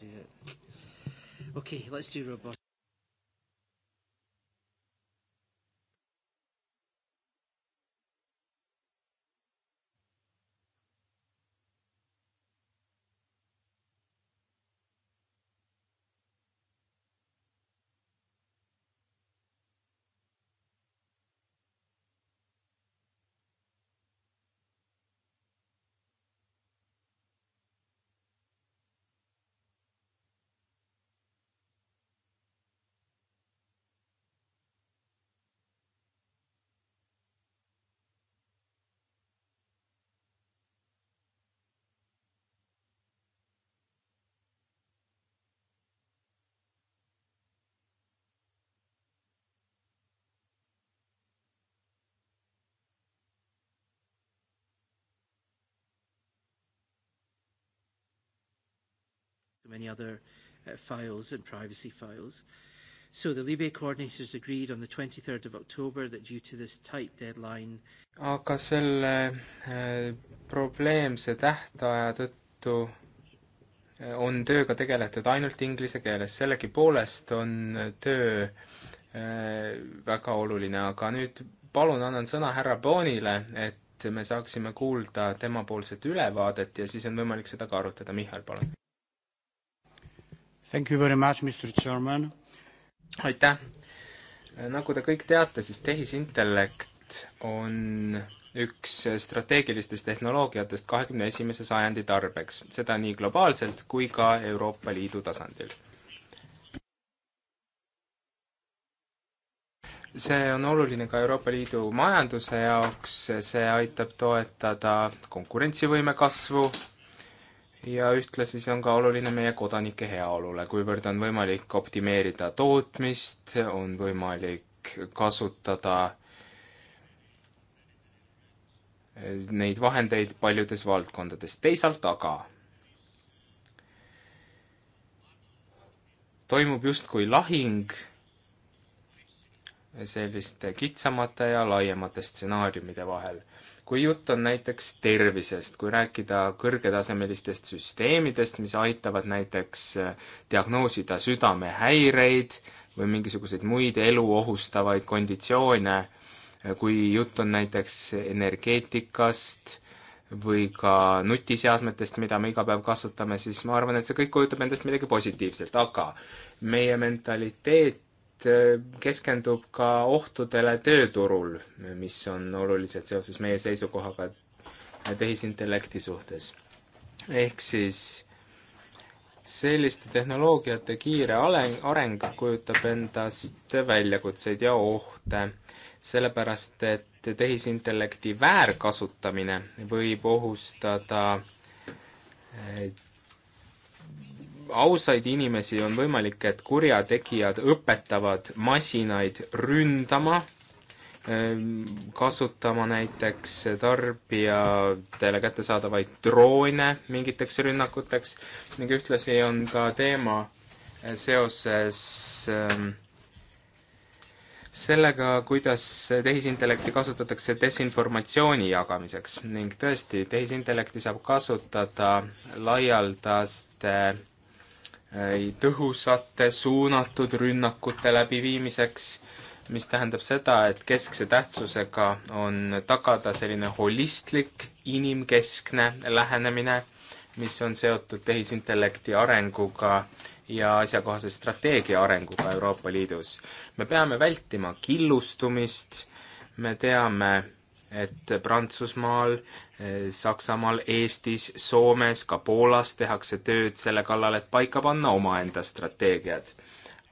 do it. Okay, let's do robot. many other uh, files and privacy files. So the Libe coordinators agreed on the 23rd of October that due to this tight deadline aga selle äh, probleemse tähtaja tõttu äh, on tööga tegeletud ainult inglise keeles, sellegipoolest on töö äh, väga oluline, aga nüüd palun annan sõna härra Boonile, et me saaksime kuulda temapoolset ülevaadet ja siis on võimalik seda ka arutada, Mihhail, palun. Thank you very much, Mr Chairman. aitäh. nagu te kõik teate, siis tehisintellekt on üks strateegilistest tehnoloogiatest kahekümne esimese sajandi tarbeks, seda nii globaalselt kui ka Euroopa Liidu tasandil. see on oluline ka Euroopa Liidu majanduse jaoks, see aitab toetada konkurentsivõime kasvu, ja ühtlasi see on ka oluline meie kodanike heaolule, kuivõrd on võimalik optimeerida tootmist, on võimalik kasutada neid vahendeid paljudes valdkondades, teisalt aga toimub justkui lahing selliste kitsamate ja laiemate stsenaariumide vahel kui jutt on näiteks tervisest, kui rääkida kõrgetasemelistest süsteemidest, mis aitavad näiteks äh, diagnoosida südamehäireid või mingisuguseid muid elu ohustavaid konditsioone, äh, kui jutt on näiteks energeetikast või ka nutiseadmetest, mida me iga päev kasutame, siis ma arvan, et see kõik kujutab endast midagi positiivset, aga meie mentaliteet Äh, keskendub ka ohtudele tööturul, mis on olulised seoses meie seisukohaga tehisintellekti suhtes. ehk siis selliste tehnoloogiate kiire areng, areng kujutab endast väljakutseid ja ohte, sellepärast et tehisintellekti väärkasutamine võib ohustada äh, ausaid inimesi, on võimalik, et kurjategijad õpetavad masinaid ründama, ehm, kasutama näiteks tarbijatele kättesaadavaid droone mingiteks rünnakuteks ning ühtlasi on ka teema eh, seoses ehm, sellega, kuidas tehisintellekti kasutatakse desinformatsiooni jagamiseks ning tõesti, tehisintellekti saab kasutada laialdaste tõhusate suunatud rünnakute läbiviimiseks, mis tähendab seda, et keskse tähtsusega on tagada selline holistlik, inimkeskne lähenemine, mis on seotud tehisintellekti arenguga ja asjakohase strateegia arenguga Euroopa Liidus. me peame vältima killustumist, me teame, et Prantsusmaal, eh, Saksamaal, Eestis, Soomes, ka Poolas tehakse tööd selle kallal, et paika panna omaenda strateegiad.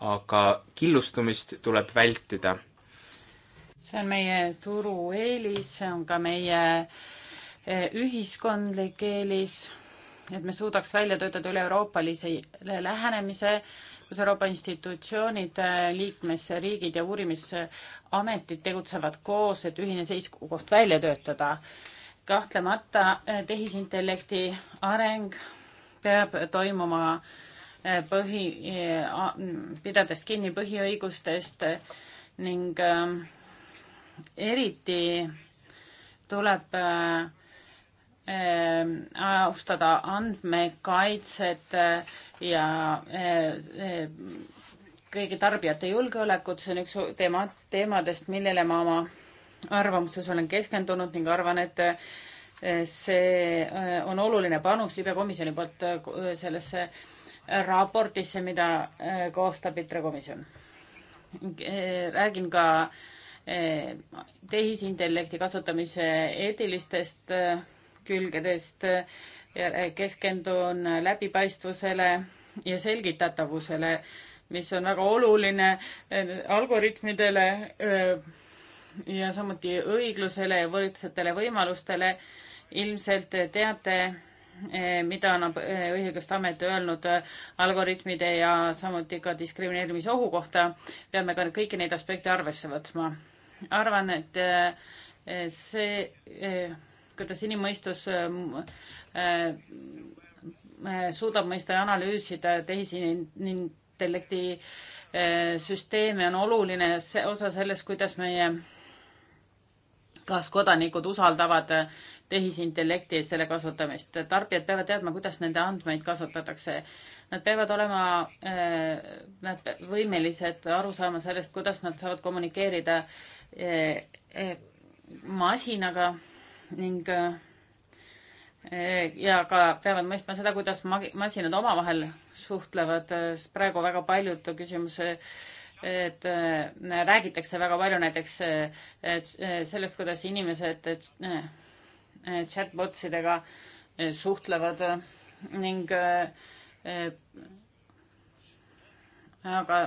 aga killustumist tuleb vältida. see on meie turu eelis, see on ka meie eh, ühiskondlik eelis, et me suudaks välja töötada üle-euroopalise lähenemise kus Euroopa institutsioonid, liikmesriigid ja uurimisametid tegutsevad koos, et ühine seisukoht välja töötada. kahtlemata eh, tehisintellekti areng peab toimuma eh, põhi, eh, pidades kinni põhiõigustest ning eriti tuleb Ehm, austada andmekaitset eh, ja eh, eh, kõigi tarbijate julgeolekut, see on üks teema, teemadest, millele ma oma arvamuses olen keskendunud ning arvan, et see on oluline panus libekomisjoni poolt sellesse raportisse, mida koostab ITRE komisjon. räägin ka tehisintellekti kasutamise eetilistest külgedest. Äh, keskendun läbipaistvusele ja selgitatavusele, mis on väga oluline äh, algoritmidele äh, ja samuti õiglusele ja võrdsetele võimalustele. ilmselt teate, mida on õigust amet öelnud algoritmide ja samuti ka diskrimineerimisohu kohta, peame ka kõiki neid aspekte arvesse võtma. arvan, et see kuidas inimmõistus äh, äh, suudab mõista ja analüüsida tehisintellekti äh, süsteeme, on oluline see osa sellest, kuidas meie kaaskodanikud usaldavad tehisintellekti ja selle kasutamist. tarbijad peavad teadma, kuidas nende andmeid kasutatakse. Nad peavad olema, nad võimelised aru saama sellest, kuidas nad saavad kommunikeerida masinaga ning äh, ja ka peavad mõistma seda, kuidas masinad omavahel suhtlevad. Äh, praegu väga paljud küsimuse, et äh, räägitakse väga palju näiteks sellest, kuidas inimesed chatbot sidega suhtlevad ning aga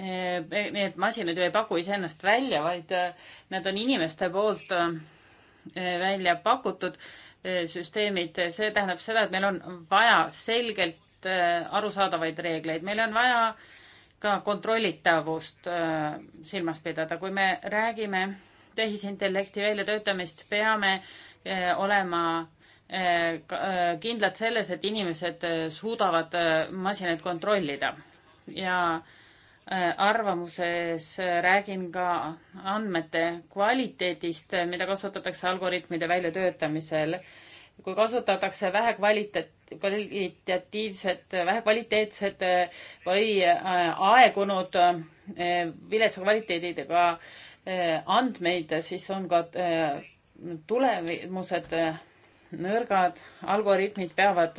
Äh, need masinad ju ei paku iseennast välja, vaid äh, nad on inimeste poolt äh, välja pakutud süsteemid, see tähendab seda, et meil on vaja selgelt arusaadavaid reegleid, meil on vaja ka kontrollitavust silmas pidada, kui me räägime tehisintellekti väljatöötamist, peame olema kindlad selles, et inimesed suudavad masinaid kontrollida ja äh, Äh, arvamuses äh, räägin ka andmete kvaliteedist, äh, mida kasutatakse algoritmide väljatöötamisel. kui kasutatakse vähe kvaliteet, kvalitatiivset, vähe kvaliteetsed või aegunud viletsa kvaliteediga andmeid, siis on ka tulemused nõrgad, algoritmid peavad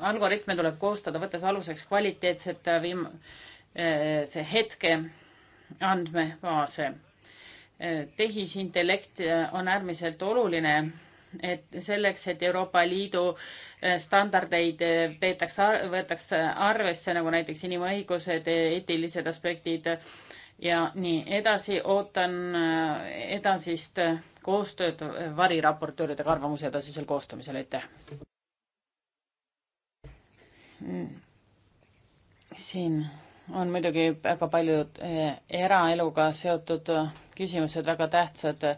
algoritme tuleb koostada, võttes aluseks kvaliteetset äh, viim-, äh, see hetke andmebaase. Äh, tehisintellekt on äärmiselt oluline, et selleks, et Euroopa Liidu standardeid peetakse, võetakse arvesse, nagu näiteks inimõigused, eetilised aspektid ja nii edasi, ootan edasist koostööd variraportööridega arvamuse edasisel koostamisel, aitäh! siin on muidugi väga paljud eh, eraeluga seotud eh, küsimused väga tähtsad.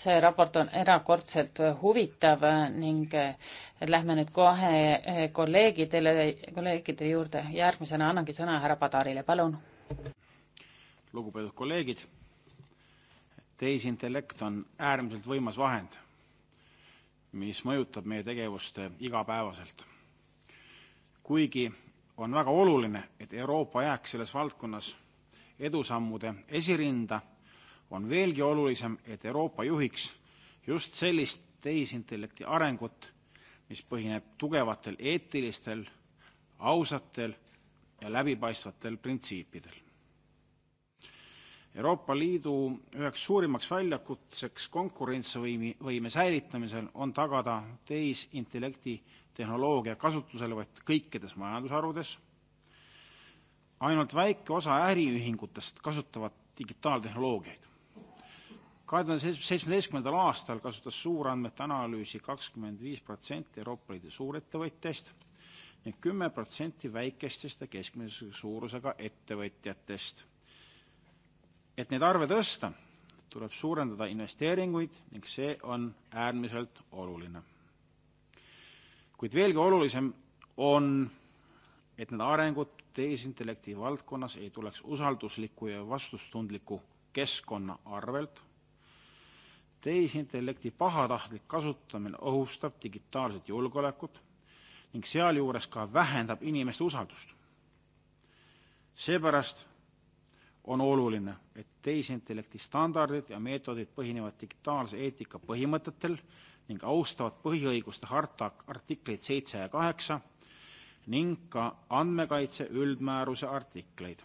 see raport on erakordselt eh, huvitav ning lähme nüüd kohe kolleegidele, kolleegide juurde. järgmisena annangi sõna härra Padarile, palun. lugupeetud kolleegid, tehisintellekt on äärmiselt võimas vahend, mis mõjutab meie tegevust igapäevaselt kuigi on väga oluline, et Euroopa jääks selles valdkonnas edusammude esirinda, on veelgi olulisem, et Euroopa juhiks just sellist tehisintellekti arengut, mis põhineb tugevatel eetilistel, ausatel ja läbipaistvatel printsiipidel. Euroopa Liidu üheks suurimaks väljakutseks konkurentsivõime säilitamisel on tagada tehisintellekti tehnoloogia kasutuselevõtt kõikides majandusharudes, ainult väike osa äriühingutest kasutavad digitaaltehnoloogiaid. 2017. aastal kasutas suurandmete analüüsi 25% Euroopa Liidu suurettevõtjaist ning 10% väikestest ja keskmise suurusega ettevõtjatest. et neid arve tõsta, tuleb suurendada investeeringuid ning see on äärmiselt oluline kuid veelgi olulisem on, et need arengud tehisintellekti valdkonnas ei tuleks usaldusliku ja vastutustundliku keskkonna arvelt. tehisintellekti pahatahtlik kasutamine ohustab digitaalset julgeolekut ning sealjuures ka vähendab inimeste usaldust. seepärast on oluline, et tehisintellekti standardid ja meetodid põhinevad digitaalse eetika põhimõtetel ning austavad põhiõiguste harta artikleid 7 ja 8 ning ka andmekaitse üldmääruse artikleid.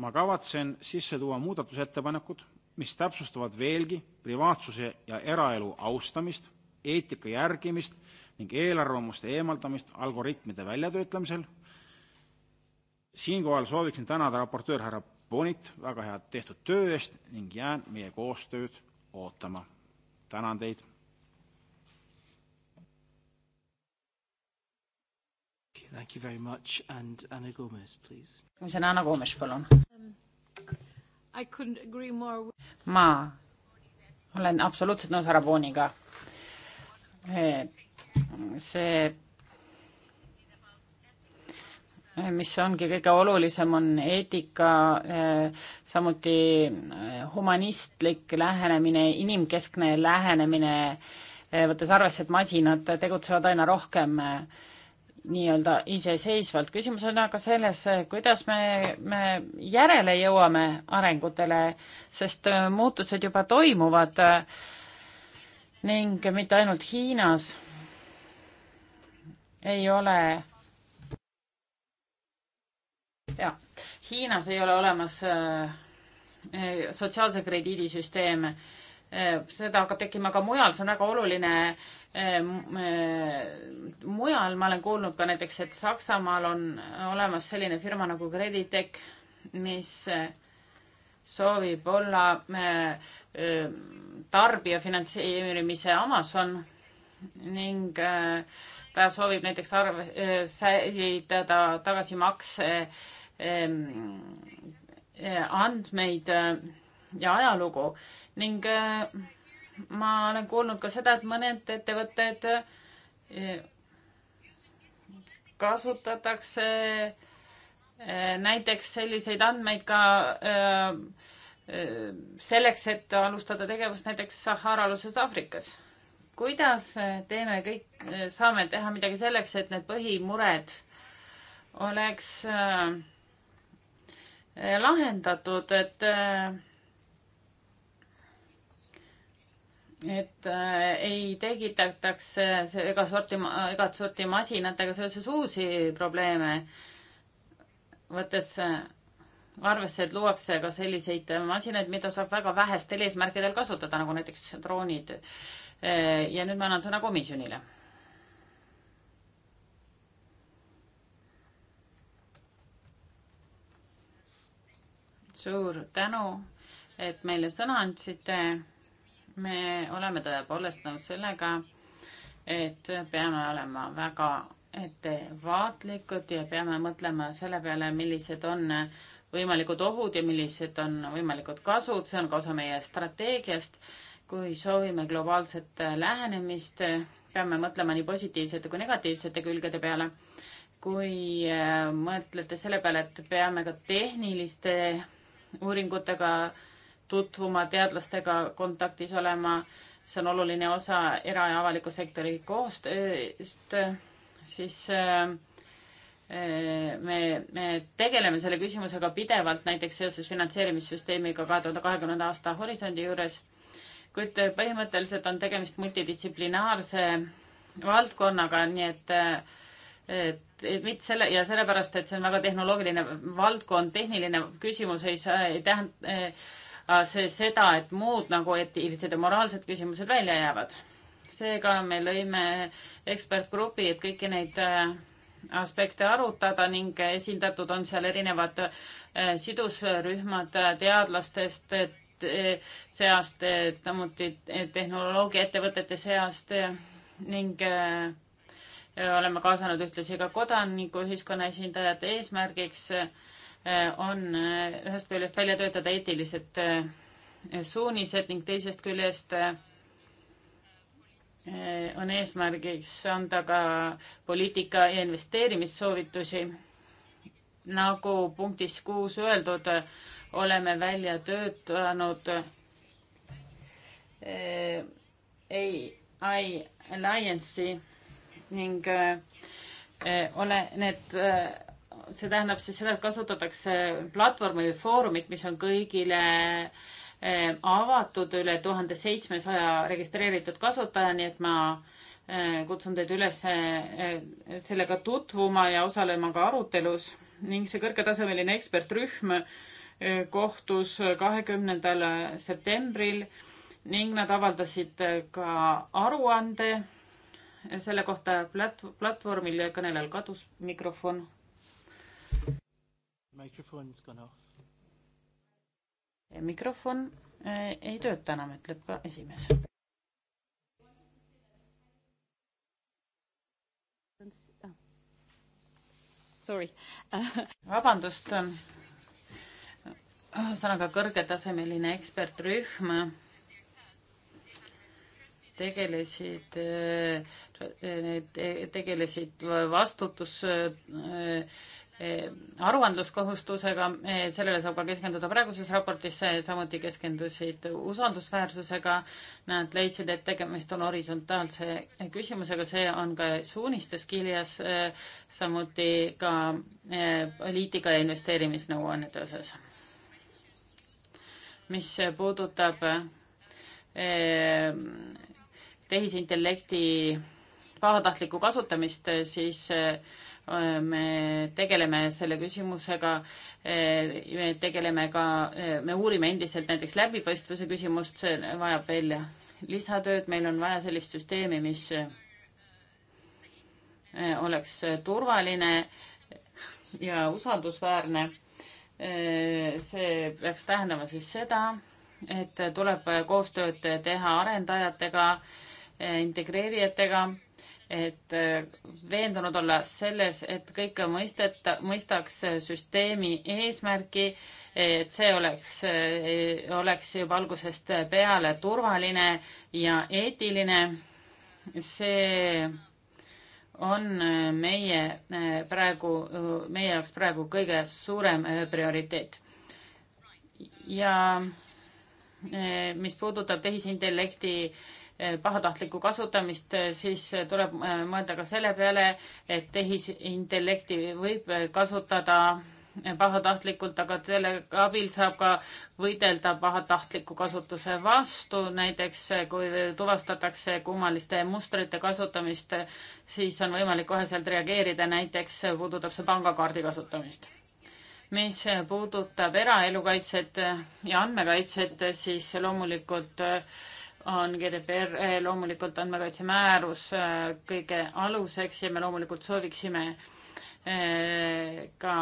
Ma kavatsen sisse tuua muudatusettepanekud, mis täpsustavad veelgi privaatsuse ja eraelu austamist, eetika järgimist ning eelarvamuste eemaldamist algoritmide väljatöötamisel. Siinkohal sooviksin tänada raportöör härra Bonit väga hea tehtud töö eest ning jään meie koostööd ootama tänan teid. Thank you very much and Anna Gomes, please. järgmisena Anna Gomes, palun um,. I couldn't agree more with... ma olen absoluutselt nõus härra Booniga. Eh, see mis ongi kõige olulisem, on eetika, samuti eh, humanistlik lähenemine, inimkeskne lähenemine, eh, võttes arvesse, et masinad tegutsevad aina rohkem eh, nii-öelda iseseisvalt. küsimus on aga selles, kuidas me, me järele jõuame arengutele, sest muutused juba toimuvad ning mitte ainult Hiinas ei ole jah, Hiinas ei ole olemas äh, äh, sotsiaalse krediidisüsteem, äh, seda hakkab tekkima ka mujal, see on väga oluline mujal ma olen kuulnud ka näiteks, et Saksamaal on olemas selline firma nagu Creditec, mis soovib olla tarbija finantseerimise Amazon ning ta soovib näiteks arve, säilitada tagasimakse Ehm, eh, andmeid eh, ja ajalugu ning eh, ma olen kuulnud ka seda, et mõned ettevõtted kasutatakse näiteks selliseid andmeid ka selleks, et alustada tegevust näiteks Sahara-aluses Aafrikas. kuidas teeme kõik, saame teha midagi selleks, et need põhimured oleks äh, Eh, lahendatud, et eh, et eh, ei tekitataks ega sorti, igat sorti masinatega seoses uusi probleeme, võttes arvesse, et luuakse ka selliseid masinaid, mida saab väga vähestel eesmärkidel kasutada, nagu näiteks droonid. ja nüüd ma annan sõna komisjonile suur tänu, et meile sõna andsite. me oleme tõepoolest nõus sellega, et peame olema väga ettevaatlikud ja peame mõtlema selle peale, millised on võimalikud ohud ja millised on võimalikud kasud, see on ka osa meie strateegiast. kui soovime globaalset lähenemist, peame mõtlema nii positiivsete kui negatiivsete külgede peale. kui äh, mõtlete selle peale, et peame ka tehniliste uuringutega tutvuma, teadlastega kontaktis olema, see on oluline osa era- ja avaliku sektori koostööst, siis äh, äh, me, me tegeleme selle küsimusega pidevalt, näiteks seoses finantseerimissüsteemiga kahe tuhande kahekümnenda aasta horisondi juures, kuid põhimõtteliselt on tegemist multidistsiplinaarse valdkonnaga, nii et äh, et, et mitte selle ja sellepärast, et see on väga tehnoloogiline valdkond, tehniline küsimus ei saa, ei tähenda eh, ah, see seda, et muud nagu eetilised ja moraalsed küsimused välja jäävad. seega me lõime ekspertgrupi, et kõiki neid eh, aspekte arutada ning esindatud on seal erinevad eh, sidusrühmad teadlastest, seast, samuti tehnoloogiaettevõtete seast ning äh, oleme kaasanud ühtlasi ka kodanikuühiskonna esindajad. eesmärgiks eh, on eh, ühest küljest välja töötada eetilised eh, suunised ning teisest küljest on eesmärgiks anda ka poliitika ja investeerimissoovitusi. nagu punktis kuus öeldud, oleme välja töötanud ei, ei, alliance'i ning äh, äh, ole need, äh, see tähendab siis seda, et kasutatakse platvormi või foorumit, mis on kõigile avatud üle tuhande seitsmesaja registreeritud kasutaja, nii et ma kutsun teid üles sellega tutvuma ja osalema ka arutelus ning see kõrgetasemeline ekspertrühm kohtus kahekümnendal septembril ning nad avaldasid ka aruande selle kohta plat-, platvormil kõnelejal kadus mikrofon. mikrofon äh, ei tööta enam, ütleb ka esimees. Sorry vabandust, ühesõnaga kõrgetasemeline ekspertrühm tegelesid, eh, eh, tegelesid vastutus eh, aruandluskohustusega, sellele saab ka keskenduda praeguses raportis, samuti keskendusid usaldusväärsusega. Nad leidsid, et tegemist on horisontaalse küsimusega, see on ka suunistes kirjas, samuti ka poliitika ja investeerimisnõuannete osas. mis puudutab tehisintellekti pahatahtlikku kasutamist, siis äh, me tegeleme selle küsimusega, äh, me tegeleme ka, äh, me uurime endiselt näiteks läbipaistvuse küsimust, see vajab veel lisatööd, meil on vaja sellist süsteemi, mis oleks turvaline ja usaldusväärne. see peaks tähendama siis seda, et tuleb koostööd teha arendajatega integreerijatega, et äh, veendunud olla selles, et kõik mõisteta, mõistaks äh, süsteemi eesmärki, et see oleks, äh, oleks juba algusest peale turvaline ja eetiline. see on meie praegu, meie jaoks praegu kõige suurem prioriteet. ja mis puudutab tehisintellekti Eh, pahatahtlikku kasutamist, eh, siis eh, tuleb mõelda ka selle peale, et tehisintellekti võib kasutada pahatahtlikult, aga selle abil saab ka võidelda pahatahtliku kasutuse vastu. näiteks kui tuvastatakse kummaliste mustrite kasutamist, siis on võimalik koheselt reageerida, näiteks puudutab see pangakaardi kasutamist. mis puudutab eraelu kaitset ja andmekaitset, siis loomulikult äh, on GDPR eh, loomulikult andmekaitsemäärus eh, kõige aluseks ja me loomulikult sooviksime eh, ka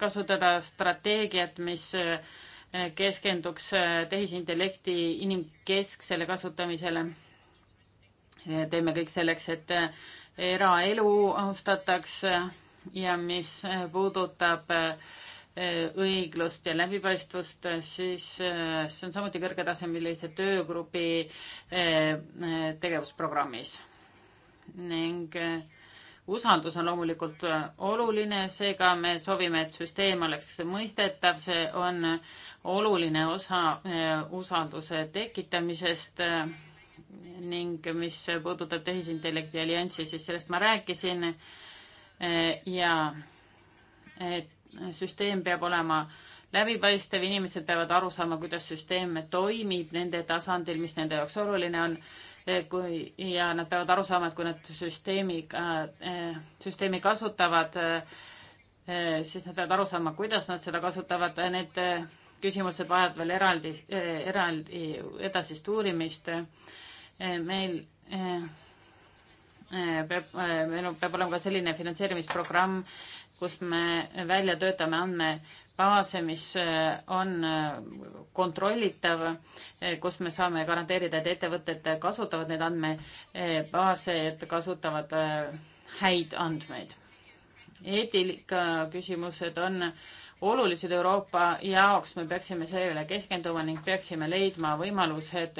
kasutada strateegiat, mis keskenduks tehisintellekti inimkesksele kasutamisele. teeme kõik selleks, et eraelu austataks ja mis puudutab äh, õiglust ja läbipaistvust, siis äh, see on samuti kõrgetasemelise töögrupi äh, tegevusprogrammis. ning äh, usaldus on loomulikult oluline, seega me soovime, et süsteem oleks mõistetav, see on oluline osa usalduse tekitamisest ning mis puudutab tehisintellekti allianssi, siis sellest ma rääkisin ja et süsteem peab olema läbipaistev, inimesed peavad aru saama, kuidas süsteem toimib nende tasandil, mis nende jaoks oluline on, eh, kui, ja nad peavad aru saama, et kui nad süsteemi, eh, süsteemi kasutavad, eh, siis nad peavad aru saama, kuidas nad seda kasutavad, need küsimused vajavad veel eraldi, eraldi edasist uurimist. meil peab, meil peab olema ka selline finantseerimisprogramm, kus me välja töötame andmebaase, mis äh, on äh, kontrollitav, äh, kus me saame garanteerida, et ettevõtted kasutavad neid andmebaase, et kasutavad häid andmeid. eetika küsimused on olulised Euroopa jaoks, me peaksime sellele keskenduma ning peaksime leidma võimalused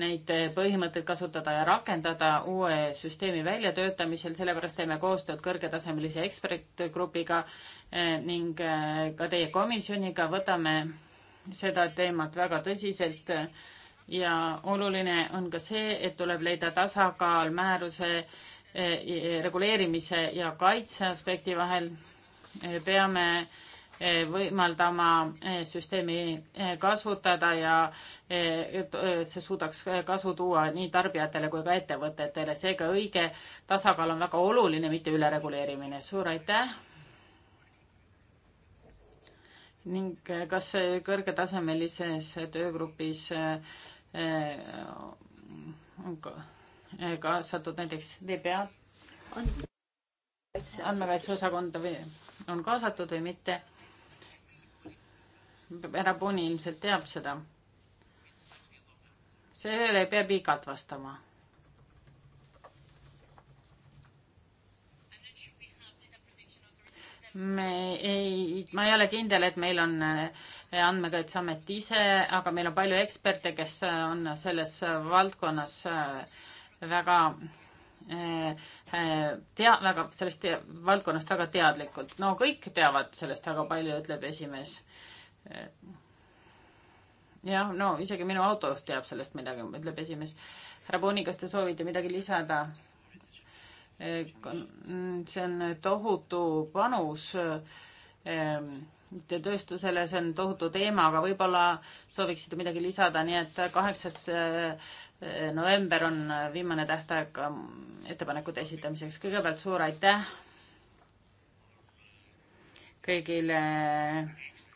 neid põhimõtteid kasutada ja rakendada uue süsteemi väljatöötamisel, sellepärast teeme koostööd kõrgetasemelise ekspertgrupiga eh, ning eh, ka teie komisjoniga, võtame seda teemat väga tõsiselt ja oluline on ka see, et tuleb leida tasakaal määruse eh, reguleerimise ja kaitse aspekti vahel. peame äh, võimaldama eh, süsteemi eh, kasutada ja eh, see suudaks kasu tuua nii tarbijatele kui ka ettevõtetele. seega õige tasakaal on väga oluline, mitte ülereguleerimine. suur aitäh. ning kas kõrgetasemelises töögrupis on kaasatud näiteks DPA? andmekaitseosakonda või on kaasatud või mitte härra Boni ilmselt teab seda. sellele ei pea pikalt vastama. me ei, ma ei ole kindel, et meil on eh, andmekaitseamet ise, aga meil on palju eksperte, kes eh, on selles valdkonnas eh, väga tea-, väga sellest te-, valdkonnast väga teadlikult. no kõik teavad sellest väga palju, ütleb esimees jah, no isegi minu autojuht teab sellest midagi, ütleb esimees. härra Boni, kas te soovite midagi lisada? Eh, mm, see on tohutu panus eh, tööstusele, see on tohutu teema, aga võib-olla sooviksite midagi lisada, nii et kaheksas eh, november on viimane tähtaeg mm, ettepanekute esitamiseks. kõigepealt suur aitäh kõigile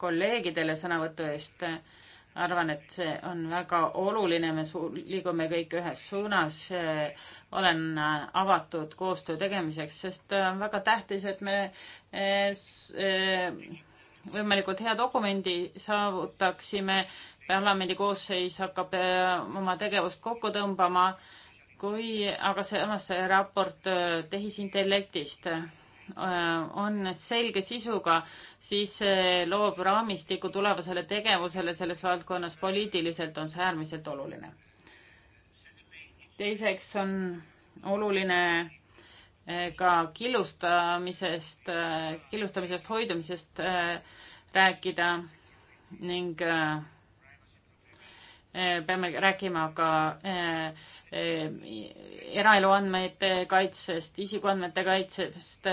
kolleegidele sõnavõtu eest. arvan, et see on väga oluline, me suu-, liigume kõik ühes suunas. Eh, olen avatud koostöö tegemiseks, sest eh, on väga tähtis, et me eh, võimalikult hea dokumendi saavutaksime. parlamendi koosseis hakkab oma tegevust kokku tõmbama, kui aga samas see raport tehisintellektist Äh, on selge sisuga, siis loob raamistiku tulevasele tegevusele selles valdkonnas poliitiliselt on see äärmiselt oluline. teiseks on oluline äh, ka killustamisest, äh, killustamisest hoidumisest rääkida ning äh, Eh, peame rääkima ka eh, eh, eraelu andmete kaitsest, isikuandmete kaitsest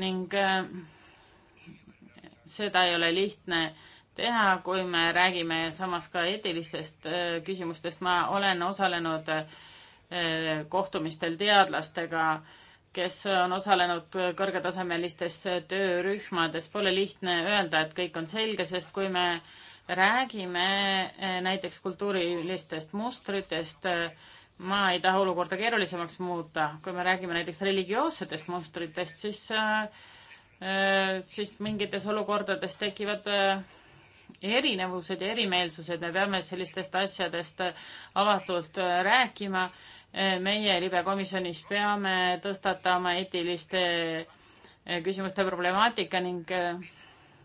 ning seda ei ole lihtne teha, kui me räägime samas ka eetilistest küsimustest. ma olen osalenud kohtumistel teadlastega, kes on osalenud kõrgetasemelistes töörühmades. Pole lihtne öelda, et kõik on selge, sest kui me äh, räägime eh, näiteks kultuurilistest mustritest, eh, ma ei taha olukorda keerulisemaks muuta, kui me räägime näiteks religioossetest mustritest, siis eh, siis mingites olukordades tekivad erinevused ja erimeelsused, me peame sellistest asjadest avatult rääkima. meie libekomisjonis peame tõstatama eetiliste küsimuste problemaatika ning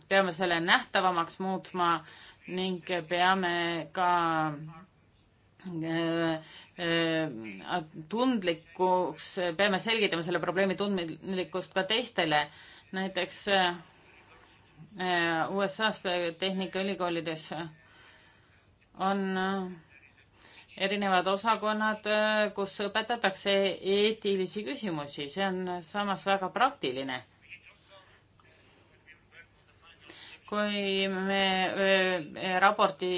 peame selle nähtavamaks muutma ning peame ka äh, äh, tundlikuks, peame selgitama selle probleemi tundlikkust ka teistele. näiteks äh, USA-s tehnikaülikoolides on erinevad osakonnad, kus õpetatakse eetilisi küsimusi, see on samas väga praktiline kui me raporti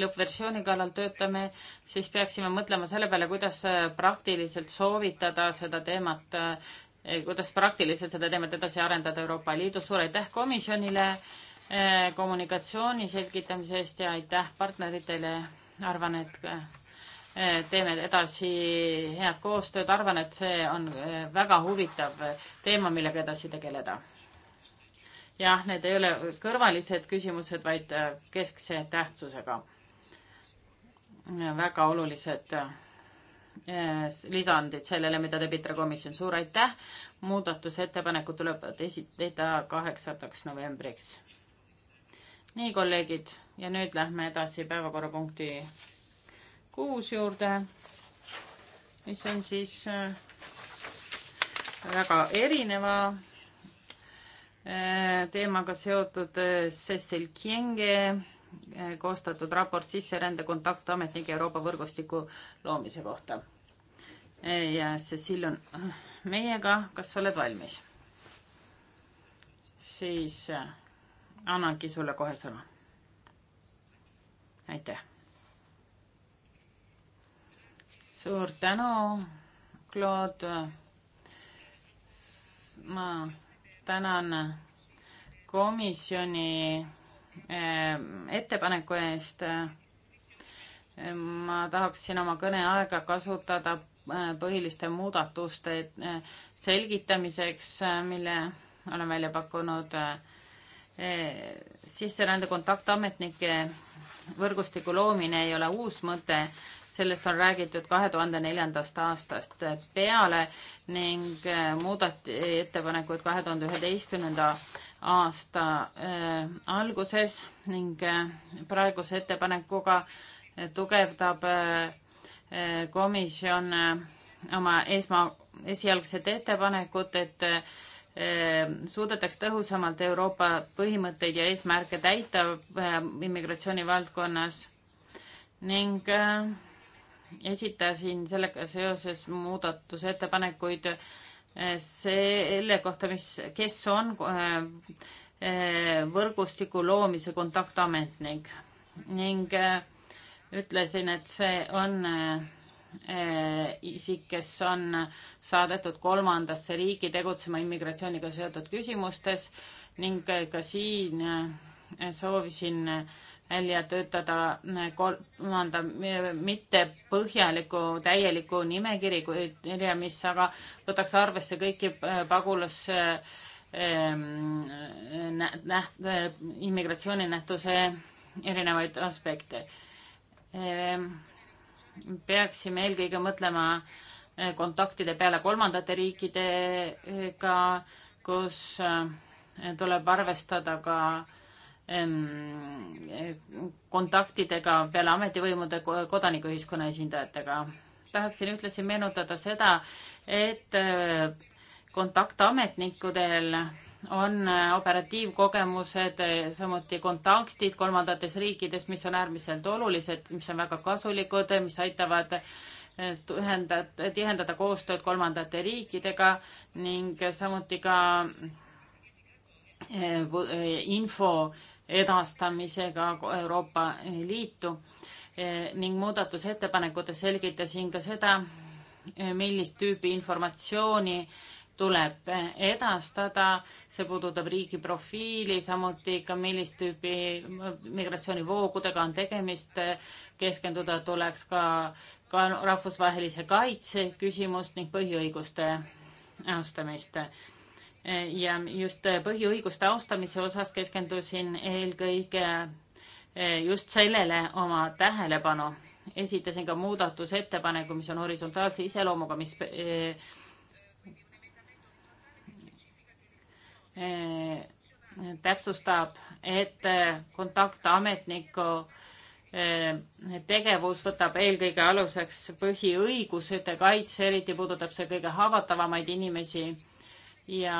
lõppversiooni kallal töötame, siis peaksime mõtlema selle peale, kuidas äh, praktiliselt soovitada seda teemat, äh, kuidas praktiliselt seda teemat edasi arendada Euroopa Liidus. suur aitäh komisjonile äh, kommunikatsiooni selgitamise eest ja aitäh partneritele. arvan, et teeme edasi head koostööd, arvan, et see on väga huvitav teema, millega edasi tegeleda jah, need ei ole kõrvalised küsimused, vaid äh, keskse tähtsusega. väga olulised äh, lisandid sellele, mida teeb ITRA komisjon. suur aitäh. muudatusettepanekud tuleb esitada kaheksandaks novembriks. nii, kolleegid, ja nüüd lähme edasi päevakorrapunkti kuus juurde, mis on siis äh, väga erineva Eh, teemaga seotud eh, Cecil Kienge eh, koostatud raport sisserände kontaktametnike Euroopa võrgustiku loomise kohta. ja Cecil on meiega, kas sa oled valmis? siis annangi sulle kohe sõna. aitäh. suur tänu, Claude. ma tänan komisjoni eh, ettepaneku eest. ma tahaksin oma kõneaega kasutada eh, põhiliste muudatuste eh, selgitamiseks, mille olen välja pakkunud sisserände kontaktametnike võrgustiku loomine ei ole uus mõte, sellest on räägitud kahe tuhande neljandast aastast peale ning äh, muudati ettepanekuid kahe tuhande üheteistkümnenda aasta äh, alguses ning äh, praeguse ettepanekuga tugevdab komisjon oma esma, esialgset ettepanekut, et suudetaks tõhusamalt Euroopa põhimõtteid ja eesmärke täita immigratsiooni valdkonnas ning esitasin sellega seoses muudatusettepanekuid eh, selle kohta, mis, kes on eh, eh, võrgustiku loomise kontaktametnik ning ütlesin, et see on isik, kes on saadetud kolmandasse riiki tegutsema immigratsiooniga seotud küsimustes ning ka siin soovisin välja töötada kolmanda mitte põhjaliku täieliku nimekiri, kirja, mis aga võtaks arvesse kõiki äh, pagulas ähm, näht-, äh, immigratsiooninähtuse erinevaid aspekte. Ähm, peaksime eelkõige mõtlema äh, kontaktide peale kolmandate riikidega, kus tuleb arvestada ka äh, kontaktidega peale ametivõimude kodanikuühiskonna esindajatega. tahaksin ühtlasi meenutada seda, et äh, kontaktametnikudel on äh, operatiivkogemused, äh, samuti kontaktid kolmandates riikides, mis on äärmiselt olulised, mis on väga kasulikud, mis aitavad ühendada, tihendada koostööd kolmandate riikidega ning samuti ka info edastamisega Euroopa Liitu e, ning muudatusettepanekutes selgitasin ka seda, e, millist tüüpi informatsiooni tuleb edastada, see puudutab riigi profiili, samuti ka millist tüüpi migratsioonivoogudega on tegemist, e, keskenduda tuleks ka, ka rahvusvahelise kaitse küsimust ning põhiõiguste austamist ja just põhiõiguste austamise osas keskendusin eelkõige eh, just sellele oma tähelepanu. esitasin ka muudatusettepaneku, mis on horisontaalse iseloomuga, mis eh, eh, täpsustab, et kontaktametniku tegevus võtab eelkõige aluseks põhiõigused, kaitse, eriti puudutab see kõige haavatavamaid inimesi ja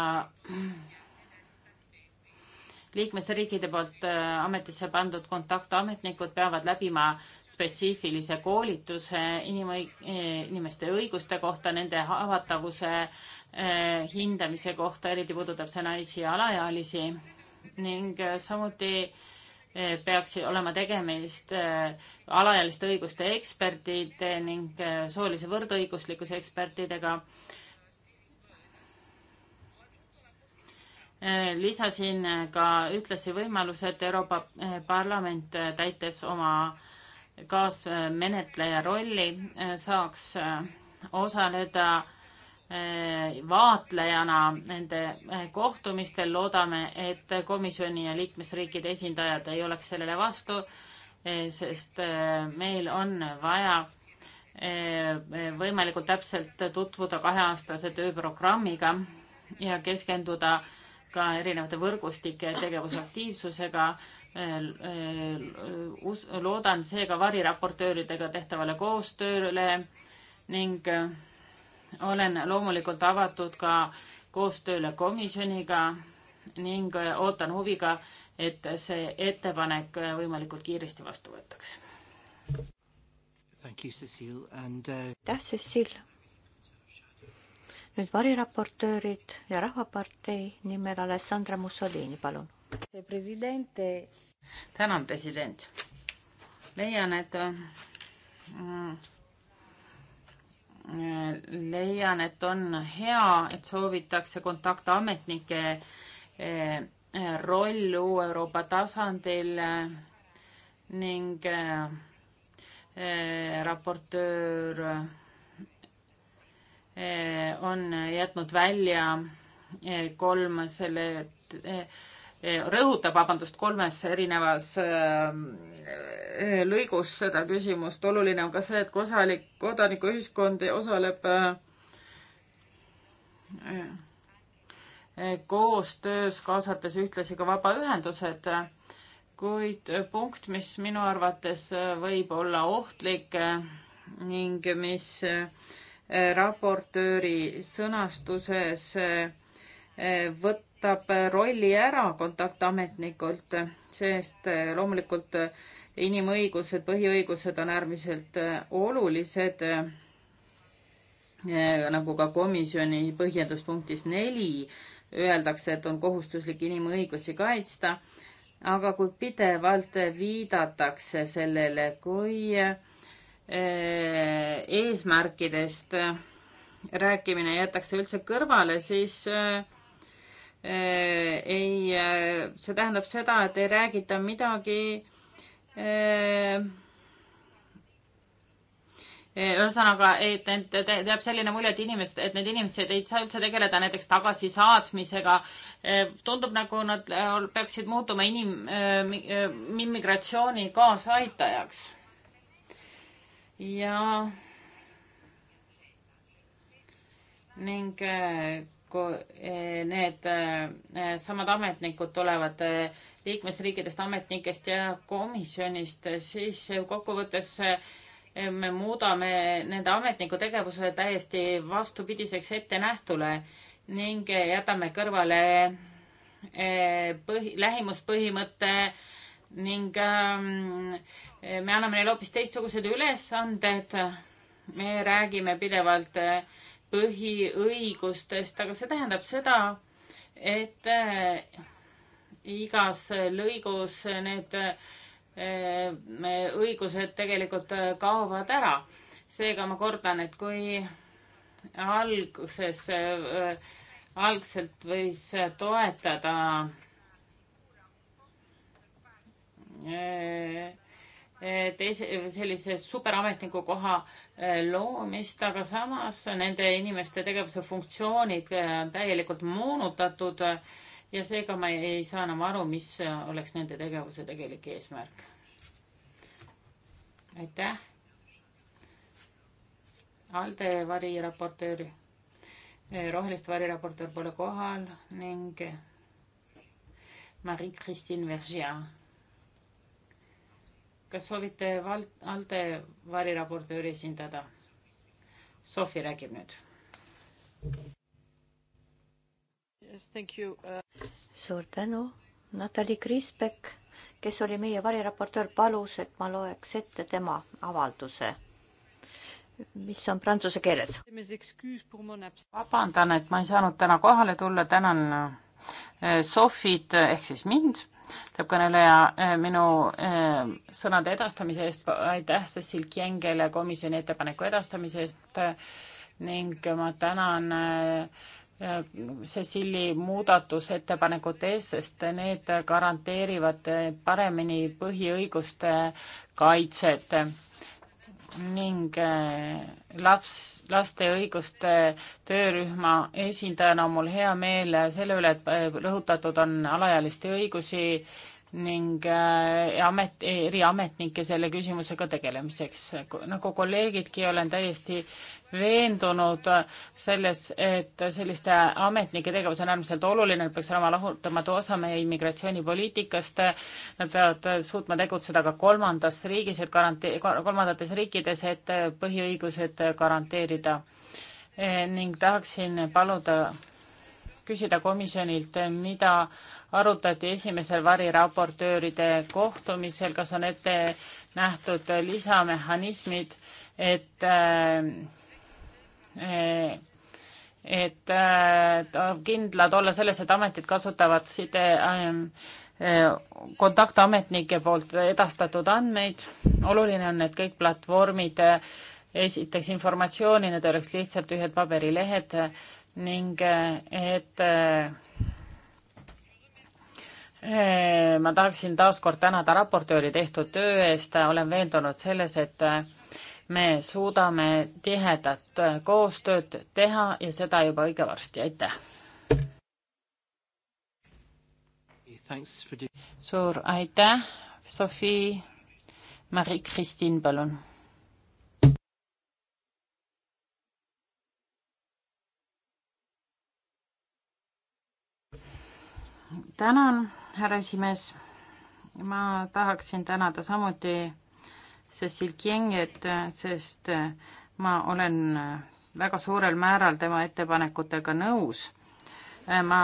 liikmesriikide poolt äh, ametisse pandud kontaktametnikud peavad läbima spetsiifilise koolituse inimõig-, eh, inimeste õiguste kohta, nende haavatavuse äh, hindamise kohta, eriti puudutab see naisi ja alaealisi ning äh, samuti peaks olema tegemist alaealiste õiguste ekspertide ning soolise võrdõiguslikkuse ekspertidega Äh, lisasin äh, ka ühtlasi võimaluse, et Euroopa äh, Parlament, täites oma kaasmenetleja rolli, saaks osaleda vaatlejana nende kohtumistel. loodame, et komisjoni ja liikmesriikide esindajad ei oleks sellele vastu, sest meil on vaja võimalikult täpselt tutvuda kaheaastase tööprogrammiga ja keskenduda äh, ka erinevate võrgustike tegevusaktiivsusega. Äh, äh, loodan seega variraportööridega tehtavale koostööle ning äh, olen loomulikult avatud ka koostööle komisjoniga ning ootan huviga, et see ettepanek võimalikult kiiresti vastu võetaks. aitäh, Cecil nüüd variraportöörid ja Rahvapartei nimel Alessandra Mussolini, palun. tänan, president. leian, et äh, leian, et on hea, et soovitakse kontaktametnike äh, roll uue Euroopa tasandil äh, ning äh, raportöör Eh, on jätnud välja eh, kolm selle, eh, rõhutab, vabandust, kolmes erinevas lõigus seda küsimust. oluline on ka see, et kui osalik, kodanikuühiskond osaleb koostöös, kaasates ühtlasi ka vabaühendused, kuid punkt, mis minu arvates võib olla ohtlik ning mis raportööri sõnastuses eh, võtab rolli ära kontaktametnikult, sest eh, loomulikult eh, inimõigused, põhiõigused on äärmiselt olulised, nagu ka komisjoni põhjenduspunktis neli öeldakse, et on kohustuslik inimõigusi kaitsta, aga kui pidevalt viidatakse sellele, kui äh, Eh, eesmärkidest rääkimine jäetakse üldse kõrvale, siis eh, ei, see tähendab seda, et ei räägita midagi. Eh, ühesõnaga, et end jääb selline mulje, et inimesed, et need inimesed ei saa üldse tegeleda näiteks tagasisaatmisega. tundub nagu nad peaksid muutuma inim-, immigratsiooni kaasaaitajaks ja ning kui eh, need eh, samad ametnikud tulevad eh, liikmesriikidest ametnikest ja komisjonist, siis kokkuvõttes me muudame nende ametniku tegevuse täiesti vastupidiseks ettenähtule ning jätame kõrvale põhi, lähimuspõhimõtte äh, ning ähm, me anname neile hoopis teistsugused ülesanded. me räägime pidevalt äh, põhiõigustest, aga see tähendab seda, et äh, igas lõigus need äh, õigused tegelikult kaovad ära. seega ma kordan, et kui alguses, algselt võis toetada Äh, äh, teise, sellise superametniku koha äh, loomist, aga samas nende inimeste tegevuse funktsioonid on täielikult moonutatud ja seega ma ei, ei saa enam aru, mis oleks nende tegevuse tegelik eesmärk. aitäh. Alde variraportöör, rohelist variraportöör pole kohal ning Marie-Christine Vergier kas soovite val-, ALDE variraportööri esindada? Sofi räägib nüüd. Yes, thank you uh.... suur tänu. Natali Kriisbek, kes oli meie variraportöör, palus, et ma loeks ette tema avalduse, mis on prantsuse keeles. vabandan, et ma ei saanud täna kohale tulla, tänan äh, Sofit ehk siis mind tähendab kõneleja äh, minu äh, sõnade edastamise eest, aitäh Cecil Kiengele komisjoni ettepaneku edastamise eest äh, ning ma tänan Cecili muudatusettepanekute eest, sest need garanteerivad paremini põhiõiguste kaitset ning äh, laps, laste õiguste töörühma esindajana on mul hea meel selle üle, et äh, rõhutatud on alaealiste õigusi ning äh, amet, eriametnikke selle küsimusega tegelemiseks. nagu kolleegidki, olen täiesti veendunud selles, et selliste ametnike tegevus on äärmiselt oluline, nad peaks olema lahutamatu osa meie immigratsioonipoliitikast, nad peavad suutma tegutseda ka kolmandas riigis, et garantee-, kolmandates riikides, et põhiõigused garanteerida e. ning tahaksin paluda, küsida komisjonilt, mida arutati esimesel variraportööride kohtumisel, kas on ette nähtud lisamehhanismid, et äh, eh, et äh, kindlad olla selles, et ametid kasutavad side äh, kontaktametnike poolt edastatud andmeid. oluline on, et kõik platvormid esitaks informatsiooni, need oleks lihtsalt ühed paberilehed ning et Eh, ma tahaksin taaskord tänada raportööri tehtud töö eest, olen veendunud selles, et me suudame tihedat koostööd teha ja seda juba õige varsti, aitäh! suur aitäh, Sofi, Marie-Kristin, palun! tänan härra esimees. ma tahaksin tänada samuti Cecil Kienget, sest ma olen väga suurel määral tema ettepanekutega nõus. ma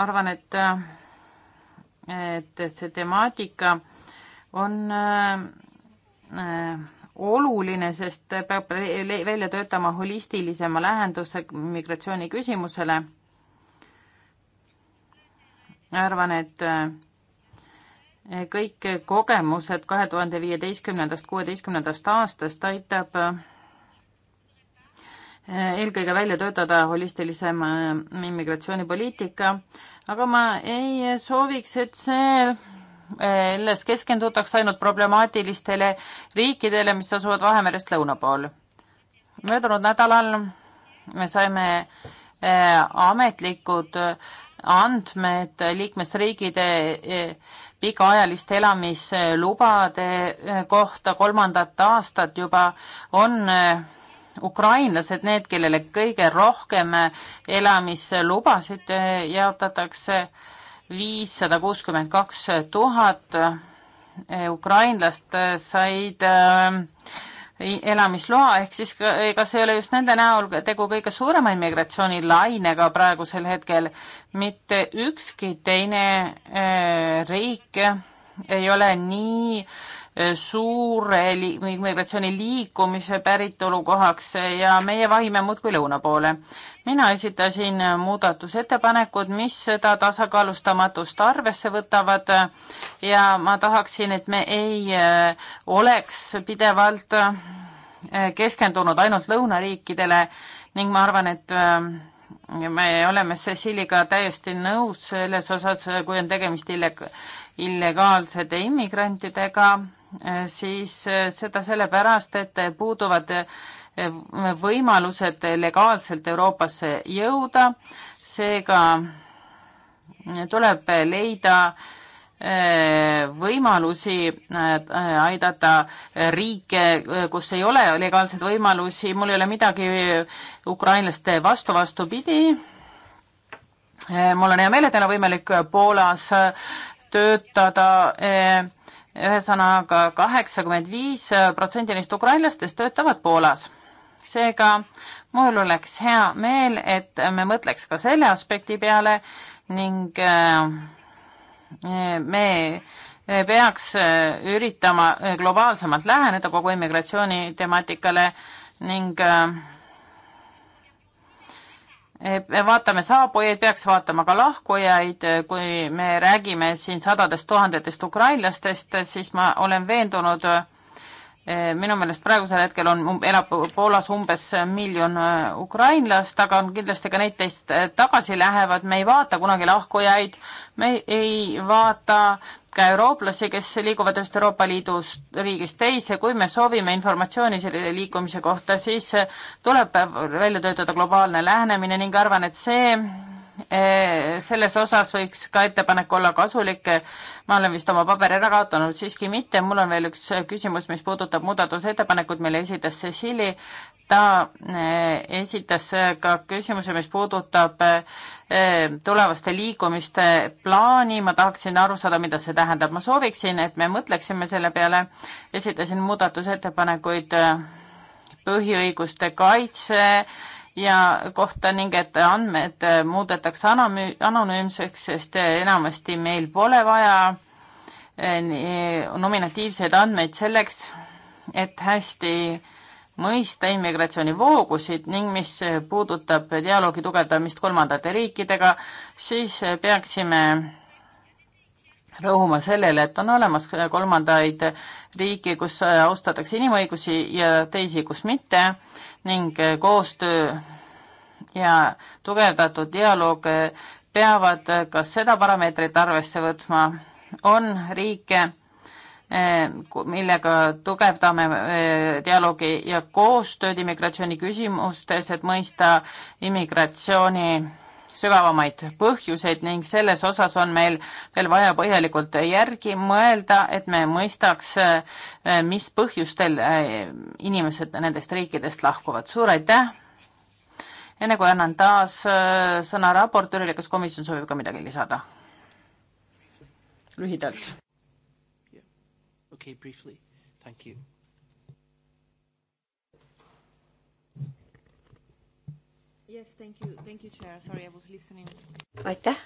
arvan, et, et see temaatika on äh, oluline, sest peab välja töötama holistilisema lähenduse migratsiooniküsimusele arvan, et äh, kõik kogemused kahe tuhande viieteistkümnendast, kuueteistkümnendast aastast aitab äh, eelkõige välja töötada holistilisem äh, immigratsioonipoliitika, aga ma ei sooviks, et see selles keskendutakse ainult problemaatilistele riikidele, mis asuvad Vahemerest lõuna pool. möödunud nädalal me saime ametlikud andmed liikmesriigide eh, pikaajaliste elamislubade eh, kohta kolmandat aastat juba on eh, ukrainlased need, kellele kõige rohkem elamislubasid jaotatakse viissada kuuskümmend kaks tuhat ukrainlast said elamisloa, ehk siis kas ei ole just nende näol tegu kõige suurema immigratsioonilainega praegusel hetkel, mitte ükski teine äh, riik ei ole nii äh, Äh, suure li migratsiooni liikumise päritolukohaks äh, ja meie vahime muudkui lõuna poole. mina esitasin äh, muudatusettepanekud, mis seda tasakaalustamatust arvesse võtavad ja ma tahaksin, et me ei oleks pidevalt keskendunud ainult lõunariikidele ning ma arvan, et me oleme Ceciliga täiesti nõus selles osas, kui on tegemist illega-, illegaalsete immigrantidega Eh, siis eh, seda sellepärast, et puuduvad eh, võimalused legaalselt Euroopasse jõuda, seega tuleb leida võimalusi aidata riike, kus ei ole legaalseid võimalusi, mul ei ole midagi ukrainlaste vastu, vastupidi. mul on hea meel, et neil on võimalik Poolas töötada ühesõnaga kaheksakümmend viis protsenti neist ukrainlastest töötavad Poolas. seega mul oleks hea meel, et me mõtleks ka selle aspekti peale ning äh, me peaks äh, üritama äh, globaalsemalt läheneda kogu immigratsiooni temaatikale ning äh, me eh, eh, vaatame saabujaid, peaks vaatama ka lahkujaid, eh, kui me räägime siin sadadest tuhandetest ukrainlastest, siis ma olen veendunud, minu meelest praegusel hetkel on, um-, elab Poolas umbes miljon ukrainlast, aga on kindlasti ka neid, kes tagasi lähevad, me ei vaata kunagi lahkujaid, me ei vaata ka eurooplasi, kes liiguvad ühest Euroopa Liidust riigist teise, kui me soovime informatsiooni selle liikumise kohta, siis tuleb välja töötada globaalne lähenemine ning arvan, et see e, selles osas võiks ka ettepanek olla kasulik. ma olen vist oma paberi ära kaotanud, siiski mitte. mul on veel üks küsimus, mis puudutab muudatusettepanekut, mille esitas Cecily ta äh, esitas äh, ka küsimuse, mis puudutab äh, tulevaste liikumiste plaani, ma tahaksin aru saada, mida see tähendab, ma sooviksin, et me mõtleksime selle peale, esitasin muudatusettepanekuid põhiõiguste kaitse ja kohta ning et andmed muudetakse anonüümseks, sest enamasti meil pole vaja nominatiivseid andmeid selleks, et hästi äh, mõista immigratsioonivoogusid ning mis puudutab dialoogi tugevdamist kolmandate riikidega, siis peaksime rõhuma sellele, et on olemas kolmandaid riike, kus austatakse inimõigusi ja teisi, kus mitte ning koostöö ja tugevdatud dialoog peavad ka seda parameetrit arvesse võtma. on riike, millega tugevdame äh, dialoogi ja koostööd immigratsiooni küsimustes, et mõista immigratsiooni sügavamaid põhjuseid ning selles osas on meil veel vaja põhjalikult järgi mõelda, et me mõistaks, äh, mis põhjustel äh, inimesed nendest riikidest lahkuvad. suur aitäh! enne kui annan taas sõna raportöörile, kas komisjon soovib ka midagi lisada? lühidalt Okay, briefly. Thank you. Yes, thank you. Thank you, Chair. Sorry, I was listening. aitäh!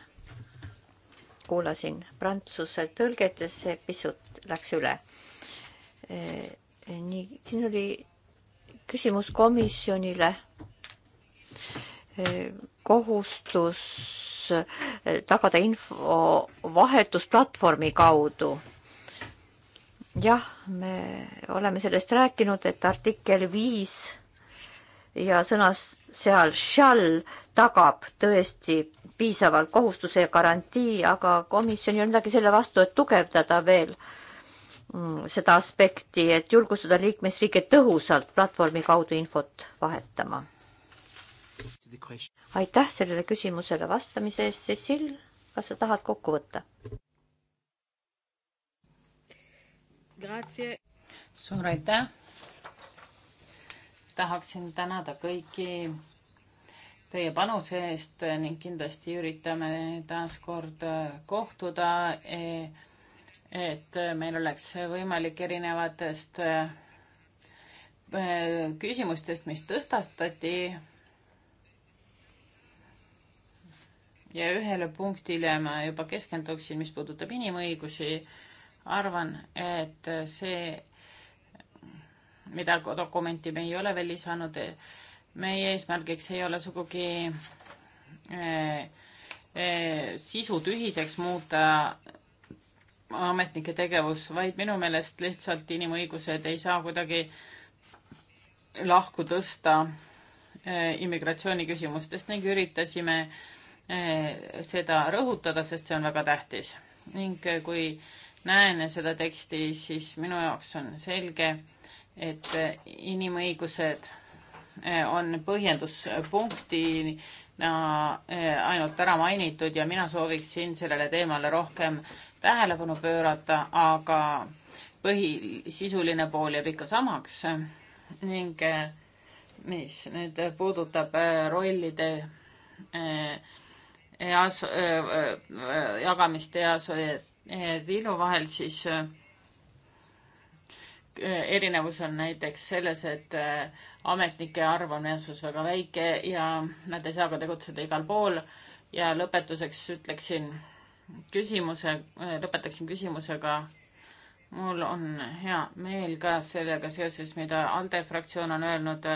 kuulasin prantsuse tõlget ja see pisut läks üle. Eh, nii, siin oli küsimus komisjonile. Eh, kohustus eh, tagada infovahetus platvormi kaudu jah, me oleme sellest rääkinud, et artikkel viis ja sõnas seal shall tagab tõesti piisavalt kohustuse ja garantii, aga komisjonil on midagi selle vastu, et tugevdada veel mm, seda aspekti, et julgustada liikmesriike tõhusalt platvormi kaudu infot vahetama. aitäh sellele küsimusele vastamise eest, Cecil, kas sa tahad kokku võtta? suur aitäh. tahaksin tänada kõiki teie panuse eest ning kindlasti üritame taas kord kohtuda, et meil oleks võimalik erinevatest äh, küsimustest, mis tõstatati. ja ühele punktile ma juba keskenduksin, mis puudutab inimõigusi arvan, et see, mida dokumenti me ei ole veel lisanud, meie eesmärgiks ei ole sugugi eh, eh, sisu tühiseks muuta ametnike tegevus, vaid minu meelest lihtsalt inimõigused ei saa kuidagi lahku tõsta eh, immigratsiooniküsimustest ning üritasime seda rõhutada, sest see on väga tähtis. ning kui äh, näen seda teksti, siis minu jaoks on selge, et inimõigused eh, on põhjenduspunktina eh, ainult ära mainitud ja mina sooviksin sellele teemale rohkem tähelepanu pöörata, aga põhisisuline pool jääb ikka samaks ning eh, mis nüüd puudutab rollide EAS-, jagamist EAS-, tiilu eh, vahel, siis eh, eh, erinevus on näiteks selles, et ametnike arv on Eestis väga väike ja nad ei saa ka tegutseda igal pool. ja lõpetuseks ütleksin küsimuse, lõpetaksin küsimusega. mul on hea meel ka sellega seoses, mida ALDE fraktsioon on öelnud.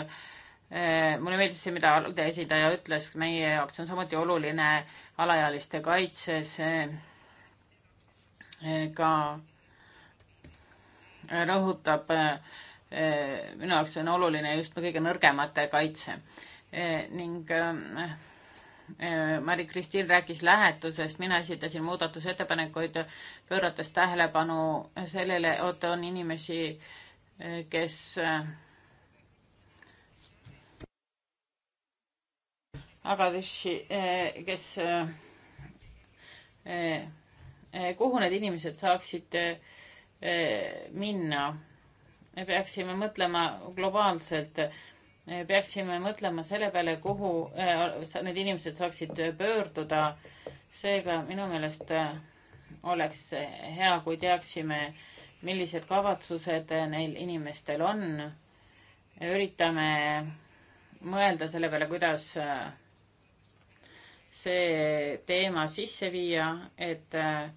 mulle meeldis see, mida ALDE esindaja ütles, meie jaoks on samuti oluline alaealiste kaitse, see ka rõhutab, eh, minu jaoks on oluline just kõige nõrgemate kaitse eh, ning eh, Mari-Kristiin rääkis lähetusest, mina esitasin muudatusettepanekuid, pöörates tähelepanu sellele, et on inimesi, kes Agadeshi, kes Eh, kuhu need inimesed saaksid eh, minna. me peaksime mõtlema globaalselt, peaksime mõtlema selle peale, kuhu eh, need inimesed saaksid pöörduda. seega minu meelest oleks hea, kui teaksime, millised kavatsused neil inimestel on. üritame mõelda selle peale, kuidas see teema sisse viia, et äh,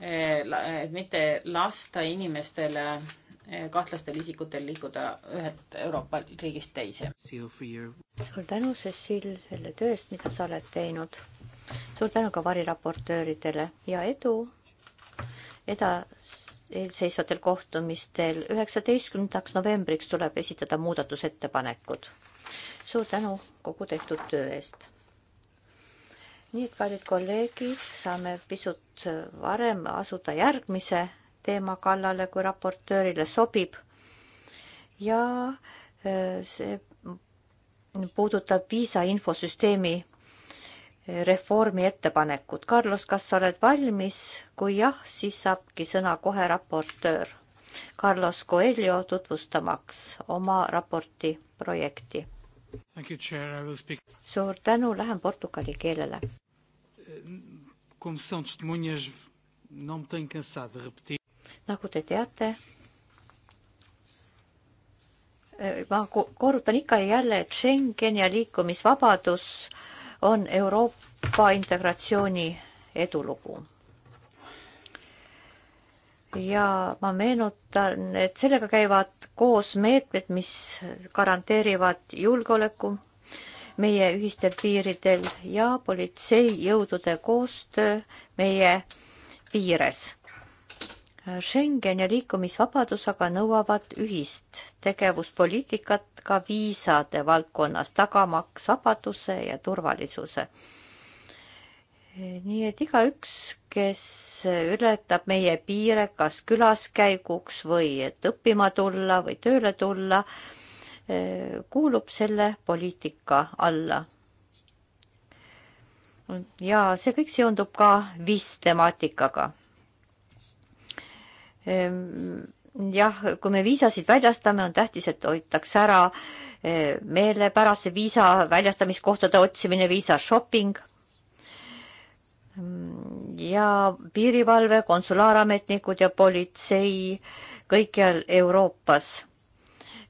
Eh, et mitte lasta inimestele, eh, kahtlastel isikutel liikuda ühelt Euroopa riigist teise. suur tänu, Cecil, selle töö eest, mida sa oled teinud. suur tänu ka variraportööridele ja edu eda-, eelseisvatel kohtumistel. üheksateistkümnendaks novembriks tuleb esitada muudatusettepanekud. suur tänu kogu tehtud töö eest nii et kallid kolleegid, saame pisut varem asuda järgmise teema kallale, kui raportöörile sobib. ja äh, see puudutab viisa infosüsteemi äh, reformi ettepanekut. Carlos, kas sa oled valmis? kui jah, siis saabki sõna kohe raportöör Carlos Coelho tutvustamaks oma raporti projekti suur tänu, lähen portugali keelele. nagu te teate, eh, ma korrutan ikka ja jälle, et Schengen ja liikumisvabadus on Euroopa integratsiooni edulugu ja ma meenutan, et sellega käivad koos meetmed, mis garanteerivad julgeoleku meie ühistel piiridel ja politseijõudude koostöö meie piires. Schengen ja liikumisvabadus aga nõuavad ühist tegevuspoliitikat ka viisade valdkonnas, tagamaks vabaduse ja turvalisuse nii et igaüks, kes ületab meie piire kas külaskäiguks või et õppima tulla või tööle tulla, eh, kuulub selle poliitika alla. ja see kõik seondub ka viis temaatikaga. Ehm, jah, kui me viisasid väljastame, on tähtis, et hoitakse ära eh, meelepärase viisa väljastamiskohtade otsimine, viisa shopping ja piirivalve, konsulaarametnikud ja politsei kõikjal Euroopas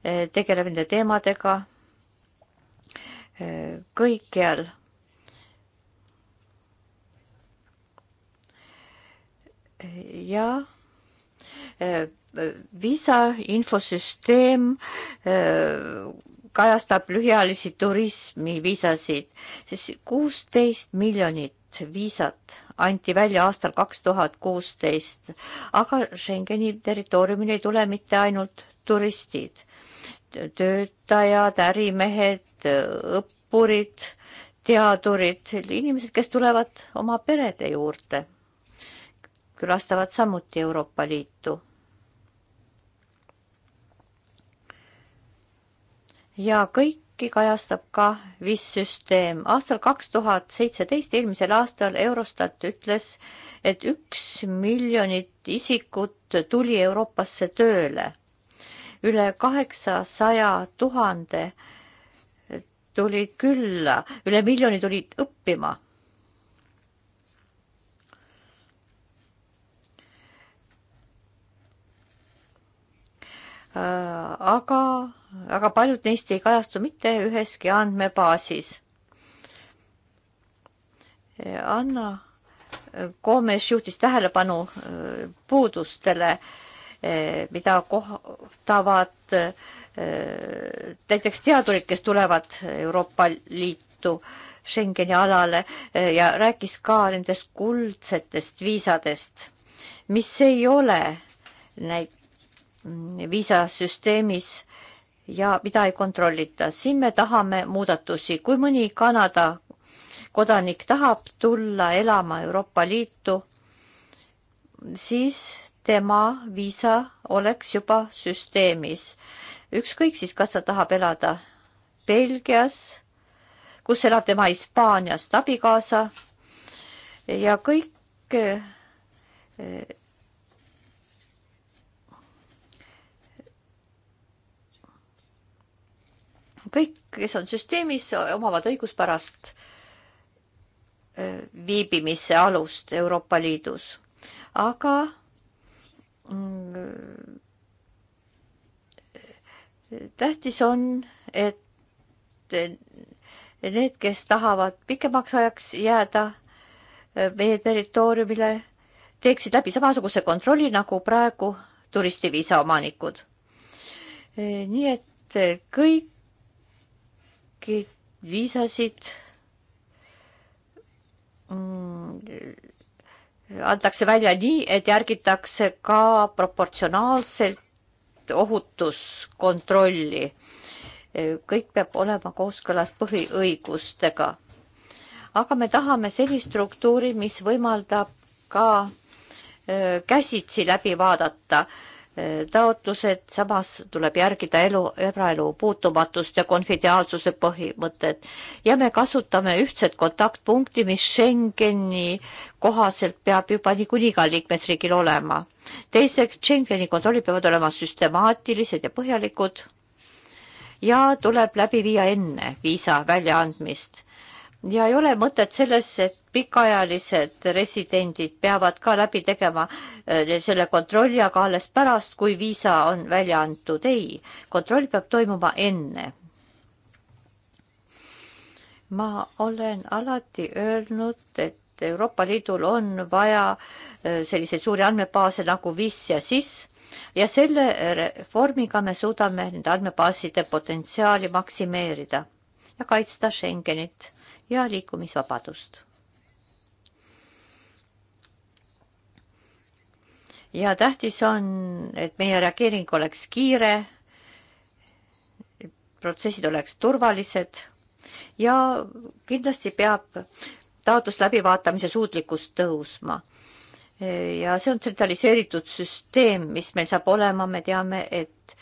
eh, tegeleb nende teemadega eh, kõikjal. Eh, ja viisa infosüsteem kajastab lühiajalisi turismiviisasid, siis kuusteist miljonit viisat anti välja aastal kaks tuhat kuusteist, aga Schengeni territooriumil ei tule mitte ainult turistid, töötajad, ärimehed, õppurid, teadurid, inimesed, kes tulevad oma perede juurde, külastavad samuti Euroopa Liitu ja kõiki kajastab ka VIS süsteem. aastal kaks tuhat seitseteist, eelmisel aastal Eurostat ütles, et üks miljonit isikut tuli Euroopasse tööle. üle kaheksasaja tuhande tulid külla, üle miljoni tulid õppima Äh, aga väga paljud neist ei kajastu mitte üheski andmebaasis. Anna Koomes juhtis tähelepanu äh, puudustele, äh, mida kohtavad näiteks teadurid, kes tulevad Euroopa Liitu Schengeni alale ja rääkis ka nendest kuldsetest viisadest, mis ei ole näiteks viisasüsteemis ja mida ei kontrollita. siin me tahame muudatusi. kui mõni Kanada kodanik tahab tulla elama Euroopa Liitu, siis tema viisa oleks juba süsteemis. ükskõik siis, kas ta tahab elada Belgias, kus elab tema Hispaaniast abikaasa ja kõik eh, kõik, kes on süsteemis, omavad õiguspärast äh, viibimise alust Euroopa Liidus, aga mm, tähtis on, et need, kes tahavad pikemaks ajaks jääda äh, meie territooriumile, teeksid läbi samasuguse kontrolli nagu praegu turistiviisa omanikud. Äh, nii et kõik räägid viisasid mm, antakse välja nii, et järgitakse ka proportsionaalselt ohutuskontrolli. kõik peab olema kooskõlas põhiõigustega. aga me tahame sellist struktuuri, mis võimaldab ka äh, käsitsi läbi vaadata taotlused, samas tuleb järgida elu, eraelu puutumatust ja konfidiaalsuse põhimõtet ja me kasutame ühtset kontaktpunkti, mis Schengeni kohaselt peab juba niikuinii igal liikmesriigil olema. teiseks, Schengeni kontrollid peavad olema süstemaatilised ja põhjalikud ja tuleb läbi viia enne viisa väljaandmist ja ei ole mõtet selles, et pikaajalised residendid peavad ka läbi tegema eh, selle kontrolli, aga alles pärast, kui viisa on välja antud. ei, kontroll peab toimuma enne. ma olen alati öelnud, et Euroopa Liidul on vaja eh, selliseid suuri andmebaase nagu VIS ja SIS ja selle reformiga me suudame nende andmebaaside potentsiaali maksimeerida ja kaitsta Schengenit ja liikumisvabadust. ja tähtis on, et meie reageering oleks kiire, protsessid oleks turvalised ja kindlasti peab taotlust läbivaatamise suutlikkus tõusma. ja see on tsentraliseeritud süsteem, mis meil saab olema, me teame, et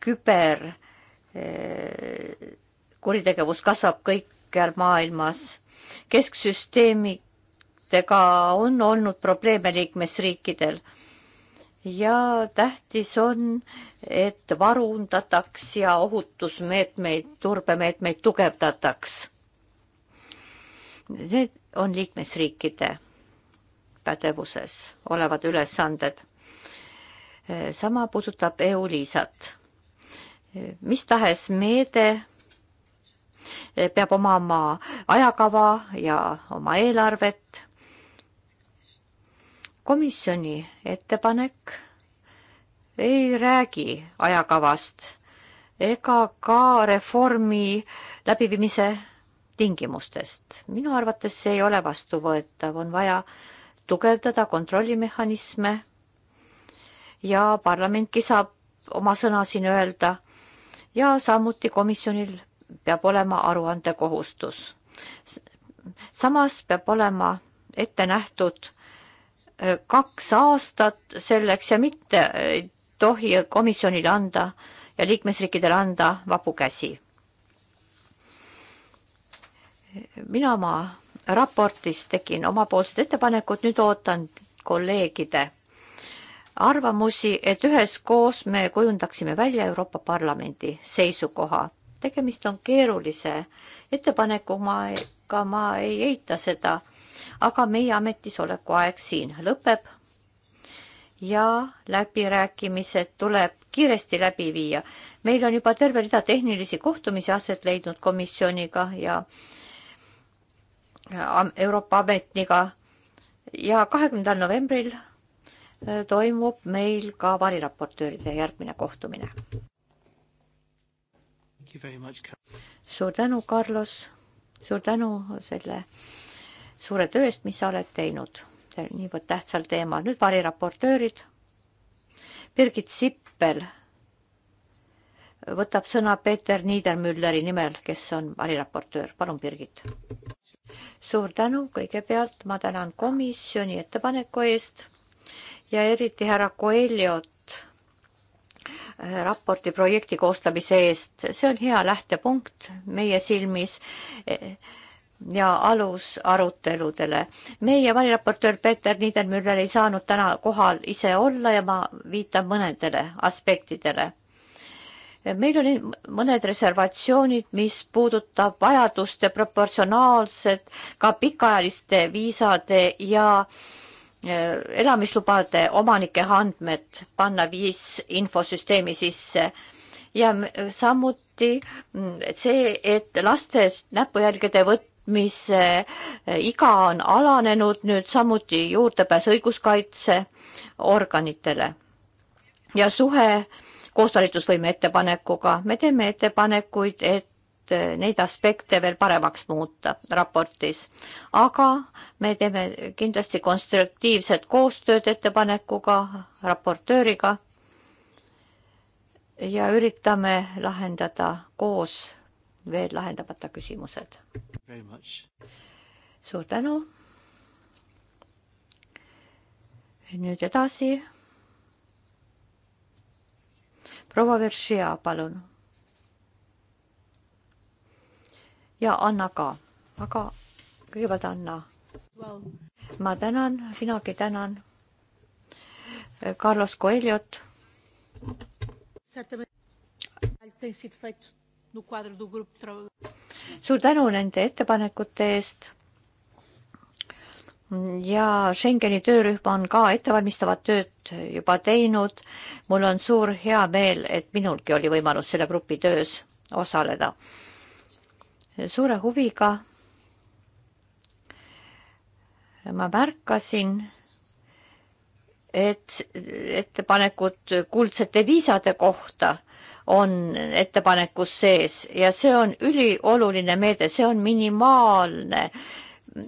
küber eh, kuritegevus kasvab kõikjal maailmas. kesksüsteemidega on olnud probleeme liikmesriikidel ja tähtis on, et varundataks ja ohutusmeetmeid, turbemeetmeid tugevdataks. Need on liikmesriikide pädevuses olevad ülesanded. sama puudutab EU-liisat. mis tahes meede peab omama ajakava ja oma eelarvet komisjoni ettepanek ei räägi ajakavast ega ka reformi läbiviimise tingimustest. minu arvates see ei ole vastuvõetav, on vaja tugevdada kontrollimehhanisme ja parlamentki saab oma sõna siin öelda ja samuti komisjonil peab olema aruandekohustus. samas peab olema ette nähtud Äh, kaks aastat selleks ja mitte ei tohi komisjonile anda ja liikmesriikidele anda vabu käsi. mina oma raportis tegin omapoolsed ettepanekud, nüüd ootan kolleegide arvamusi, et üheskoos me kujundaksime välja Euroopa Parlamendi seisukoha. tegemist on keerulise ettepanekuga, ma ei eita seda aga meie ametisoleku aeg siin lõpeb ja läbirääkimised tuleb kiiresti läbi viia. meil on juba terve rida tehnilisi kohtumisi aset leidnud komisjoniga ja Euroopa ametniga ja kahekümnendal novembril äh, toimub meil ka variraportööride järgmine kohtumine. suur tänu, Carlos, suur tänu selle suure töö eest, mis sa oled teinud niivõrd tähtsal teemal. nüüd variraportöörid. Birgit Sippel võtab sõna Peeter Niedermülleri nimel, kes on variraportöör. palun, Birgit. suur tänu, kõigepealt ma tänan komisjoni ettepaneku eest ja eriti härra Coelhot äh, raporti projekti koostamise eest. see on hea lähtepunkt meie silmis äh, ja alusaruteludele. meie variraportöör Peeter Niedermüller ei saanud täna kohal ise olla ja ma viitan mõnedele aspektidele. meil oli mõned reservatsioonid, mis puudutab vajaduste proportsionaalset ka pikaajaliste viisade ja äh, elamislubade omanike andmed panna viis infosüsteemi sisse ja samuti mm, see, et laste näpujälgede võtt mis eh, iga on alanenud nüüd samuti juurdepääs õiguskaitseorganitele ja suhe koostalitusvõime ettepanekuga. me teeme ettepanekuid, et eh, neid aspekte veel paremaks muuta raportis. aga me teeme kindlasti konstruktiivset koostööd ettepanekuga, raportööriga ja üritame lahendada koos veel lahendamata küsimused. suur tänu. nüüd edasi. proua Veršia, palun. ja Anna ka, aga kõigepealt Anna well.. ma tänan, minagi tänan. Carlos Coelhot. certamente tem sido feito suur tänu nende ettepanekute eest. ja Schengeni töörühm on ka ettevalmistavat tööd juba teinud. mul on suur hea meel, et minulgi oli võimalus selle grupi töös osaleda. suure huviga ma märkasin, et ettepanekud kuldsete viisade kohta on ettepanekus sees ja see on ülioluline meede, see on minimaalne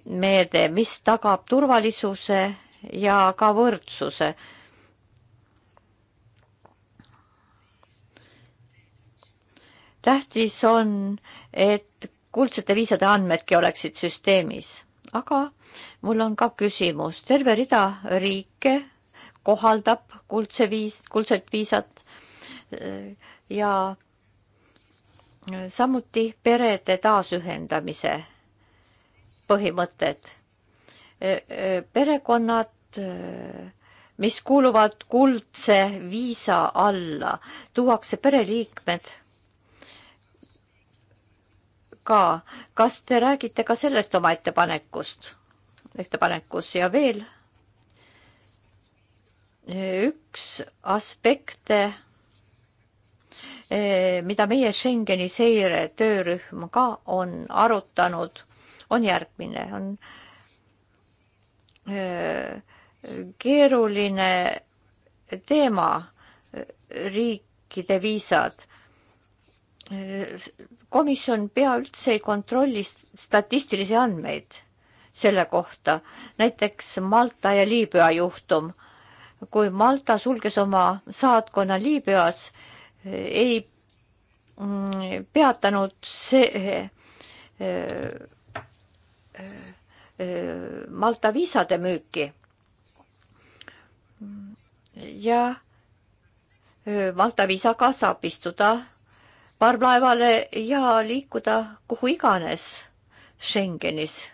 meede, mis tagab turvalisuse ja ka võrdsuse. tähtis on, et kuldsete viisade andmedki oleksid süsteemis, aga mul on ka küsimus, terve rida riike kohaldab kuldse viis, kuldset viisat ja samuti perede taasühendamise põhimõtted. perekonnad, mis kuuluvad kuldse viisa alla, tuuakse pereliikmed ka. kas te räägite ka sellest oma ettepanekust, ettepanekus ja veel? üks aspekte Eh, mida meie Schengeni seire töörühm ka on arutanud, on järgmine, on eh, keeruline teema, eh, riikide viisad. komisjon pea üldse ei kontrolli statistilisi andmeid selle kohta, näiteks Malta ja Liibüa juhtum. kui Malta sulges oma saatkonna Liibüas, ei mm, peatanud see eh, eh, eh, Malta viisade müüki. ja Malta viisaga saab istuda parvlaevale ja liikuda kuhu iganes Schengenis.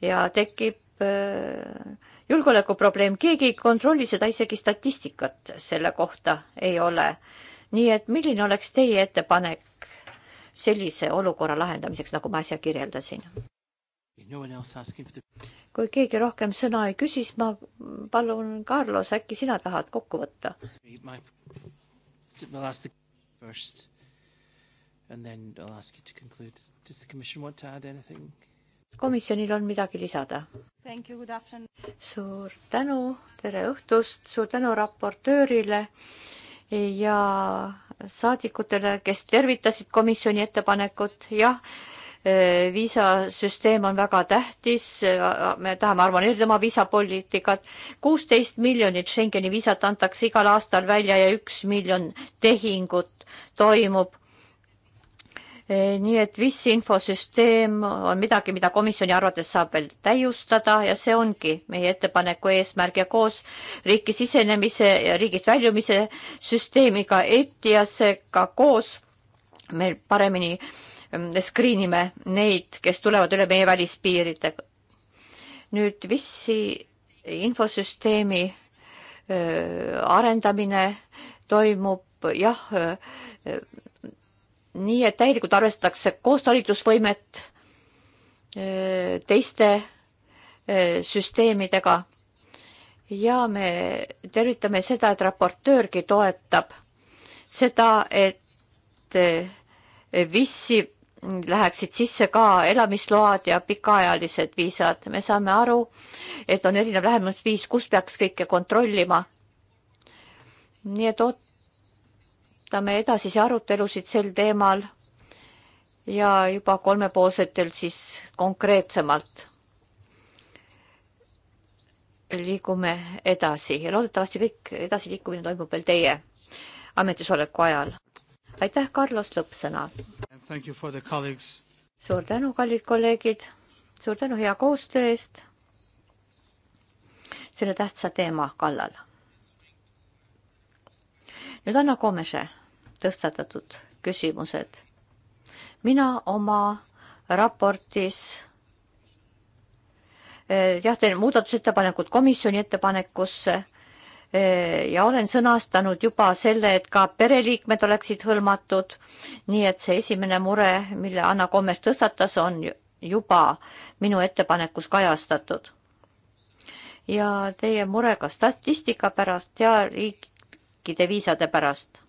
ja tekib äh, julgeolekuprobleem, keegi ei kontrolli seda, isegi statistikat selle kohta ei ole. nii et milline oleks teie ettepanek sellise olukorra lahendamiseks, nagu ma äsja kirjeldasin? kui keegi rohkem sõna ei küsi, siis ma palun, Carlos, äkki sina tahad kokku võtta? First, and then I'll ask you to conclude. Does the Commission want to add anything? komisjonil on midagi lisada? suur tänu, tere õhtust, suur tänu raportöörile ja saadikutele, kes tervitasid komisjoni ettepanekut, jah, eh, viisasüsteem on väga tähtis, eh, me tahame harmoneerida oma viisapoliitikat. kuusteist miljonit Schengeni viisat antakse igal aastal välja ja üks miljon tehingut toimub Eh, nii et VIS infosüsteem on midagi, mida komisjoni arvates saab veel täiustada ja see ongi meie ettepaneku eesmärk ja koos riiki sisenemise ja riigist väljumise süsteemiga ETIAS-ega koos me paremini mm, screen ime neid, kes tulevad üle meie välispiiride. nüüd VIS-i infosüsteemi öö, arendamine toimub jah öö, nii et täielikult arvestatakse koostalitlusvõimet äh, teiste äh, süsteemidega. ja me tervitame seda, et raportöörgi toetab seda, et äh, VIS-i läheksid sisse ka elamisload ja pikaajalised viisad. me saame aru, et on erinev lähenemisviis, kus peaks kõike kontrollima. nii et oot-, ootame edasisi arutelusid sel teemal ja juba kolmepoolsetel siis konkreetsemalt liigume edasi ja loodetavasti kõik edasiliikumine toimub veel teie ametisoleku ajal. aitäh, Carlos, lõppsõna. suur tänu, kallid kolleegid, suur tänu hea koostöö eest selle tähtsa teema kallal nüüd Anna Komese tõstatatud küsimused. mina oma raportis eh, jah, teen muudatusettepanekud komisjoni ettepanekusse eh, ja olen sõnastanud juba selle, et ka pereliikmed oleksid hõlmatud. nii et see esimene mure, mille Anna Kommes tõstatas, on juba minu ettepanekus kajastatud. ja teie mure ka statistika pärast ja riik, riikide viisade pärast.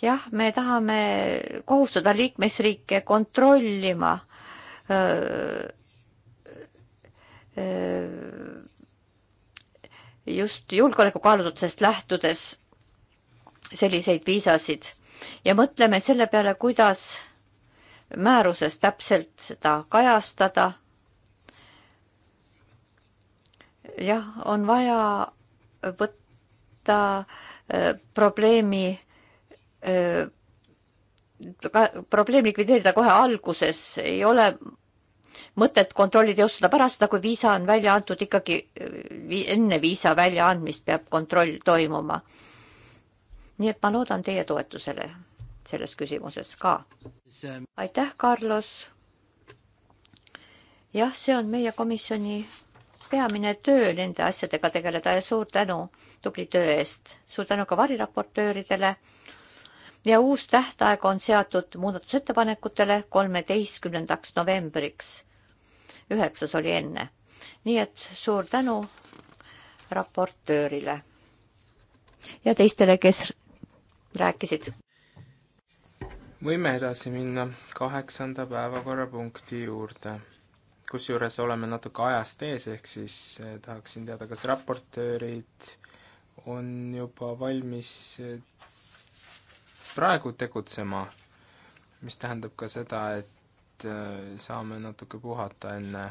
jah, me tahame kohustada liikmesriike kontrollima öö, öö, just julgeolekukaalutlustest lähtudes selliseid viisasid ja mõtleme selle peale, kuidas määruses täpselt seda kajastada. jah, on vaja võtta võtta äh, probleemi äh, probleem likvideerida kohe alguses, ei ole mõtet kontrolli teostada pärast seda, kui viisa on välja antud, ikkagi äh, enne viisa väljaandmist peab kontroll toimuma. nii et ma loodan teie toetusele selles küsimuses ka. aitäh, Carlos. jah, see on meie komisjoni peamine töö nende asjadega tegeleda ja suur tänu tubli töö eest. suur tänu ka variraportööridele. ja uus tähtaeg on seatud muudatusettepanekutele kolmeteistkümnendaks novembriks. üheksas oli enne. nii et suur tänu raportöörile ja teistele, kes rääkisid. võime edasi minna kaheksanda päevakorrapunkti juurde kusjuures oleme natuke ajast ees, ehk siis eh, tahaksin teada, kas raportöörid on juba valmis praegu tegutsema, mis tähendab ka seda, et äh, saame natuke puhata enne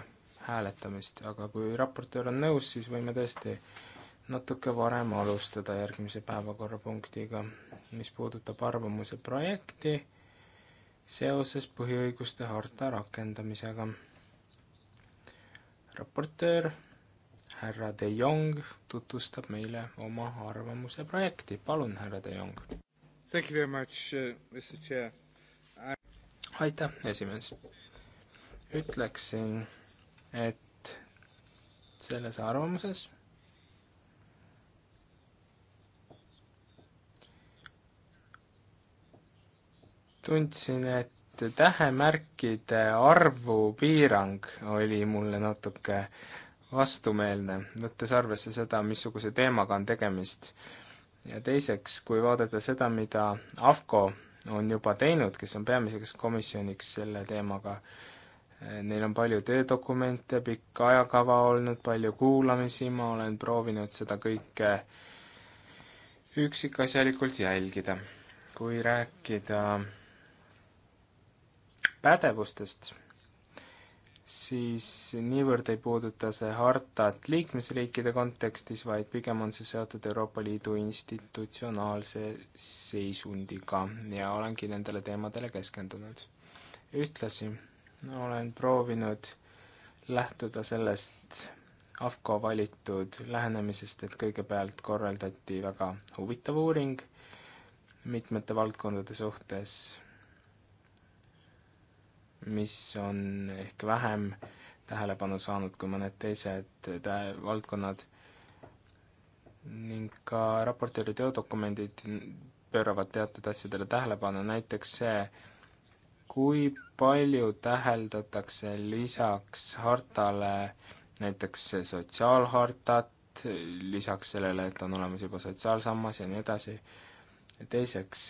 hääletamist, aga kui raportöör on nõus, siis võime tõesti natuke varem alustada järgmise päevakorrapunktiga, mis puudutab arvamuse projekti seoses põhiõiguste harta rakendamisega. raportöör härra De Jong tutvustab meile oma arvamuse projekti. palun, härra De Jong. Uh, aitäh, esimees. ütleksin, et selles arvamuses tundsin, et tähemärkide arvu piirang oli mulle natuke äh, vastumeelne, võttes arvesse seda, missuguse teemaga on tegemist. ja teiseks, kui vaadata seda, mida AFCO on juba teinud, kes on peamiseks komisjoniks selle teemaga, eh, neil on palju töödokumente, pikk ajakava olnud, palju kuulamisi, ma olen proovinud seda kõike üksikasjalikult jälgida. kui rääkida pädevustest, siis niivõrd ei puuduta see hartat liikmesriikide kontekstis, vaid pigem on see seotud Euroopa Liidu institutsionaalse seisundiga ja olengi nendele teemadele keskendunud. ühtlasi olen proovinud lähtuda sellest AFCO valitud lähenemisest, et kõigepealt korraldati väga huvitav uuring mitmete valdkondade suhtes mis on ehk vähem tähelepanu saanud kui mõned teised tä-, valdkonnad ning ka raportööri töödokumendid pööravad teatud asjadele tähelepanu, näiteks see, kui palju täheldatakse lisaks hartale näiteks sotsiaalhartat, lisaks sellele, et on olemas juba sotsiaalsammas ja nii edasi. teiseks,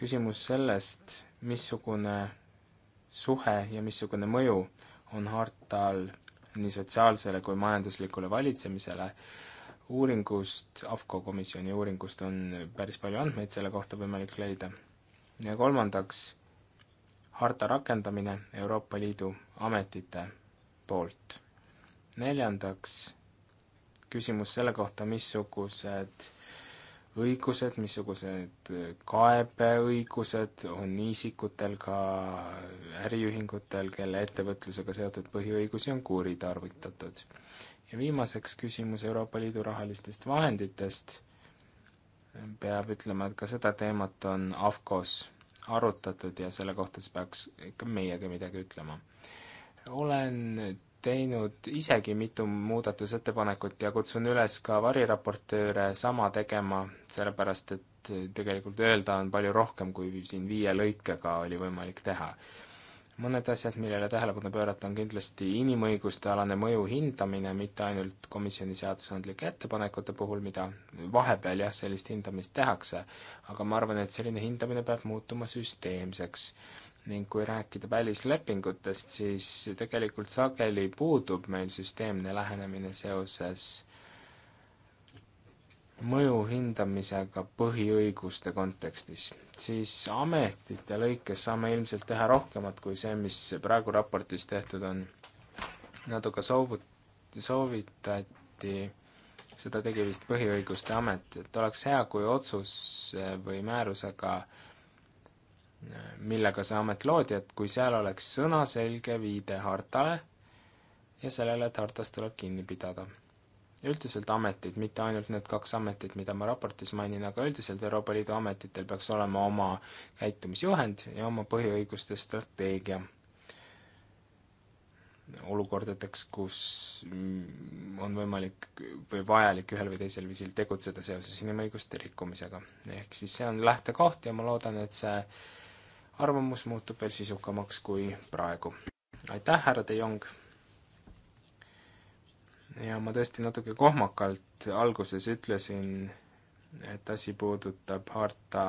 küsimus sellest, missugune suhe ja missugune mõju on hartal nii sotsiaalsele kui majanduslikule valitsemisele. uuringust, AFCO komisjoni uuringust on päris palju andmeid selle kohta võimalik leida. ja kolmandaks, harta rakendamine Euroopa Liidu ametite poolt. neljandaks, küsimus selle kohta, missugused õigused, missugused äh, kaebeõigused on isikutel ka äriühingutel, kelle ettevõtlusega seotud põhiõigusi on kuritarvitatud. ja viimaseks küsimus Euroopa Liidu rahalistest vahenditest. peab ütlema, et ka seda teemat on AFCOs arutatud ja selle kohta siis peaks ikka meiegi midagi ütlema. olen teinud isegi mitu muudatusettepanekut ja kutsun üles ka variraportööre sama tegema, sellepärast et tegelikult öelda on palju rohkem, kui siin viie lõikega oli võimalik teha. mõned asjad, millele tähelepanu pöörata, on kindlasti inimõiguste alane mõju hindamine, mitte ainult komisjoni seadusandlike ettepanekute puhul, mida vahepeal jah, sellist hindamist tehakse, aga ma arvan, et selline hindamine peab muutuma süsteemseks ning kui rääkida välislepingutest, siis tegelikult sageli puudub meil süsteemne lähenemine seoses mõju hindamisega põhiõiguste kontekstis, siis ametite lõikes saame ilmselt teha rohkemat kui see, mis praegu raportis tehtud on. natuke soovut-, soovitati, seda tegi vist Põhiõiguste Amet, et oleks hea, kui otsus või määrusega äh, millega see amet loodi, et kui seal oleks sõnaselge viide hartale ja sellele, et hartast tuleb kinni pidada. üldiselt ametid, mitte ainult need kaks ametit, mida ma raportis mainin, aga üldiselt Euroopa Liidu ametitel peaks olema oma käitumisjuhend ja oma põhiõiguste strateegia olukordadeks, kus on võimalik või vajalik ühel või teisel viisil tegutseda seoses inimõiguste rikkumisega. ehk siis see on lähtekoht ja ma loodan, et see arvamus muutub veel sisukamaks kui praegu. aitäh, härra De Jong! ja ma tõesti natuke kohmakalt alguses ütlesin, et asi puudutab harta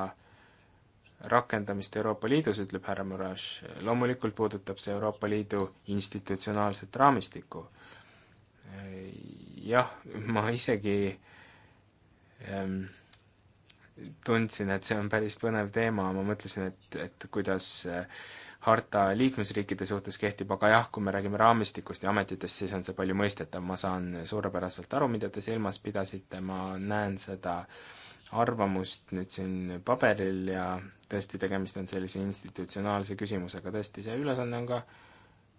rakendamist Euroopa Liidus, ütleb härra Murash, loomulikult puudutab see Euroopa Liidu institutsionaalset raamistikku. jah, ma isegi ähm, tundsin, et see on päris põnev teema, ma mõtlesin, et, et kuidas äh, harta liikmesriikide suhtes kehtib, aga jah, kui me räägime raamistikust ja ametitest, siis on see palju mõistetav, ma saan suurepäraselt aru, mida te silmas pidasite, ma näen seda arvamust nüüd siin paberil ja tõesti, tegemist on sellise institutsionaalse küsimusega, tõesti, see ülesanne on ka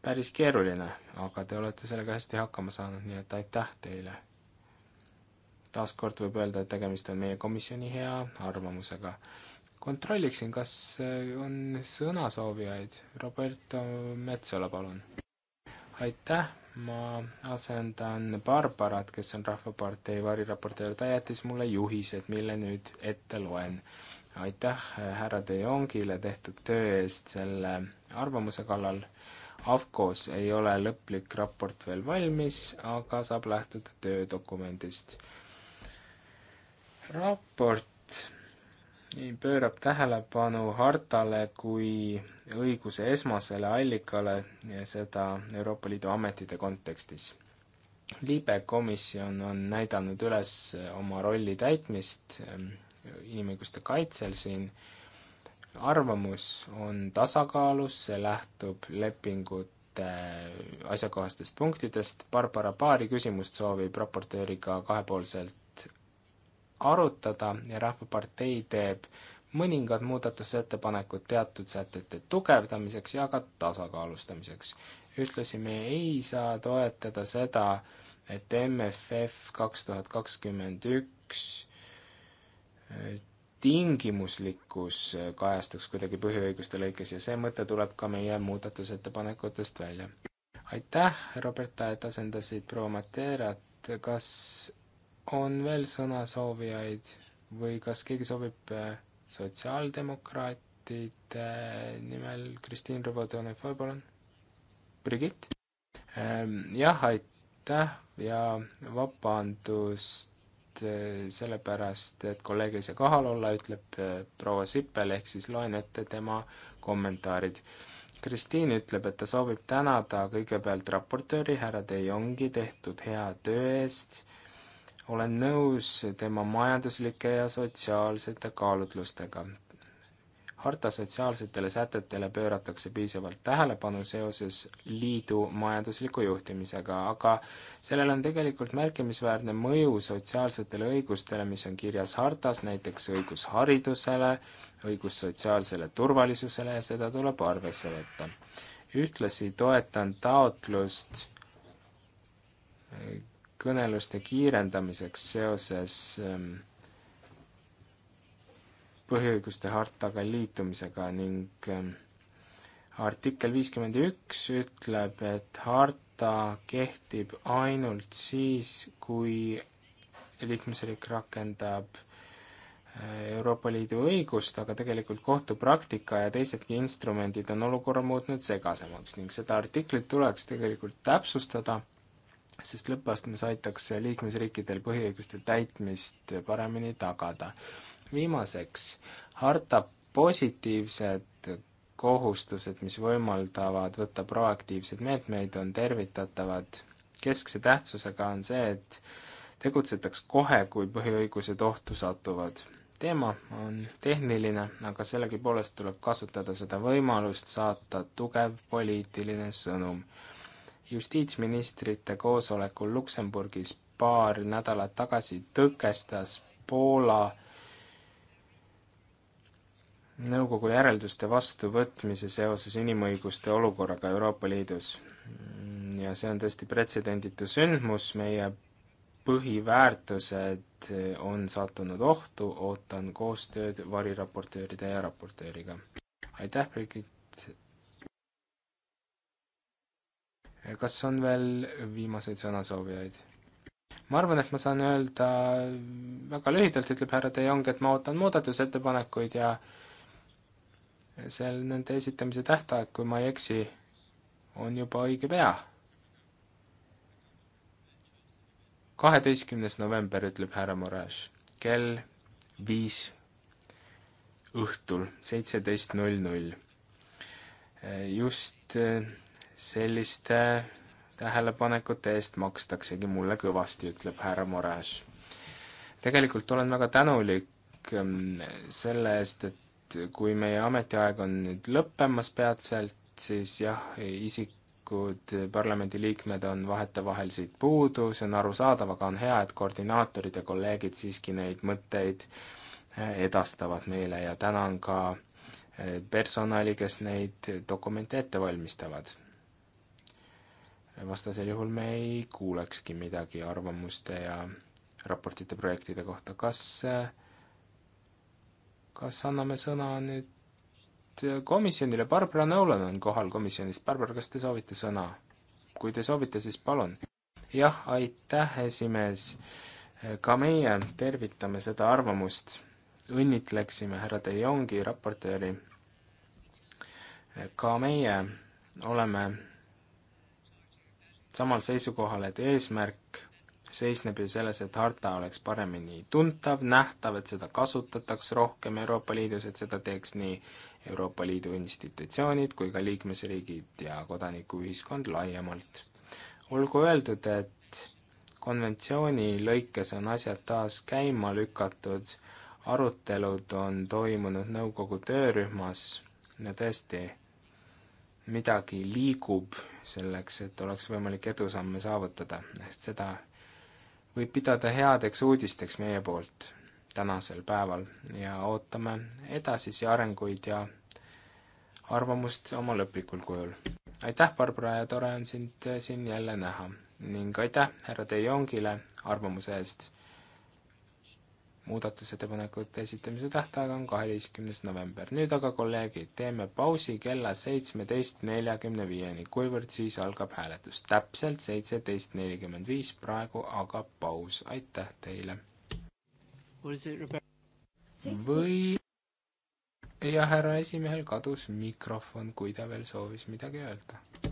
päris keeruline, aga te olete sellega hästi hakkama saanud, nii et aitäh teile taaskord võib öelda, et tegemist on meie komisjoni hea arvamusega. kontrolliksin, kas äh, on sõnasoovijaid. Roberto Metsola, palun. aitäh, ma asendan Barbarat, kes on Rahvapartei variraportöör, ta jättis mulle juhised, mille nüüd ette loen. aitäh äh, härra De Jongile tehtud töö eest selle arvamuse kallal AFCOs ei ole lõplik raport veel valmis, aga saab lähtuda töödokumendist raport pöörab tähelepanu hartale kui õiguse esmasele allikale ja seda Euroopa Liidu ametite kontekstis. libe komisjon on näidanud üles oma rolli täitmist ehm, inimõiguste kaitsel siin, arvamus on tasakaalus, see lähtub lepingute asjakohastest punktidest, Barbara paari küsimust soovib raportööriga kahepoolselt arutada ja Rahvapartei teeb mõningad muudatusettepanekud teatud sätete tugevdamiseks ja ka tasakaalustamiseks. ühtlasi me ei saa toetada seda, et MFF kaks tuhat kakskümmend üks äh, tingimuslikkus äh, kajastuks kuidagi põhiõiguste lõikes ja see mõte tuleb ka meie muudatusettepanekutest välja. aitäh, Roberta, et asendasid proua Mateerat, kas on veel sõnasoovijaid või kas keegi soovib äh, sotsiaaldemokraatide äh, nimel, Kristiin Rõvo-Tonefoi, palun? Brigitt? Ähm, jah, aitäh ja vabandust äh, sellepärast, et kolleeg ei saa kohal olla, ütleb proua Sippel, ehk siis loen ette tema kommentaarid Kristiin ütleb, et ta soovib tänada kõigepealt raportööri härra De Jongi tehtud hea töö eest olen nõus tema majanduslike ja sotsiaalsete kaalutlustega. harta sotsiaalsetele sätetele pööratakse piisavalt tähelepanu seoses liidu majandusliku juhtimisega, aga sellel on tegelikult märkimisväärne mõju sotsiaalsetele õigustele, mis on kirjas hartas, näiteks õigus haridusele, õigus sotsiaalsele turvalisusele ja seda tuleb arvesse võtta. ühtlasi toetan taotlust kõneluste kiirendamiseks seoses ähm, põhiõiguste hartaga liitumisega ning ähm, artikkel viiskümmend üks ütleb, et harta kehtib ainult siis, kui liikmesriik rakendab äh, Euroopa Liidu õigust, aga tegelikult kohtupraktika ja teisedki instrumendid on olukorra muutnud segasemaks ning seda artiklit tuleks tegelikult täpsustada sest lõppastmes aitaks see liikmesriikidel põhiõiguste täitmist paremini tagada. viimaseks, harta positiivsed kohustused, mis võimaldavad võtta proaktiivseid meetmeid, on tervitatavad. keskse tähtsusega on see, et tegutsetaks kohe, kui põhiõigused ohtu satuvad. teema on tehniline, aga sellegipoolest tuleb kasutada seda võimalust saata tugev poliitiline sõnum justiitsministrite koosolekul Luksemburgis paar nädalat tagasi tõkestas Poola nõukogu järelduste vastuvõtmise seoses inimõiguste olukorraga Euroopa Liidus. ja see on tõesti pretsedenditu sündmus, meie põhiväärtused on sattunud ohtu, ootan koostööd variraportööride ja raportööriga. aitäh, Birgit kas on veel viimaseid sõnasoovijaid? ma arvan, et ma saan öelda väga lühidalt, ütleb härra De Jong, et ma ootan muudatusettepanekuid ja seal nende esitamise tähtaeg, kui ma ei eksi, on juba õige pea. kaheteistkümnes november, ütleb härra Moraes, kell viis õhtul, seitseteist null null. just eh, selliste tähelepanekute eest makstaksegi mulle kõvasti, ütleb härra Moraes. tegelikult olen väga tänulik ähm, selle eest, et kui meie ametiaeg on nüüd lõppemas peatselt, siis jah, isikud, parlamendiliikmed on vahetevahel siit puudu, see on arusaadav, aga on hea, et koordinaatorid ja kolleegid siiski neid mõtteid äh, edastavad meile ja tänan ka äh, personali, kes neid dokumente ette valmistavad vastasel juhul me ei kuulekski midagi arvamuste ja raportite projektide kohta, kas, kas anname sõna nüüd komisjonile, Barbara Nolan on kohal komisjonist, Barbara, kas te soovite sõna? kui te soovite, siis palun. jah, aitäh, esimees, ka meie tervitame seda arvamust, õnnitleksime härra De Jongi, raportööri, ka meie oleme samal seisukohal, et eesmärk seisneb ju selles, et harta oleks paremini tuntav, nähtav, et seda kasutataks rohkem Euroopa Liidus, et seda teeks nii Euroopa Liidu institutsioonid kui ka liikmesriigid ja kodanikuühiskond laiemalt. olgu öeldud, et konventsiooni lõikes on asjad taas käima lükatud, arutelud on toimunud nõukogu töörühmas ja tõesti, midagi liigub selleks, et oleks võimalik edusamme saavutada, sest seda võib pidada headeks uudisteks meie poolt tänasel päeval ja ootame edasisi arenguid ja arvamust oma lõplikul kujul. aitäh, Barbara, ja tore on sind siin jälle näha ning aitäh härra De Jongile arvamuse eest muudatusettepanekute esitamise tähtaeg on kaheteistkümnes november. nüüd aga, kolleegid, teeme pausi kella seitsmeteist neljakümne viieni, kuivõrd siis algab hääletus. täpselt seitseteist nelikümmend viis, praegu aga paus, aitäh teile! või jah, härra esimehel kadus mikrofon, kui ta veel soovis midagi öelda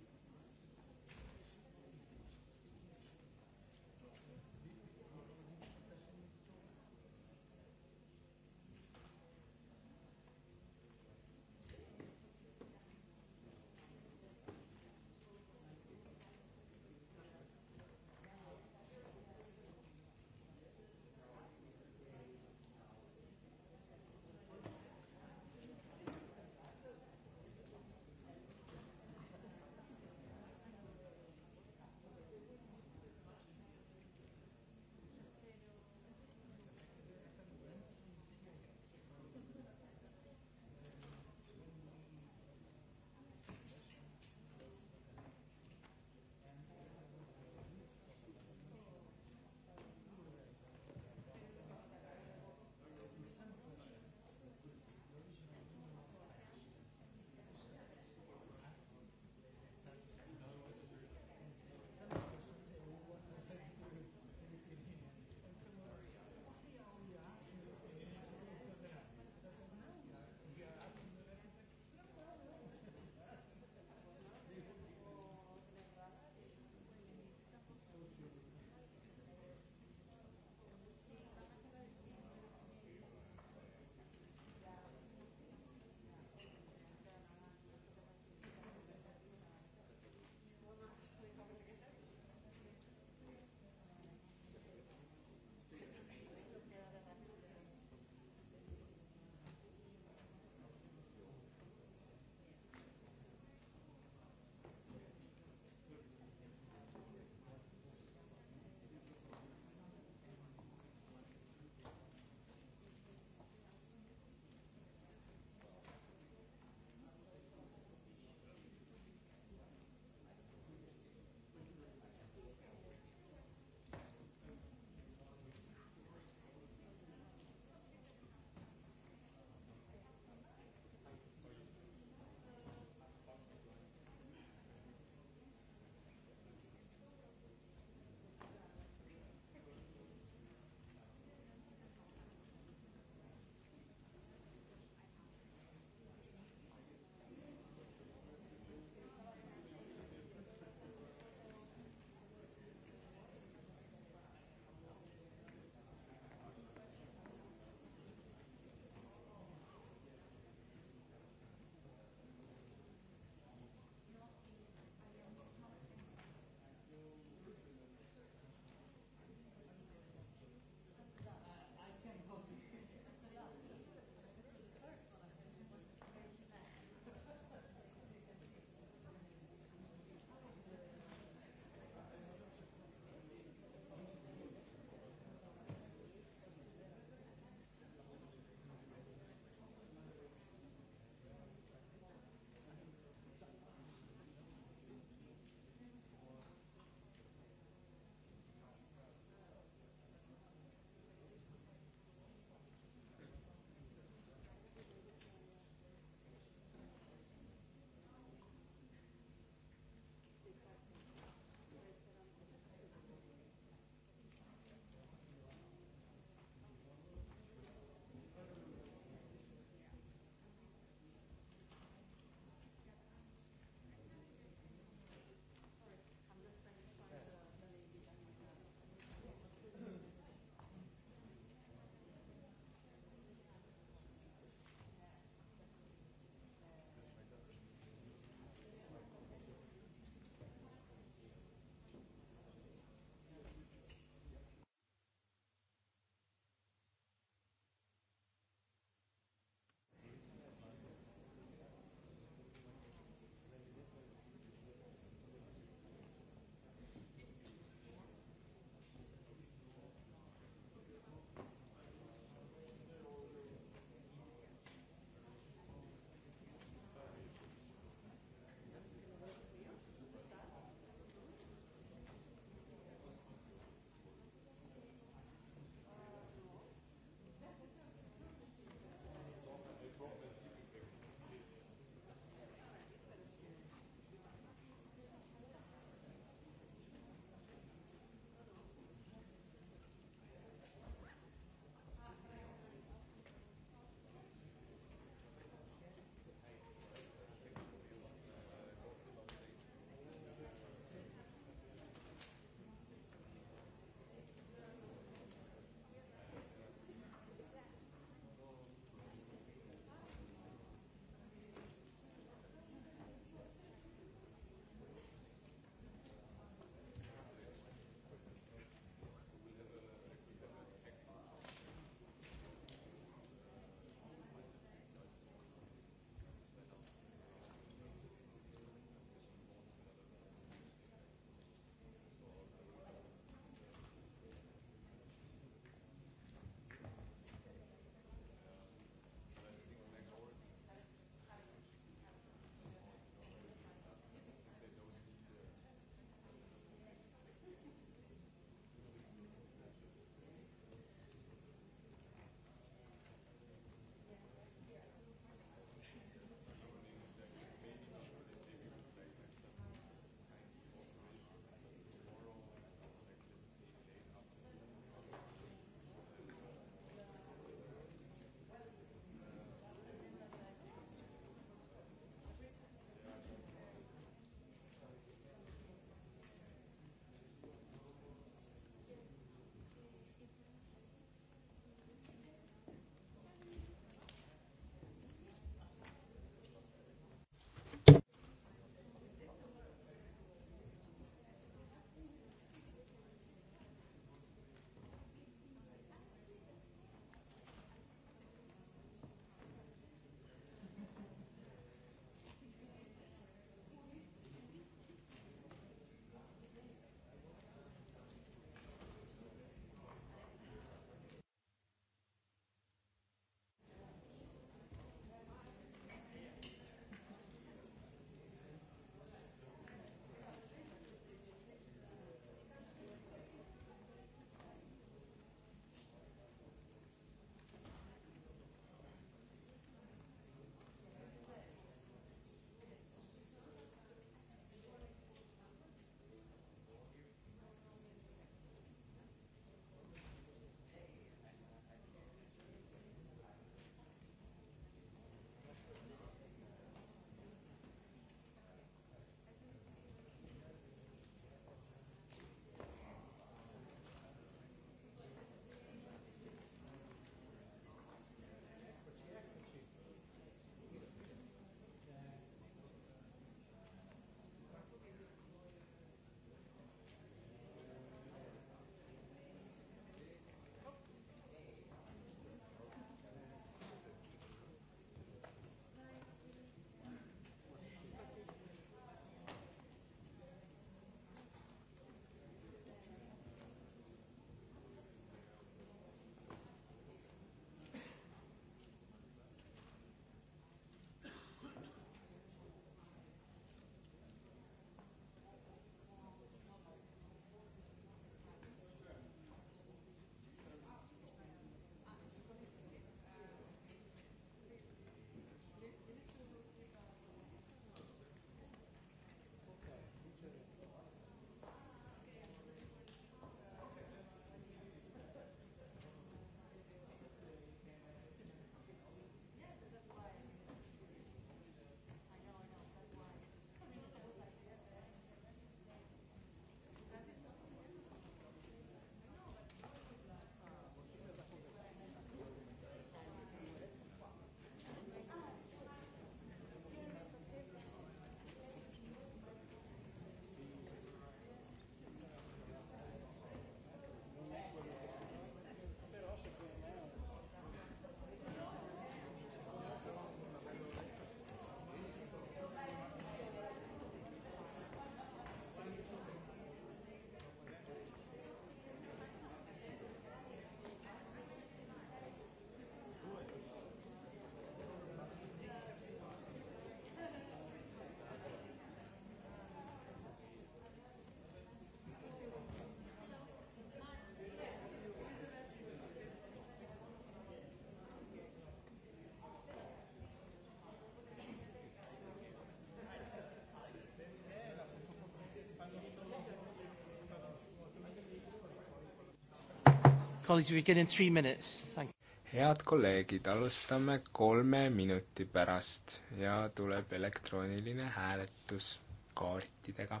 colleagues, we begin in three minutes. Thank you head kolleegid, alustame kolme minuti pärast ja tuleb elektrooniline hääletus kaartidega.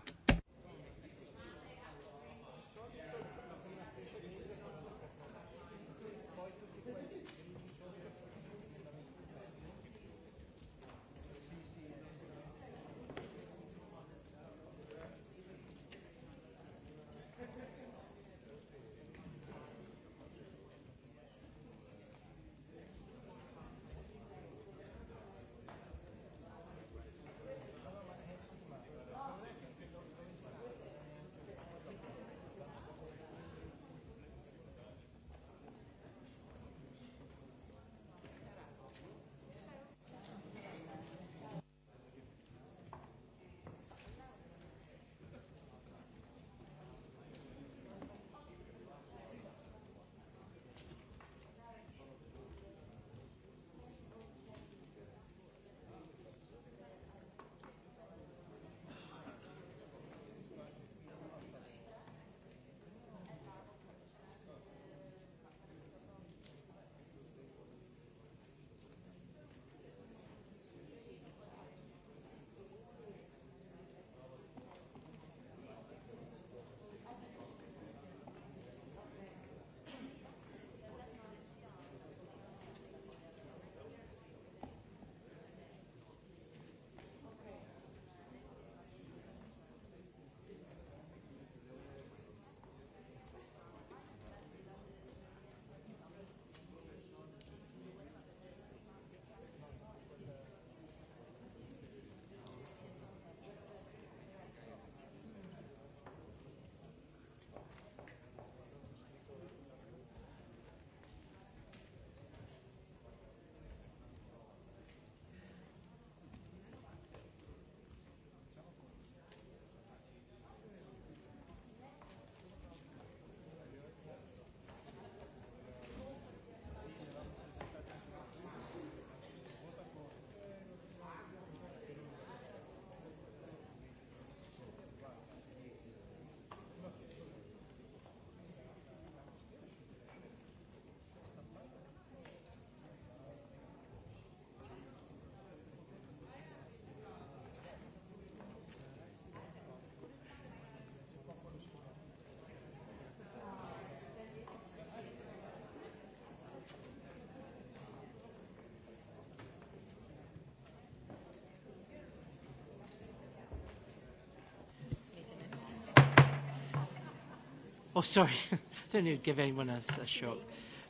oh sorry don't need to give anyone else a shock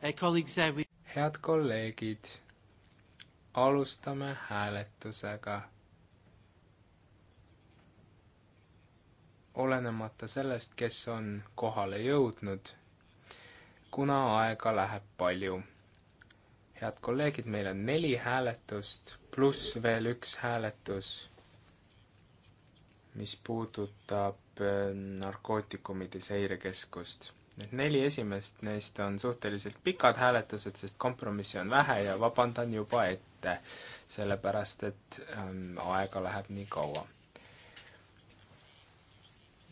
uh,. Colleagues uh,. We... head kolleegid, alustame hääletusega. olenemata sellest, kes on kohale jõudnud, kuna aega läheb palju. head kolleegid, meil on neli hääletust pluss veel üks hääletus, mis puudutab Äh, narkootikumide seirekeskust. Need neli esimest neist on suhteliselt pikad hääletused, sest kompromissi on vähe ja vabandan juba ette, sellepärast et ähm, aega läheb nii kaua.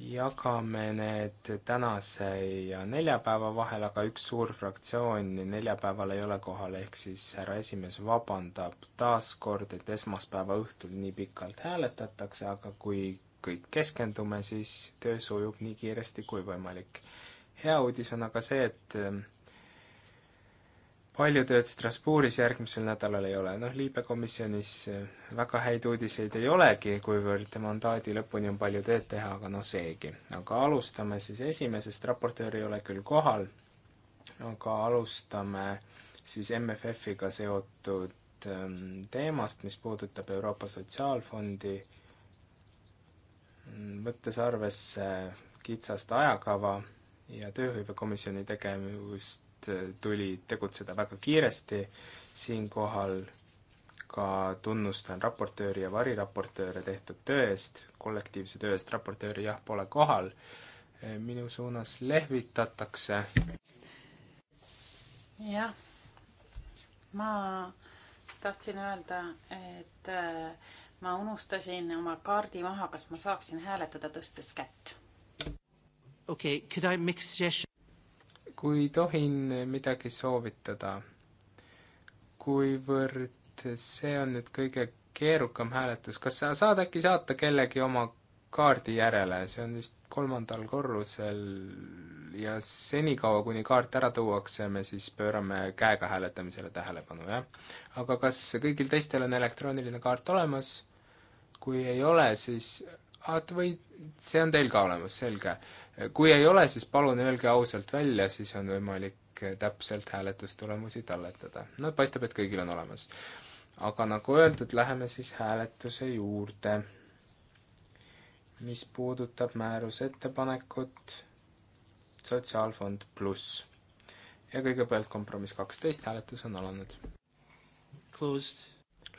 jagame need tänase ja neljapäeva vahel, aga üks suur fraktsioon neljapäeval ei ole kohal, ehk siis härra esimees vabandab taas kord, et esmaspäeva õhtul nii pikalt hääletatakse, aga kui kõik keskendume, siis töö sujub nii kiiresti kui võimalik. hea uudis on aga see, et ähm, palju tööd Strasbourgis järgmisel nädalal ei ole, noh, liibekomisjonis äh, väga häid uudiseid ei olegi, kuivõrd mandaadi lõpuni on palju tööd teha, aga noh, seegi. aga alustame siis esimesest, raportöör ei ole küll kohal, aga alustame siis MFF-iga seotud ähm, teemast, mis puudutab Euroopa Sotsiaalfondi võttes arvesse kitsast ajakava ja tööhõivekomisjoni tegevust, tuli tegutseda väga kiiresti, siinkohal ka tunnustan raportööri ja variraportööre tehtud töö eest, kollektiivse töö eest, raportööri jah, pole kohal, minu suunas lehvitatakse. jah, ma tahtsin öelda, et ma unustasin oma kaardi maha, kas ma saaksin hääletada tõstes kätt? okei okay,, could I make a suggestion? kui tohin midagi soovitada, kuivõrd see on nüüd kõige keerukam hääletus, kas sa saad äkki saata kellegi oma kaardi järele, see on vist kolmandal korrusel ja senikaua, kuni kaart ära tuuakse, me siis pöörame käega hääletamisele tähelepanu, jah. aga kas kõigil teistel on elektrooniline kaart olemas? kui ei ole, siis vaat või see on teil ka olemas, selge. kui ei ole, siis palun öelge ausalt välja, siis on võimalik täpselt hääletustulemusi talletada. no paistab, et kõigil on olemas. aga nagu öeldud, läheme siis hääletuse juurde. mis puudutab määruse ettepanekut, Sotsiaalfond pluss. ja kõigepealt kompromiss kaksteist, hääletus on alanud.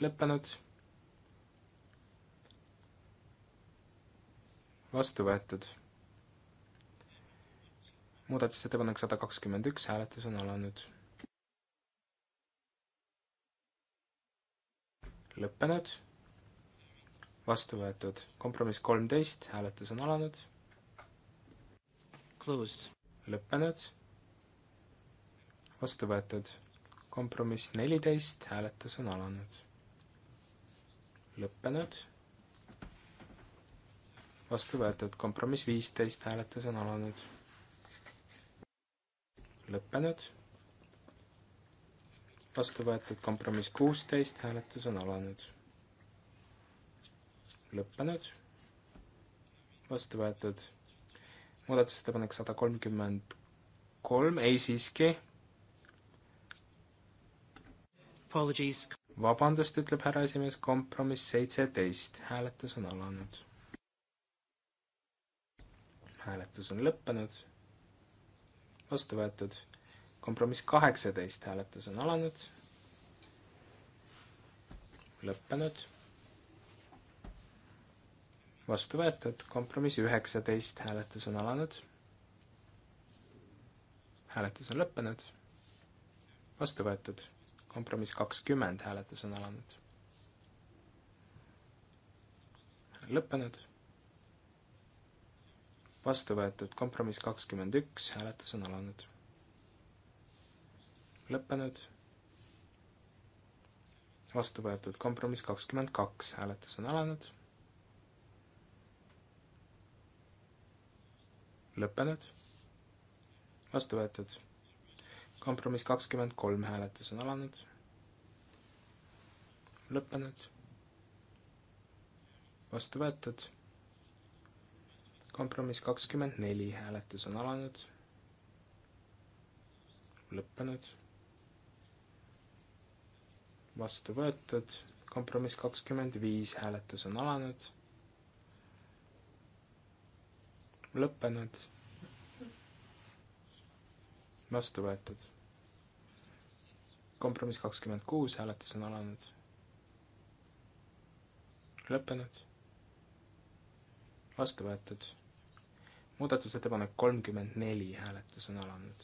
lõppenud vastu võetud. muudatusettepanek sada kakskümmend üks, hääletus on alanud. lõppenud, vastu võetud. kompromiss kolmteist, hääletus on alanud. Closed. lõppenud, vastu võetud. kompromiss neliteist, hääletus on alanud. lõppenud vastu võetud, kompromiss viisteist, hääletus on alanud. lõppenud. vastu võetud, kompromiss kuusteist, hääletus on alanud. lõppenud. vastu võetud, muudatusettepanek sada kolmkümmend kolm, ei siiski. vabandust, ütleb härra esimees, kompromiss seitseteist, hääletus on alanud hääletus on lõppenud, vastu võetud. kompromiss kaheksateist, hääletus on alanud, lõppenud, vastu võetud. kompromiss üheksateist, hääletus on alanud, hääletus on lõppenud, vastu võetud. kompromiss kakskümmend, hääletus on alanud, lõppenud vastu võetud, kompromiss kakskümmend üks, hääletus on alanud. lõppenud. vastu võetud, kompromiss kakskümmend kaks, hääletus on alanud. lõppenud. vastu võetud, kompromiss kakskümmend kolm, hääletus on alanud. lõppenud. vastu võetud kompromiss kakskümmend neli, hääletus on alanud, lõppenud, vastu võetud, kompromiss kakskümmend viis, hääletus on alanud, lõppenud, vastu võetud. kompromiss kakskümmend kuus, hääletus on alanud, lõppenud, vastu võetud muudatusettepanek kolmkümmend neli, hääletus on alanud.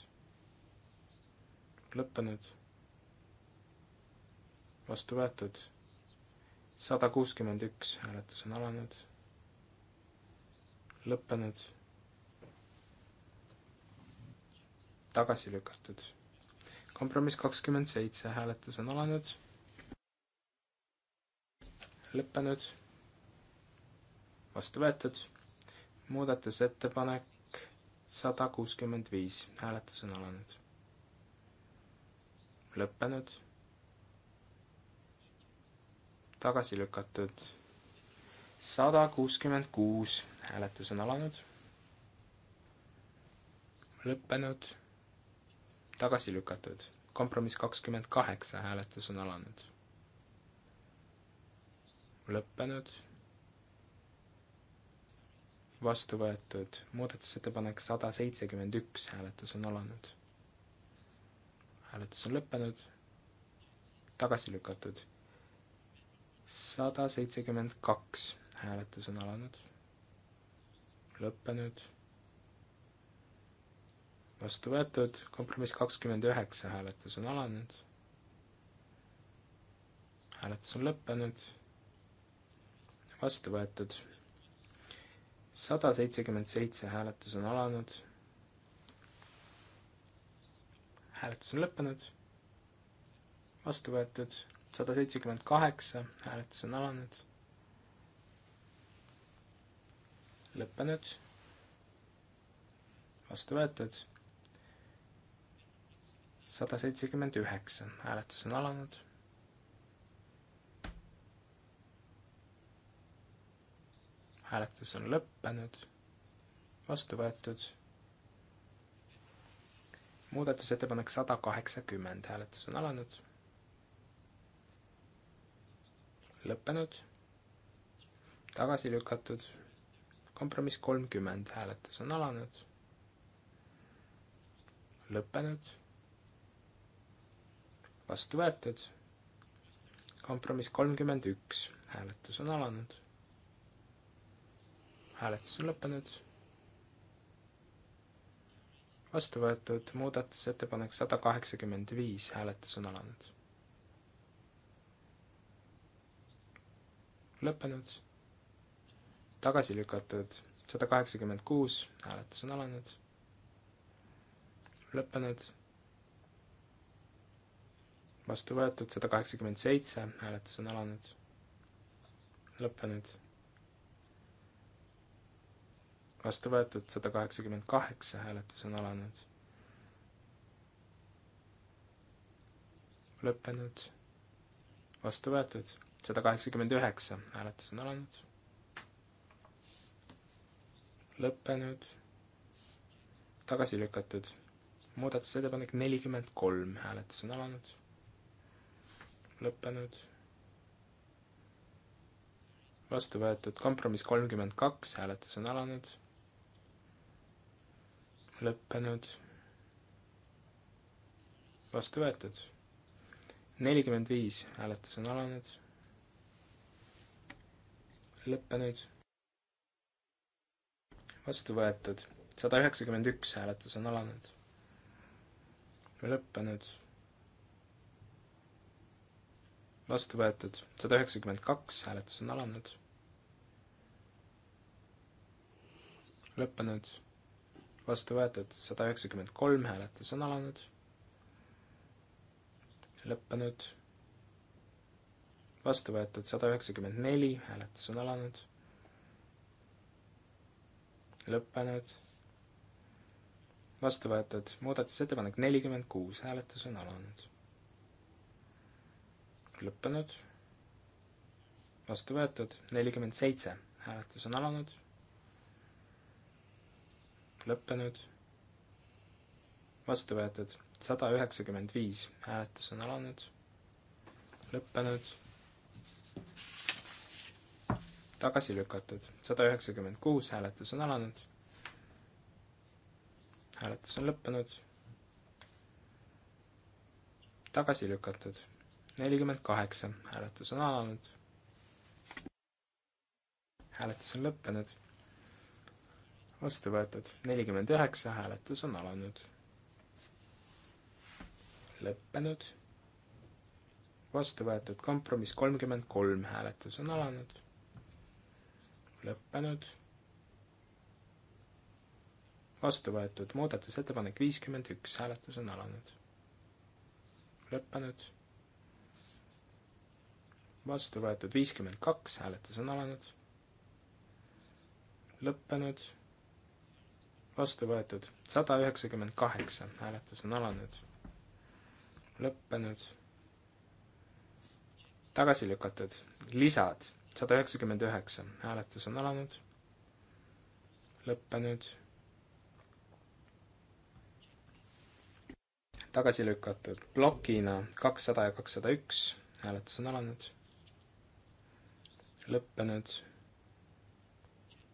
lõppenud. vastu võetud. sada kuuskümmend üks, hääletus on alanud. lõppenud. tagasi lükatud. kompromiss kakskümmend seitse, hääletus on alanud. lõppenud. vastu võetud muudatusettepanek sada kuuskümmend viis, hääletus on alanud. lõppenud. tagasi lükatud. sada kuuskümmend kuus, hääletus on alanud. lõppenud. tagasi lükatud. kompromiss kakskümmend kaheksa, hääletus on alanud. lõppenud vastu võetud, muudatusettepanek sada seitsekümmend üks, hääletus on alanud. hääletus on lõppenud, tagasi lükatud. sada seitsekümmend kaks, hääletus on alanud, lõppenud vastu võetud, kompromiss kakskümmend üheksa, hääletus on alanud. hääletus on lõppenud, vastu võetud sada seitsekümmend seitse hääletus on alanud. hääletus on lõppenud. vastu võetud sada seitsekümmend kaheksa, hääletus on alanud. lõppenud. vastu võetud sada seitsekümmend üheksa, hääletus on alanud hääletus on lõppenud, vastu võetud. muudatusettepanek sada kaheksakümmend, hääletus on alanud, lõppenud, tagasi lükatud, kompromiss kolmkümmend, hääletus on alanud, lõppenud, vastu võetud, kompromiss kolmkümmend üks, hääletus on alanud hääletus on lõppenud. vastu võetud muudatusettepanek sada kaheksakümmend viis, hääletus on alanud. lõppenud. tagasi lükatud sada kaheksakümmend kuus, hääletus on alanud. lõppenud. vastu võetud sada kaheksakümmend seitse, hääletus on alanud. lõppenud vastu võetud, sada kaheksakümmend kaheksa hääletus on alanud. lõppenud, vastu võetud, sada kaheksakümmend üheksa hääletus on alanud. lõppenud, tagasi lükatud, muudatusettepanek nelikümmend kolm hääletus on alanud. lõppenud vastu võetud kompromiss kolmkümmend kaks, hääletus on alanud lõppenud, vastu võetud. nelikümmend viis, hääletus on alanud, lõppenud, vastu võetud. sada üheksakümmend üks, hääletus on alanud, lõppenud, vastu võetud. sada üheksakümmend kaks, hääletus on alanud, lõppenud vastu võetud sada üheksakümmend kolm, hääletus on alanud, lõppenud, vastu võetud sada üheksakümmend neli, hääletus on alanud, lõppenud, vastu võetud muudatusettepanek nelikümmend kuus, hääletus on alanud, lõppenud, vastu võetud nelikümmend seitse, hääletus on alanud lõppenud, vastu võetud sada üheksakümmend viis, hääletus on alanud, lõppenud, tagasi lükatud sada üheksakümmend kuus, hääletus on alanud, hääletus on lõppenud, tagasi lükatud nelikümmend kaheksa, hääletus on alanud, hääletus on lõppenud vastu võetud, nelikümmend üheksa, hääletus on alanud. lõppenud, vastu võetud kompromiss kolmkümmend kolm, hääletus on alanud. lõppenud, vastu võetud muudatusettepanek viiskümmend üks, hääletus on alanud. lõppenud, vastu võetud viiskümmend kaks, hääletus on alanud. lõppenud vastu võetud sada üheksakümmend kaheksa, hääletus on alanud, lõppenud, tagasi lükatud, lisad sada üheksakümmend üheksa, hääletus on alanud, lõppenud, tagasi lükatud plokina kakssada ja kakssada üks, hääletus on alanud, lõppenud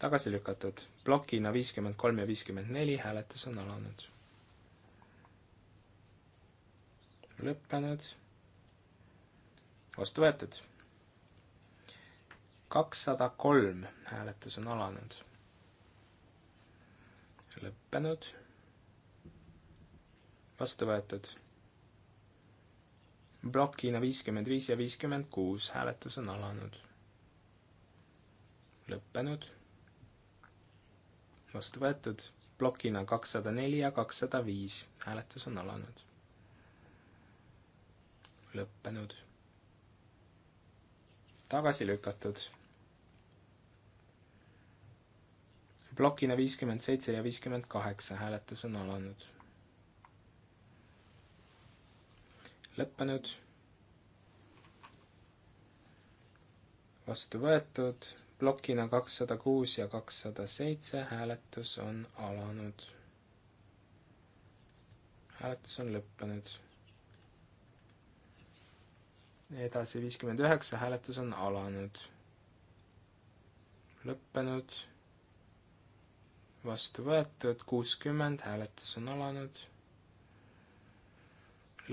tagasi lükatud. plokina viiskümmend kolm ja viiskümmend neli hääletus on alanud. lõppenud. vastu võetud. kakssada kolm hääletus on alanud. lõppenud. vastu võetud. plokina viiskümmend viis ja viiskümmend kuus hääletus on alanud. lõppenud vastu võetud, plokina kakssada neli ja kakssada viis, hääletus on alanud. lõppenud. tagasi lükatud. plokina viiskümmend seitse ja viiskümmend kaheksa, hääletus on alanud. lõppenud. vastu võetud plokina kakssada kuus ja kakssada seitse, hääletus on alanud. hääletus on lõppenud. edasi viiskümmend üheksa, hääletus on alanud. lõppenud. vastu võetud, kuuskümmend, hääletus on alanud.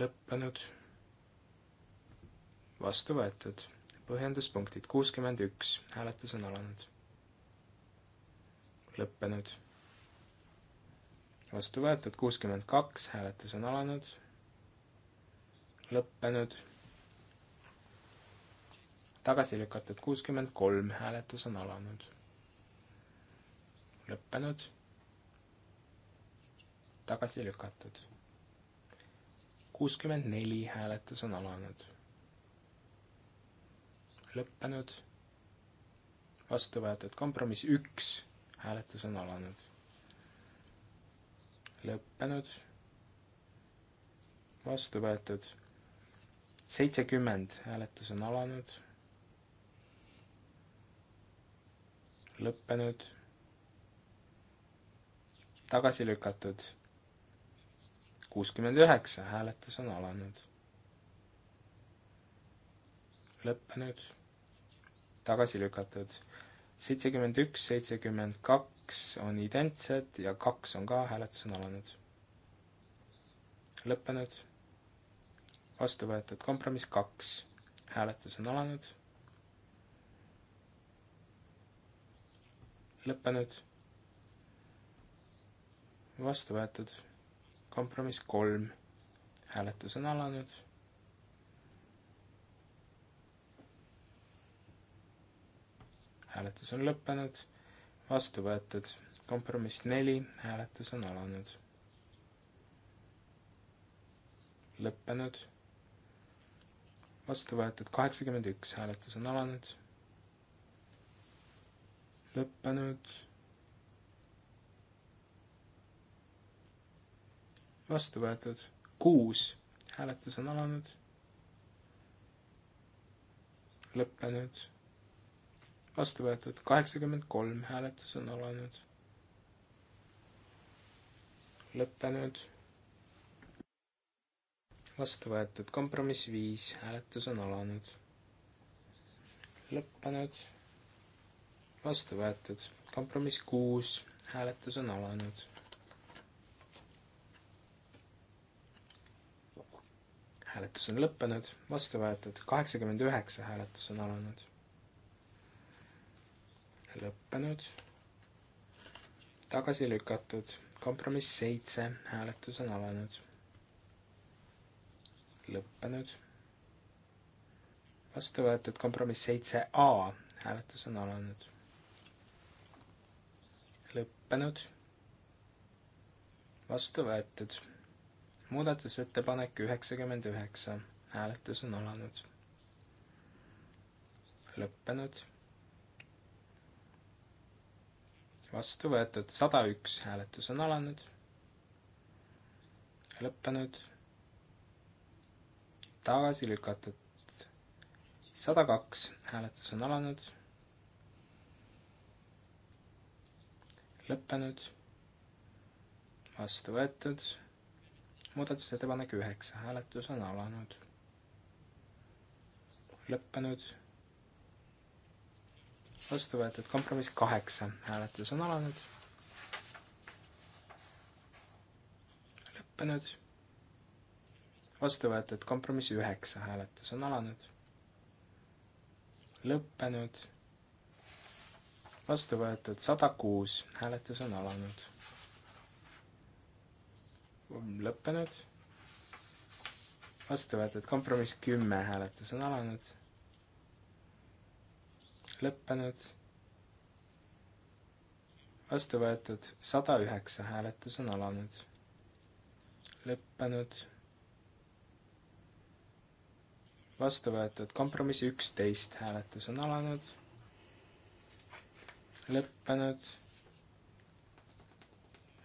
lõppenud. vastu võetud põhjenduspunktid kuuskümmend üks, hääletus on alanud. lõppenud. vastu võetud kuuskümmend kaks, hääletus on alanud. lõppenud. tagasi lükatud kuuskümmend kolm, hääletus on alanud. lõppenud. tagasi lükatud. kuuskümmend neli, hääletus on alanud lõppenud, vastu võetud kompromiss üks, hääletus on alanud, lõppenud, vastu võetud seitsekümmend, hääletus on alanud, lõppenud, tagasi lükatud, kuuskümmend üheksa, hääletus on alanud lõppenud tagasi lükatud. seitsekümmend üks, seitsekümmend kaks on identsed ja kaks on ka, hääletus on alanud. lõppenud. vastu võetud kompromiss kaks, hääletus on alanud. lõppenud vastu võetud. kompromiss kolm, hääletus on alanud hääletus on lõppenud, vastu võetud. kompromiss neli, hääletus on alanud. lõppenud, vastu võetud kaheksakümmend üks, hääletus on alanud. lõppenud vastu võetud. kuus, hääletus on alanud. lõppenud vastu võetud, kaheksakümmend kolm hääletus on alanud. lõppenud. vastu võetud, kompromiss viis, hääletus on alanud. lõppenud. vastu võetud, kompromiss kuus, hääletus on alanud. hääletus on lõppenud, vastu võetud kaheksakümmend üheksa hääletus on alanud lõppenud, tagasi lükatud, kompromiss seitse, hääletus on alanud, lõppenud, vastu võetud kompromiss seitse A, hääletus on alanud, lõppenud, vastu võetud, muudatusettepanek üheksakümmend üheksa, hääletus on alanud, lõppenud vastu võetud sada üks, hääletus on alanud, lõppenud, tagasi lükatud sada kaks, hääletus on alanud, lõppenud, vastu võetud, muudatusettepanek üheksa, hääletus on alanud lõppenud vastu võetud kompromiss kaheksa, hääletus on alanud. lõppenud. vastu võetud kompromiss üheksa, hääletus on alanud. lõppenud. vastu võetud sada kuus, hääletus on alanud. lõppenud. vastu võetud kompromiss kümme, hääletus on alanud lõppenud, vastu võetud sada üheksa, hääletus on alanud, lõppenud, vastu võetud kompromiss üksteist, hääletus on alanud, lõppenud,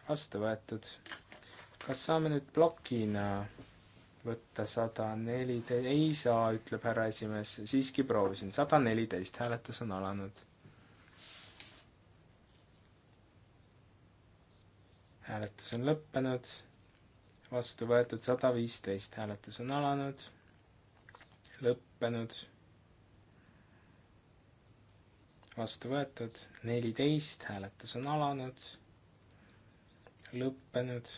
vastu võetud. kas saame nüüd plokina võtta sada neliteist, ei saa, ütleb härra esimees, siiski proovisin, sada neliteist, hääletus on alanud. hääletus on lõppenud, vastu võetud sada viisteist, hääletus on alanud, lõppenud vastu võetud, neliteist, hääletus on alanud, lõppenud,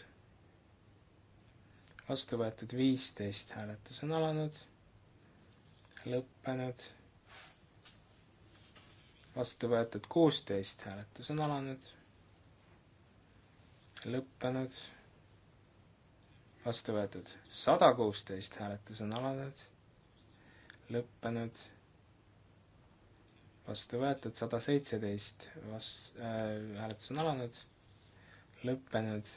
vastu võetud viisteist, hääletus on alanud, lõppenud, vastu võetud kuusteist, hääletus on alanud, lõppenud, vastu võetud sada kuusteist, hääletus on alanud, lõppenud, vastu võetud sada seitseteist, vas- äh,, hääletus on alanud, lõppenud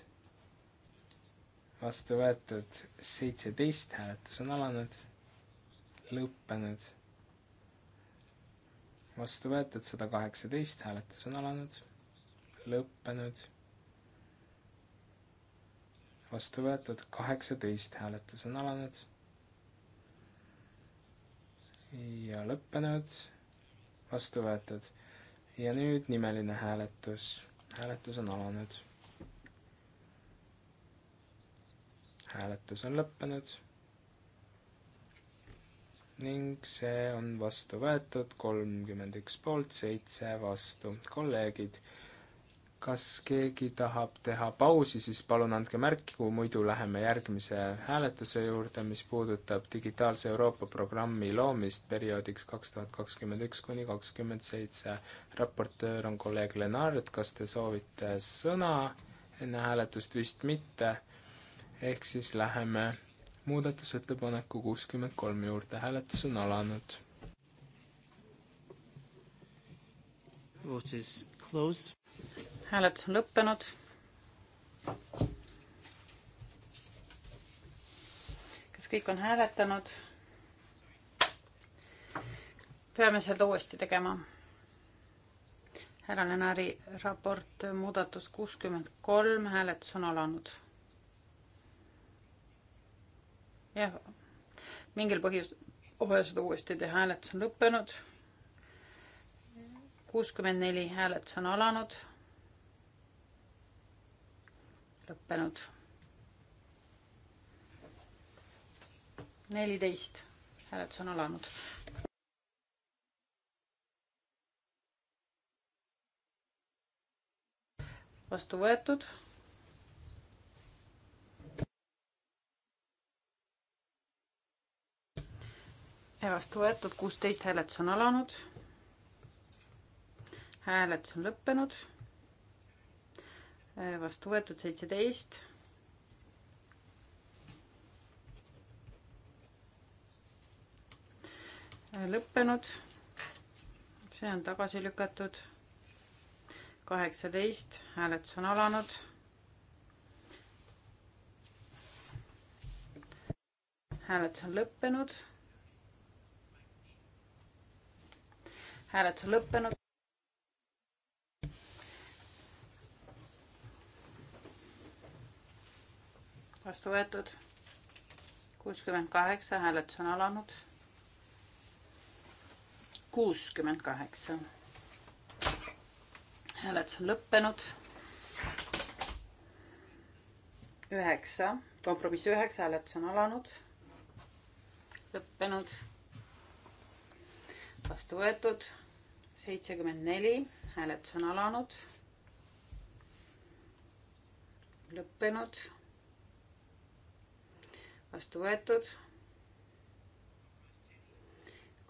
vastu võetud seitseteist, hääletus on alanud, lõppenud. vastu võetud sada kaheksateist, hääletus on alanud, lõppenud. vastu võetud kaheksateist, hääletus on alanud ja lõppenud, vastu võetud. ja nüüd nimeline hääletus, hääletus on alanud hääletus on lõppenud ning see on vastu võetud, kolmkümmend üks poolt, seitse vastu. kolleegid, kas keegi tahab teha pausi, siis palun andke märku, muidu läheme järgmise hääletuse juurde, mis puudutab Digitaalse Euroopa programmi loomist perioodiks kaks tuhat kakskümmend üks kuni kakskümmend seitse. raportöör on kolleeg Lennart, kas te soovite sõna enne hääletust, vist mitte ehk siis läheme muudatusettepaneku kuuskümmend kolm juurde, hääletus on alanud. hääletus on lõppenud. kas kõik on hääletanud? peame seda uuesti tegema härra Lenari raport, muudatus kuuskümmend kolm, hääletus on alanud jah, mingil põhjus, vaja seda uuesti teha, hääletus on lõppenud. kuuskümmend neli hääletus on alanud. lõppenud. neliteist hääletus on alanud. vastu võetud vastu võetud, kuusteist hääletus on alanud. hääletus on lõppenud. Äh, vastu võetud seitseteist. Äh, lõppenud. see on tagasi lükatud. kaheksateist, hääletus on alanud hääletus on lõppenud hääletus on lõppenud. vastu võetud kuuskümmend kaheksa, hääletus on alanud. kuuskümmend kaheksa. hääletus on lõppenud. üheksa, kompromiss üheksa, hääletus on alanud. lõppenud. vastu võetud seitsekümmend neli, hääletus on alanud, lõppenud, vastu võetud.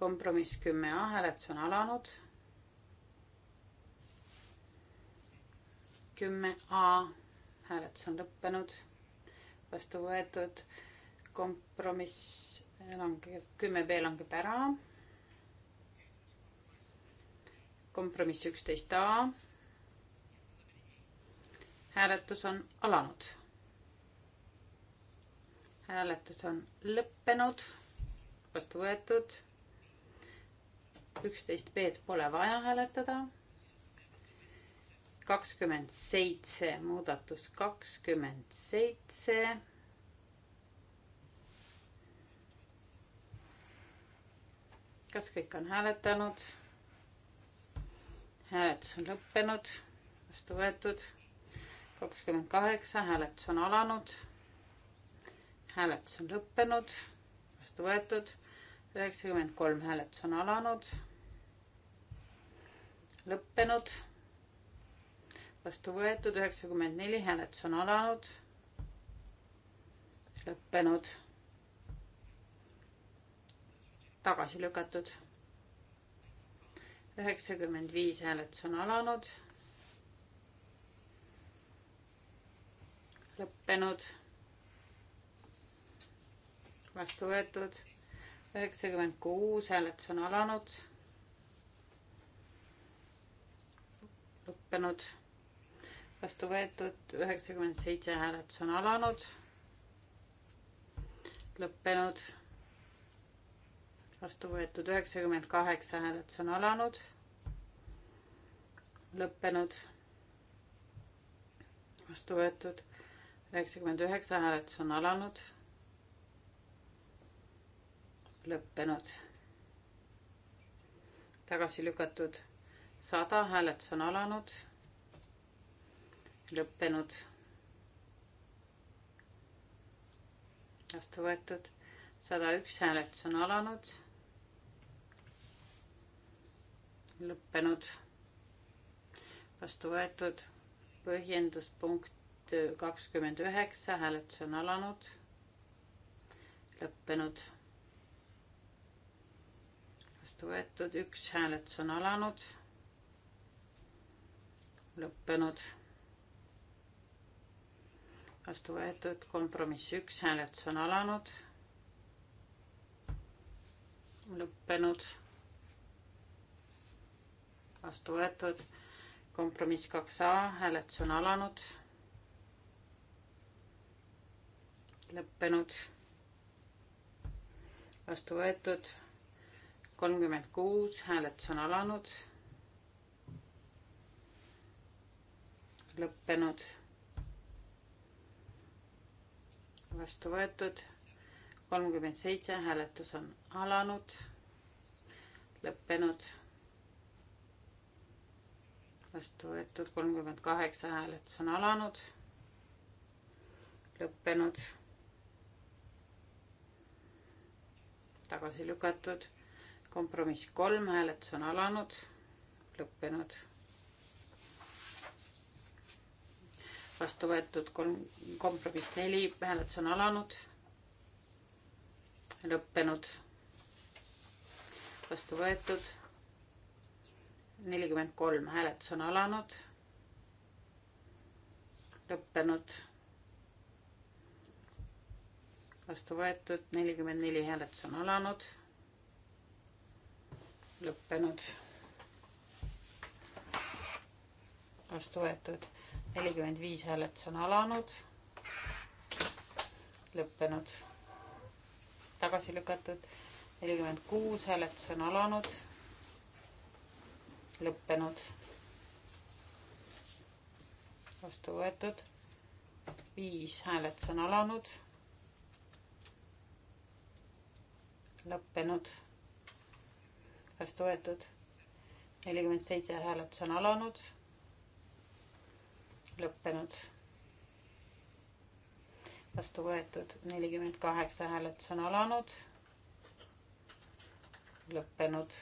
kompromiss kümme A, hääletus on alanud. kümme A, hääletus on lõppenud, vastu võetud, kompromiss langeb, kümme B langeb ära kompromiss üksteist A. hääletus on alanud. hääletus on lõppenud, vastu võetud. üksteist B-d pole vaja hääletada. kakskümmend seitse, muudatus kakskümmend seitse kas kõik on hääletanud? hääletus on lõppenud, vastu võetud. kakskümmend kaheksa, hääletus on alanud. hääletus on lõppenud, vastu võetud. üheksakümmend kolm, hääletus on alanud. lõppenud, vastu võetud. üheksakümmend neli, hääletus on alanud. lõppenud tagasi lükatud üheksakümmend viis hääletus on alanud. lõppenud. vastu võetud. üheksakümmend kuus hääletus on alanud. lõppenud. vastu võetud. üheksakümmend seitse hääletus on alanud. lõppenud vastu võetud üheksakümmend kaheksa, hääletus on alanud, lõppenud, vastu võetud üheksakümmend üheksa, hääletus on alanud, lõppenud, tagasi lükatud sada, hääletus on alanud, lõppenud, vastu võetud sada üks, hääletus on alanud lõppenud, vastu võetud, põhjenduspunkt kakskümmend üheksa, hääletus on alanud, lõppenud, vastu võetud, üks hääletus on alanud, lõppenud, vastu võetud, kompromiss üks, hääletus on alanud, lõppenud vastu võetud, kompromiss kaks A, hääletus on alanud, lõppenud, vastu võetud, kolmkümmend kuus, hääletus on alanud, lõppenud, vastu võetud, kolmkümmend seitse, hääletus on alanud, lõppenud vastu võetud kolmkümmend kaheksa, hääletus on alanud, lõppenud, tagasi lükatud, kompromiss kolm, hääletus on alanud, lõppenud, vastu võetud kolm, kompromiss neli, hääletus on alanud, lõppenud, vastu võetud nelikümmend kolm, hääletus on alanud, lõppenud, vastu võetud, nelikümmend neli, hääletus on alanud, lõppenud, vastu võetud, nelikümmend viis, hääletus on alanud, lõppenud, tagasi lükatud, nelikümmend kuus, hääletus on alanud lõppenud. vastu võetud. viis hääletus on alanud. lõppenud. vastu võetud. nelikümmend seitse hääletus on alanud. lõppenud. vastu võetud. nelikümmend kaheksa hääletus on alanud. lõppenud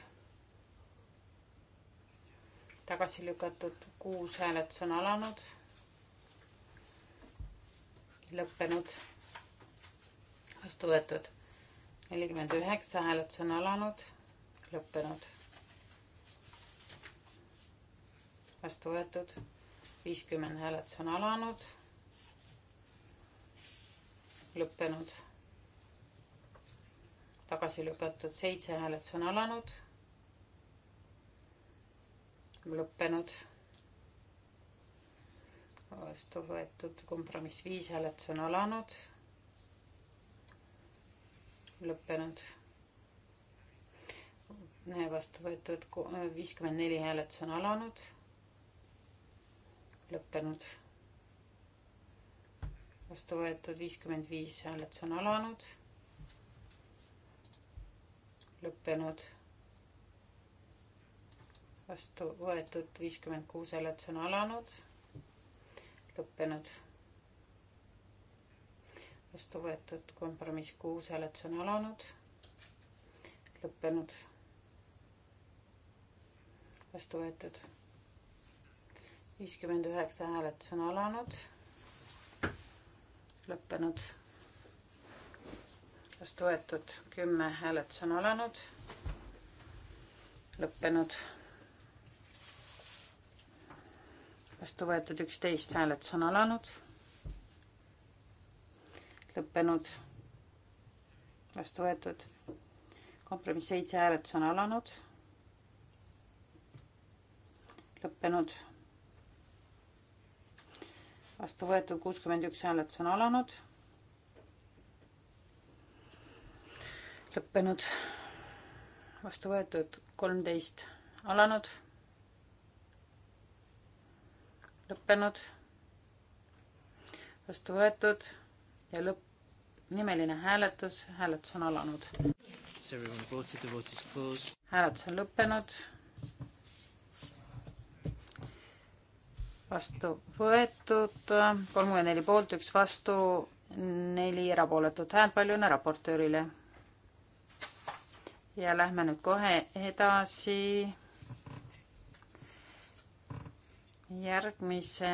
tagasi lükatud, kuus hääletus on alanud, lõppenud, vastu võetud, nelikümmend üheksa hääletus on alanud, lõppenud, vastu võetud, viiskümmend hääletus on alanud, lõppenud, tagasi lükatud, seitse hääletus on alanud lõppenud. vastu võetud kompromiss viis hääletus on alanud. lõppenud. vastu võetud viiskümmend neli hääletus on alanud. lõppenud. vastu võetud viiskümmend viis hääletus on alanud. lõppenud vastu võetud viiskümmend kuus hääletus on alanud, lõppenud. vastu võetud kompromiss kuus hääletus on alanud, lõppenud. vastu võetud viiskümmend üheksa hääletus on alanud, lõppenud vastu võetud, kümme hääletus on alanud, lõppenud vastu võetud üksteist, hääletus on alanud, lõppenud, vastu võetud, kompromiss seitse, hääletus on alanud, lõppenud, vastu võetud kuuskümmend üks, hääletus on alanud, lõppenud, vastu võetud kolmteist, alanud lõppenud, vastu võetud ja lõpp, nimeline hääletus, hääletus on alanud. hääletus on lõppenud. vastu võetud, kolmkümmend neli poolt, üks vastu, neli erapooletut häält, palju õnne raportöörile. ja lähme nüüd kohe edasi järgmise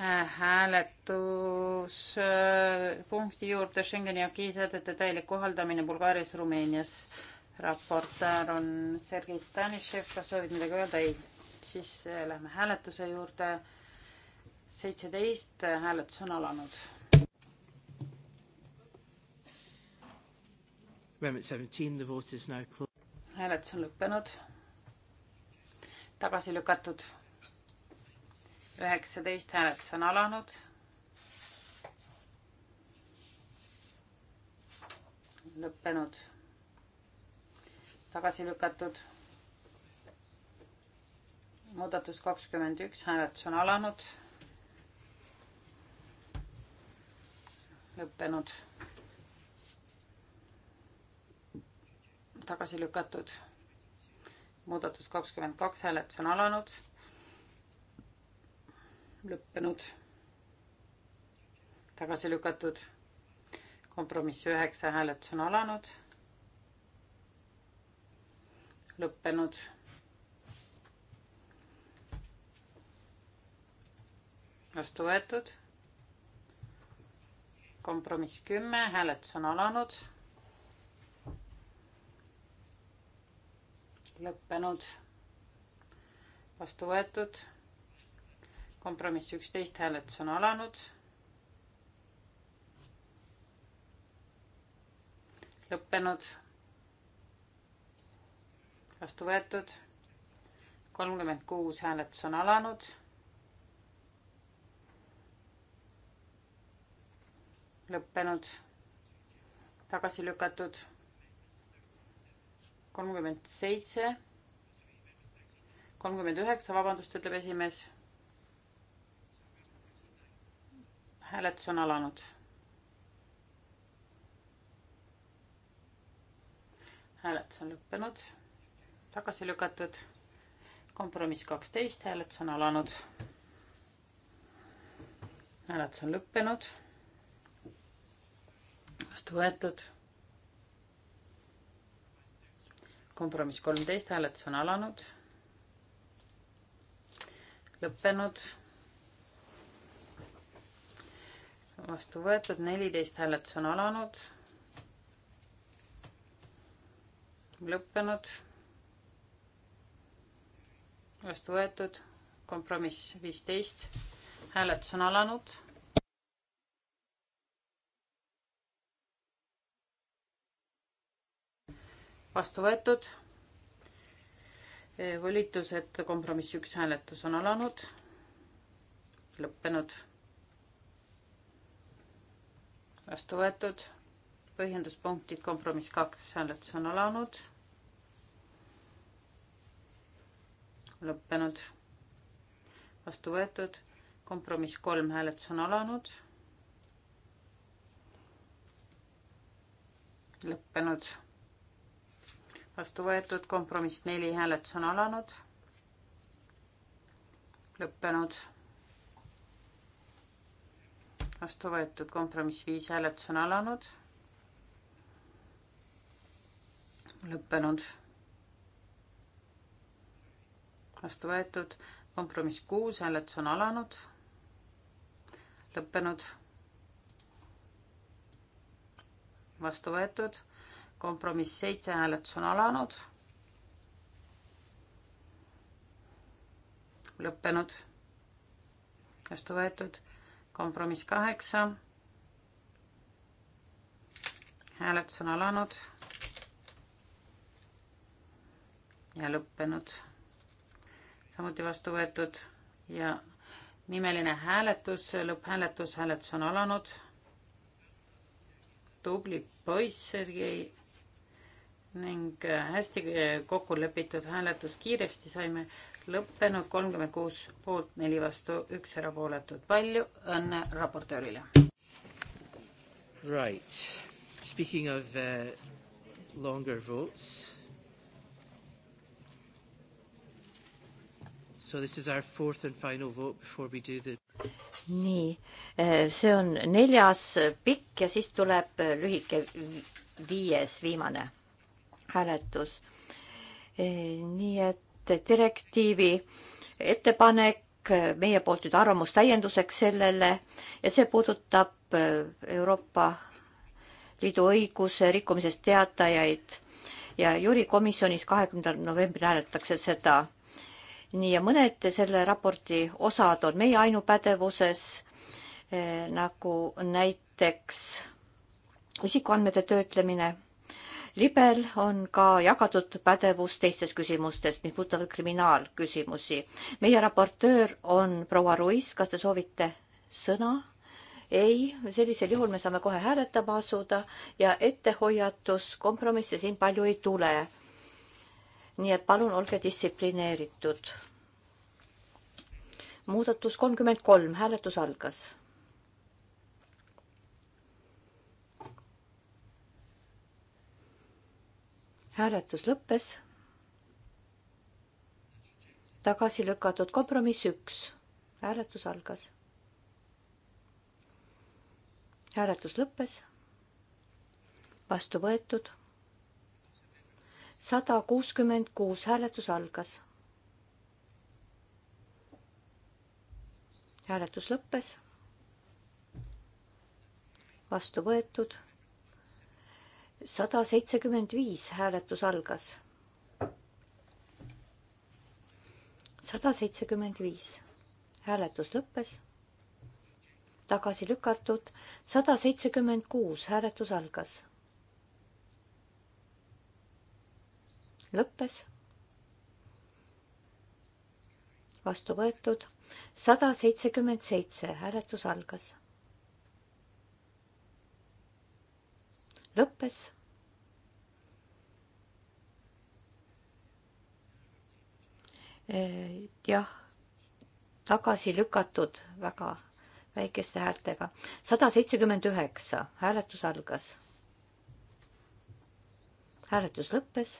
äh, hääletuspunkti äh, juurde Schengeni aki sätete täielik kohaldamine Bulgaarias, Rumeenias. raportöör on Sergei Stanishev, kas soovid midagi öelda? ei. siis äh, lähme hääletuse juurde. seitseteist, hääletus on alanud. hääletus on lõppenud tagasi lükatud. üheksateist hääletus on alanud. lõppenud. tagasi lükatud. muudatus kakskümmend üks, hääletus on alanud. lõppenud. tagasi lükatud muudatus kakskümmend kaks, hääletus on alanud. lõppenud. tagasi lükatud. kompromiss üheksa, hääletus on alanud. lõppenud. vastu võetud kompromiss kümme, hääletus on alanud lõppenud, vastu võetud. kompromiss üksteist, hääletus on alanud. lõppenud, vastu võetud. kolmkümmend kuus, hääletus on alanud. lõppenud, tagasi lükatud kolmkümmend seitse, kolmkümmend üheksa, vabandust, ütleb esimees. hääletus on alanud. hääletus on lõppenud, tagasi lükatud. kompromiss kaksteist, hääletus on alanud. hääletus on lõppenud. vastu võetud kompromiss kolmteist, hääletus on alanud, lõppenud, vastu võetud, neliteist hääletus on alanud, lõppenud, vastu võetud, kompromiss viisteist, hääletus on alanud vastu võetud. volitused, kompromiss üks hääletus on alanud, lõppenud. vastu võetud, põhjenduspunktid, kompromiss kaks hääletus on alanud, lõppenud, vastu võetud, kompromiss kolm hääletus on alanud lõppenud vastu võetud, kompromiss neli, hääletus on alanud, lõppenud, vastu võetud, kompromiss viis, hääletus on alanud, lõppenud, vastu võetud, kompromiss kuus, hääletus on alanud, lõppenud, vastu võetud kompromiss seitse, hääletus on alanud. lõppenud. vastu võetud. kompromiss kaheksa. hääletus on alanud. ja lõppenud. samuti vastu võetud ja nimeline hääletus, lõpphääletus, hääletus on alanud. tubli poiss, Sergei ning äh, hästi äh, kokku lepitud hääletus kiiresti saime lõppenud kolmkümmend kuus poolt, neli vastu, üks erapooletud. palju õnne raportöörile! Right, speaking of uh, longer votes. So this is our fourth and final vote before we do the nii, äh, see on neljas pikk ja siis tuleb lühike viies, viimane hääletus. nii et direktiivi ettepanek meie poolt nüüd arvamustäienduseks sellele ja see puudutab e, Euroopa Liidu õiguse rikkumisest teatajaid ja juurikomisjonis kahekümnendal novembril hääletatakse seda. nii ja mõned selle raporti osad on meie ainupädevuses e, nagu näiteks isikuandmete töötlemine libel on ka jagatud pädevus teistes küsimustes, mis puudutavad kriminaalküsimusi. meie raportöör on proua Ruiz, kas te soovite sõna? ei, sellisel juhul me saame kohe hääletama asuda ja ettehoiatus, kompromisse siin palju ei tule. nii et palun olge distsiplineeritud. muudatus kolmkümmend kolm, hääletus algas hääletus lõppes. tagasi lükatud kompromiss üks, hääletus algas. hääletus lõppes. vastu võetud. sada kuuskümmend kuus, hääletus algas. hääletus lõppes. vastu võetud sada seitsekümmend viis hääletus algas. sada seitsekümmend viis hääletus lõppes. tagasi lükatud sada seitsekümmend kuus hääletus algas. lõppes. vastu võetud sada seitsekümmend seitse hääletus algas lõppes. jah, tagasi lükatud väga väikeste häältega. sada seitsekümmend üheksa, hääletus algas. hääletus lõppes,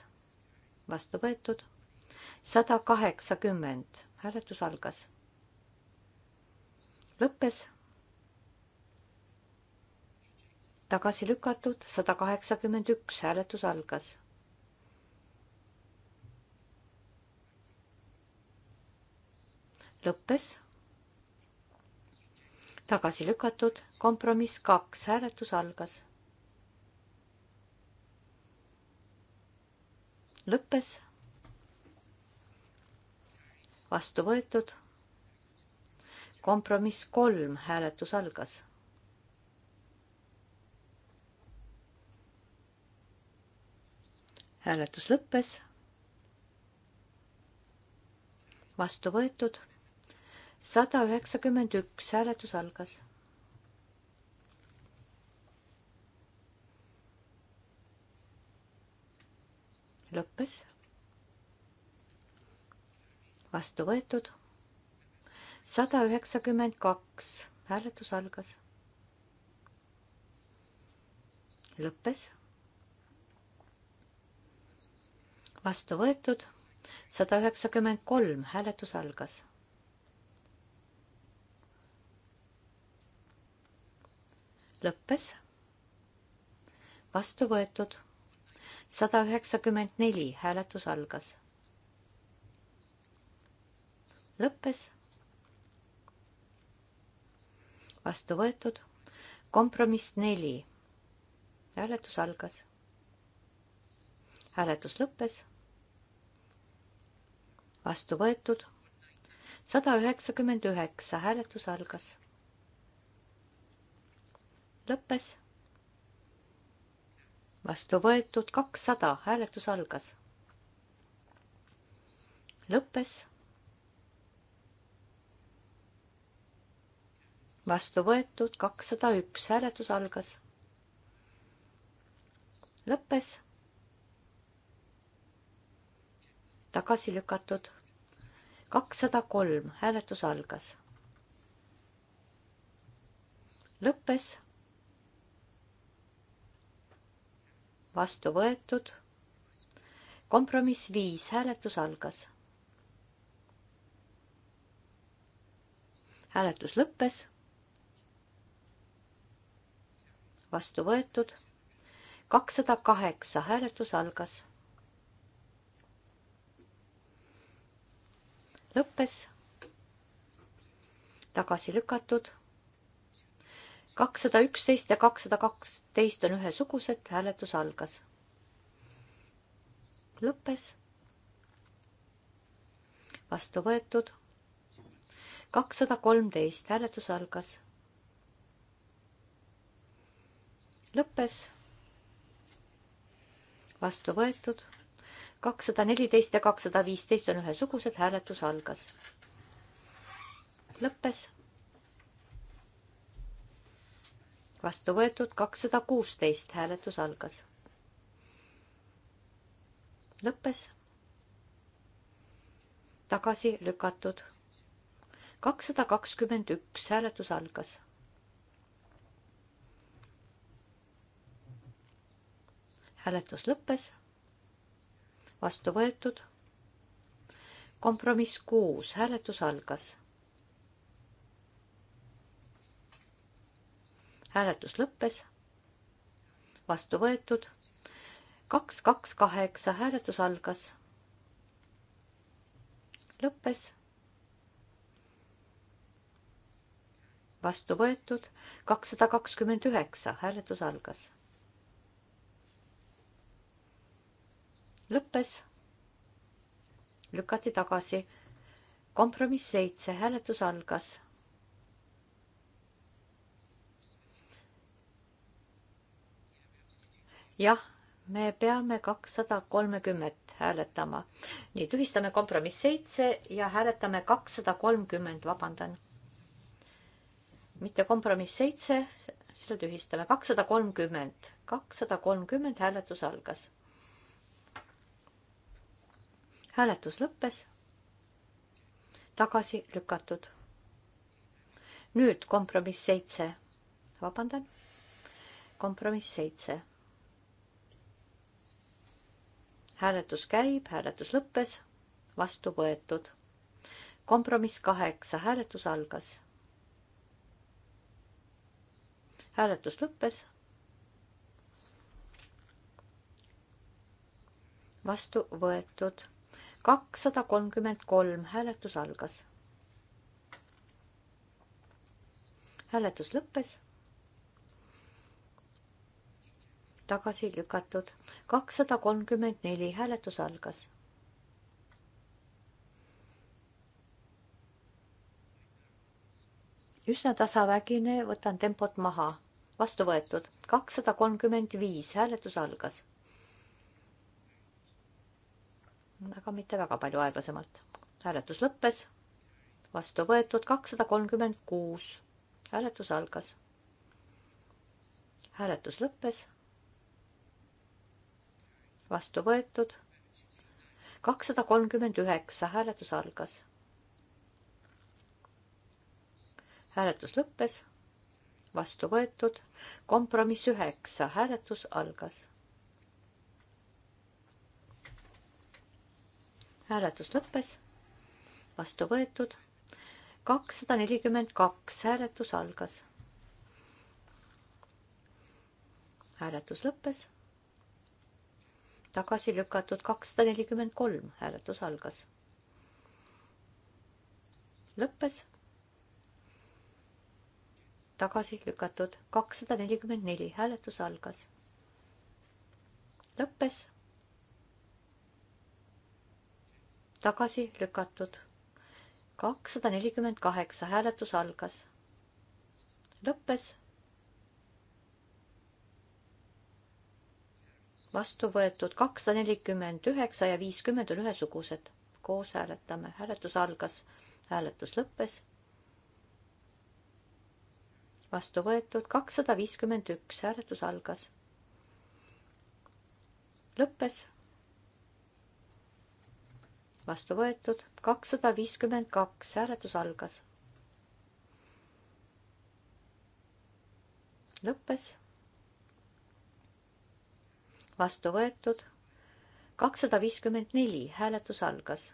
vastu võetud. sada kaheksakümmend, hääletus algas. lõppes tagasi lükatud, sada kaheksakümmend üks hääletus algas. lõppes. tagasi lükatud, kompromiss kaks, hääletus algas. lõppes. vastu võetud. kompromiss kolm, hääletus algas hääletus lõppes. vastu võetud sada üheksakümmend üks, hääletus algas. lõppes. vastu võetud sada üheksakümmend kaks, hääletus algas. lõppes vastu võetud, sada üheksakümmend kolm, hääletus algas. lõppes, vastu võetud, sada üheksakümmend neli, hääletus algas. lõppes, vastu võetud, kompromiss neli, hääletus algas hääletus lõppes vastu võetud. sada üheksakümmend üheksa, hääletus algas. lõppes. vastu võetud kakssada, hääletus algas. lõppes. vastu võetud kakssada üks, hääletus algas. lõppes tagasi lükatud. kakssada kolm, hääletus algas. lõppes. vastu võetud. kompromiss viis, hääletus algas. hääletus lõppes. vastu võetud. kakssada kaheksa, hääletus algas lõppes, tagasi lükatud. kakssada üksteist ja kakssada kaksteist on ühesugused, hääletus algas. lõppes, vastu võetud. kakssada kolmteist, hääletus algas. lõppes, vastu võetud kakssada neliteist ja kakssada viisteist on ühesugused, hääletus algas. lõppes. vastu võetud kakssada kuusteist, hääletus algas. lõppes. tagasi lükatud. kakssada kakskümmend üks, hääletus algas. hääletus lõppes vastu võetud. kompromiss kuus, hääletus algas. hääletus lõppes. vastu võetud. kaks, kaks, kaheksa, hääletus algas. lõppes. vastu võetud. kakssada kakskümmend üheksa, hääletus algas lõppes, lükati tagasi. kompromiss seitse, hääletus algas. jah, me peame kakssada kolmekümmet hääletama. nii, tühistame kompromiss seitse ja hääletame kakssada kolmkümmend, vabandan. mitte kompromiss seitse, selle tühistame, kakssada kolmkümmend, kakssada kolmkümmend hääletus algas hääletus lõppes. tagasi lükatud. nüüd kompromiss seitse. vabandan. kompromiss seitse. hääletus käib, hääletus lõppes, vastu võetud. kompromiss kaheksa, hääletus algas. hääletus lõppes. vastu võetud kakssada kolmkümmend kolm, hääletus algas. hääletus lõppes. tagasi lükatud, kakssada kolmkümmend neli, hääletus algas. üsna tasavägine, võtan tempot maha, vastu võetud, kakssada kolmkümmend viis, hääletus algas aga mitte väga palju aeglasemalt. hääletus lõppes, vastu võetud kakssada kolmkümmend kuus. hääletus algas. hääletus lõppes, vastu võetud kakssada kolmkümmend üheksa, hääletus algas. hääletus lõppes, vastu võetud, kompromiss üheksa, hääletus algas hääletus lõppes, vastu võetud, kakssada nelikümmend kaks, hääletus algas. hääletus lõppes, tagasi lükatud kakssada nelikümmend kolm, hääletus algas. lõppes tagasi lükatud kakssada nelikümmend neli, hääletus algas. lõppes tagasi lükatud. kakssada nelikümmend kaheksa hääletus algas. lõppes. vastu võetud kakssada nelikümmend üheksa ja viiskümmend on ühesugused. koos hääletame, hääletus algas, hääletus lõppes. vastu võetud kakssada viiskümmend üks, hääletus algas. lõppes vastu võetud, kakssada viiskümmend kaks, hääletus algas. lõppes. vastu võetud, kakssada viiskümmend neli, hääletus algas.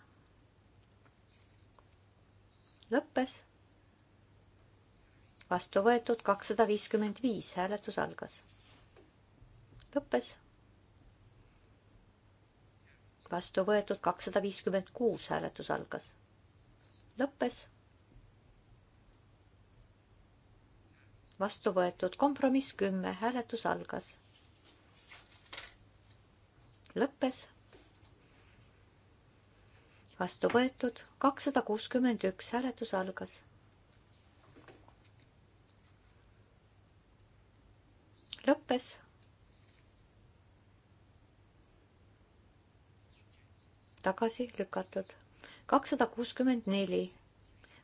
lõppes. vastu võetud, kakssada viiskümmend viis, hääletus algas. lõppes vastu võetud kakssada viiskümmend kuus hääletus algas. lõppes. vastu võetud kompromiss kümme, hääletus algas. lõppes. vastu võetud kakssada kuuskümmend üks, hääletus algas. lõppes tagasi lükatud. kakssada kuuskümmend neli,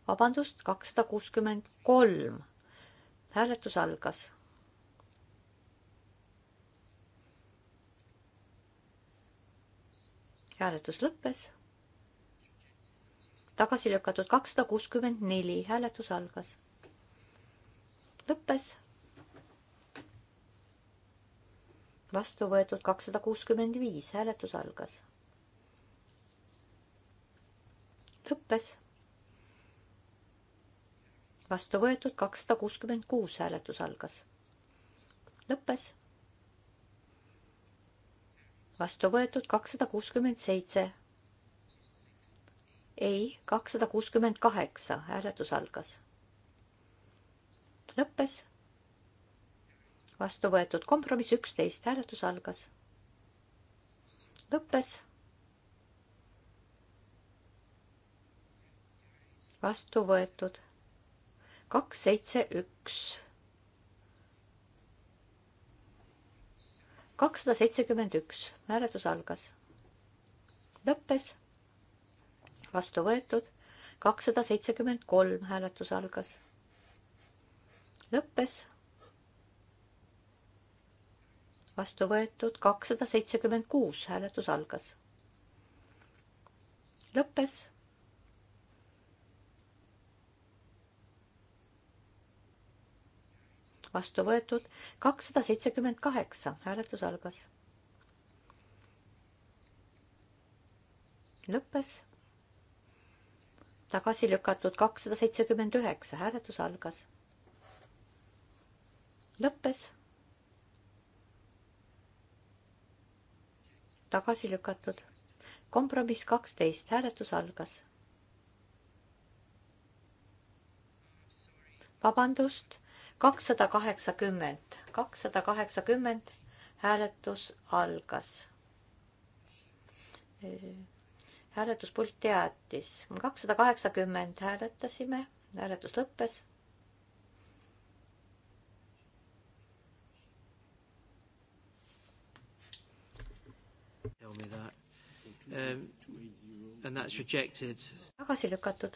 vabandust, kakssada kuuskümmend kolm. hääletus algas. hääletus lõppes. tagasi lükatud kakssada kuuskümmend neli, hääletus algas. lõppes vastu võetud kakssada kuuskümmend viis, hääletus algas lõppes. vastu võetud kakssada kuuskümmend kuus hääletus algas. lõppes. vastu võetud kakssada kuuskümmend seitse. ei, kakssada kuuskümmend kaheksa hääletus algas. lõppes. vastu võetud kompromiss üksteist hääletus algas. lõppes vastu võetud. kaks, seitse, üks. kakssada seitsekümmend üks, hääletus algas. lõppes. vastu võetud. kakssada seitsekümmend kolm, hääletus algas. lõppes. vastu võetud kakssada seitsekümmend kuus, hääletus algas. lõppes vastu võetud, kakssada seitsekümmend kaheksa, hääletus algas. lõppes. tagasi lükatud kakssada seitsekümmend üheksa, hääletus algas. lõppes. tagasi lükatud kompromiss kaksteist, hääletus algas. vabandust, kakssada kaheksakümmend, kakssada kaheksakümmend hääletus algas. hääletuspult teatis, kakssada kaheksakümmend hääletasime, hääletus lõppes. Tell me that. Um, and that's rejected. tagasi lükatud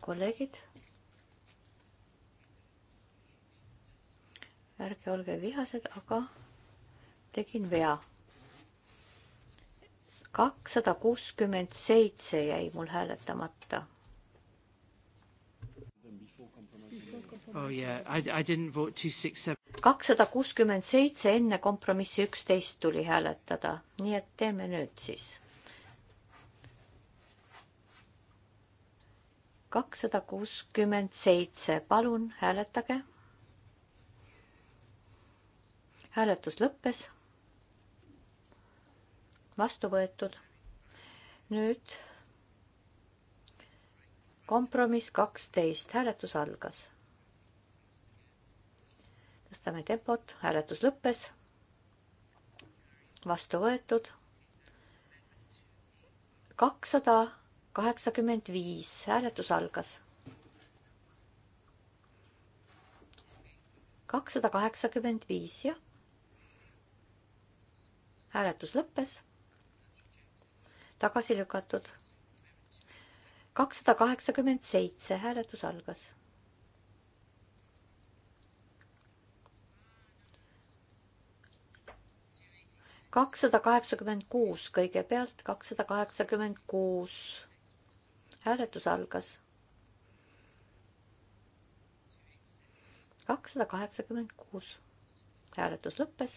kolleegid, ärge olge vihased, aga tegin vea. kakssada kuuskümmend seitse jäi mul hääletamata. Oh, kakssada kuuskümmend seitse enne kompromissi üksteist tuli hääletada, nii et teeme nüüd siis kakssada kuuskümmend seitse, palun hääletage. hääletus lõppes. vastu võetud. nüüd kompromiss kaksteist, hääletus algas. tõstame tempot, hääletus lõppes. vastu võetud. kakssada kaheksakümmend viis, hääletus algas. kakssada kaheksakümmend viis, jah. hääletus lõppes. tagasi lükatud. kakssada kaheksakümmend seitse, hääletus algas. kakssada kaheksakümmend kuus kõigepealt, kakssada kaheksakümmend kuus hääletus algas. kakssada kaheksakümmend kuus. hääletus lõppes.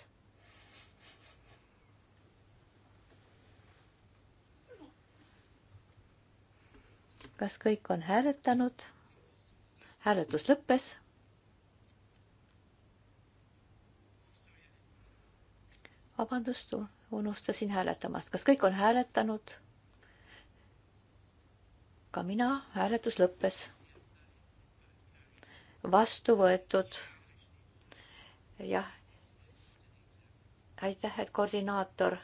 kas kõik on hääletanud? hääletus lõppes vabandust, unustasin hääletamast, kas kõik on hääletanud? ka mina, hääletus lõppes. vastu võetud. jah. aitäh, et koordinaator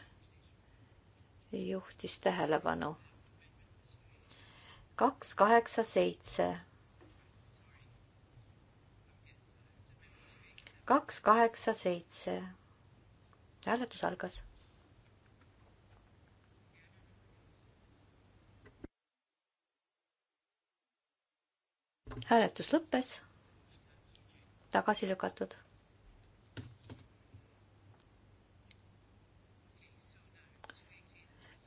juhtis tähelepanu. kaks, kaheksa, seitse. kaks, kaheksa, seitse. hääletus algas hääletus lõppes. tagasi lükatud.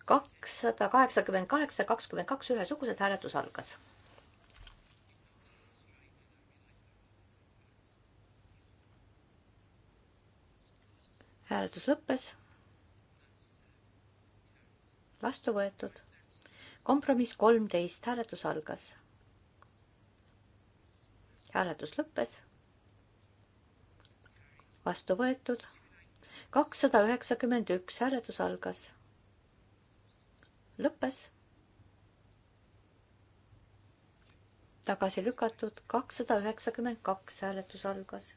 kakssada kaheksakümmend kaheksa, kakskümmend kaks ühesugused hääletus algas hääletus lõppes. vastu võetud. kompromiss kolmteist, hääletus algas hääletus lõppes. vastu võetud. kakssada üheksakümmend üks, hääletus algas. lõppes. tagasi lükatud, kakssada üheksakümmend kaks, hääletus algas.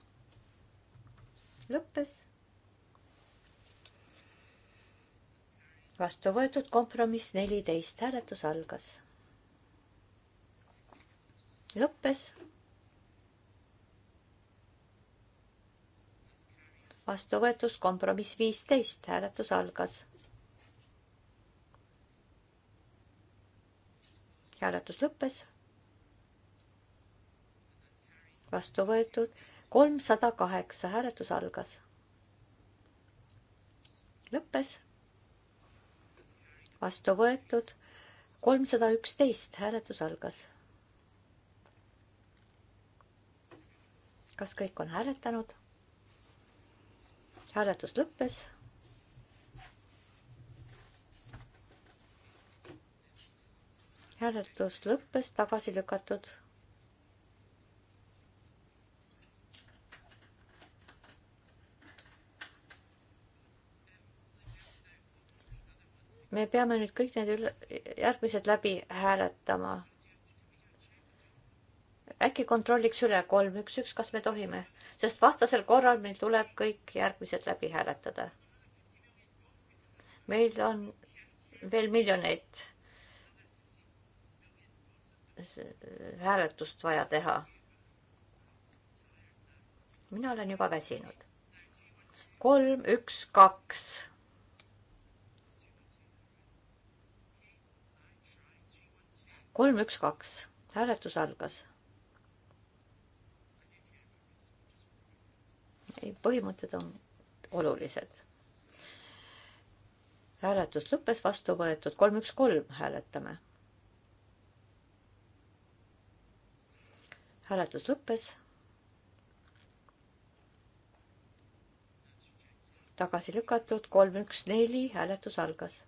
lõppes. vastu võetud kompromiss neliteist, hääletus algas. lõppes vastu võetud kompromiss viisteist, hääletus algas. hääletus lõppes. vastu võetud kolmsada kaheksa, hääletus algas. lõppes. vastu võetud kolmsada üksteist, hääletus algas. kas kõik on hääletanud? hääletus lõppes. hääletus lõppes, tagasi lükatud. me peame nüüd kõik need üle, järgmised läbi hääletama äkki kontrolliks üle kolm, üks, üks, kas me tohime, sest vastasel korral meil tuleb kõik järgmised läbi hääletada. meil on veel miljoneid hääletust vaja teha. mina olen juba väsinud. kolm, üks, kaks kolm, üks, kaks, hääletus algas. põhimõtted on olulised. hääletus lõppes, vastu võetud kolm, üks, kolm, hääletame. hääletus lõppes. tagasi lükatud kolm, üks, neli, hääletus algas.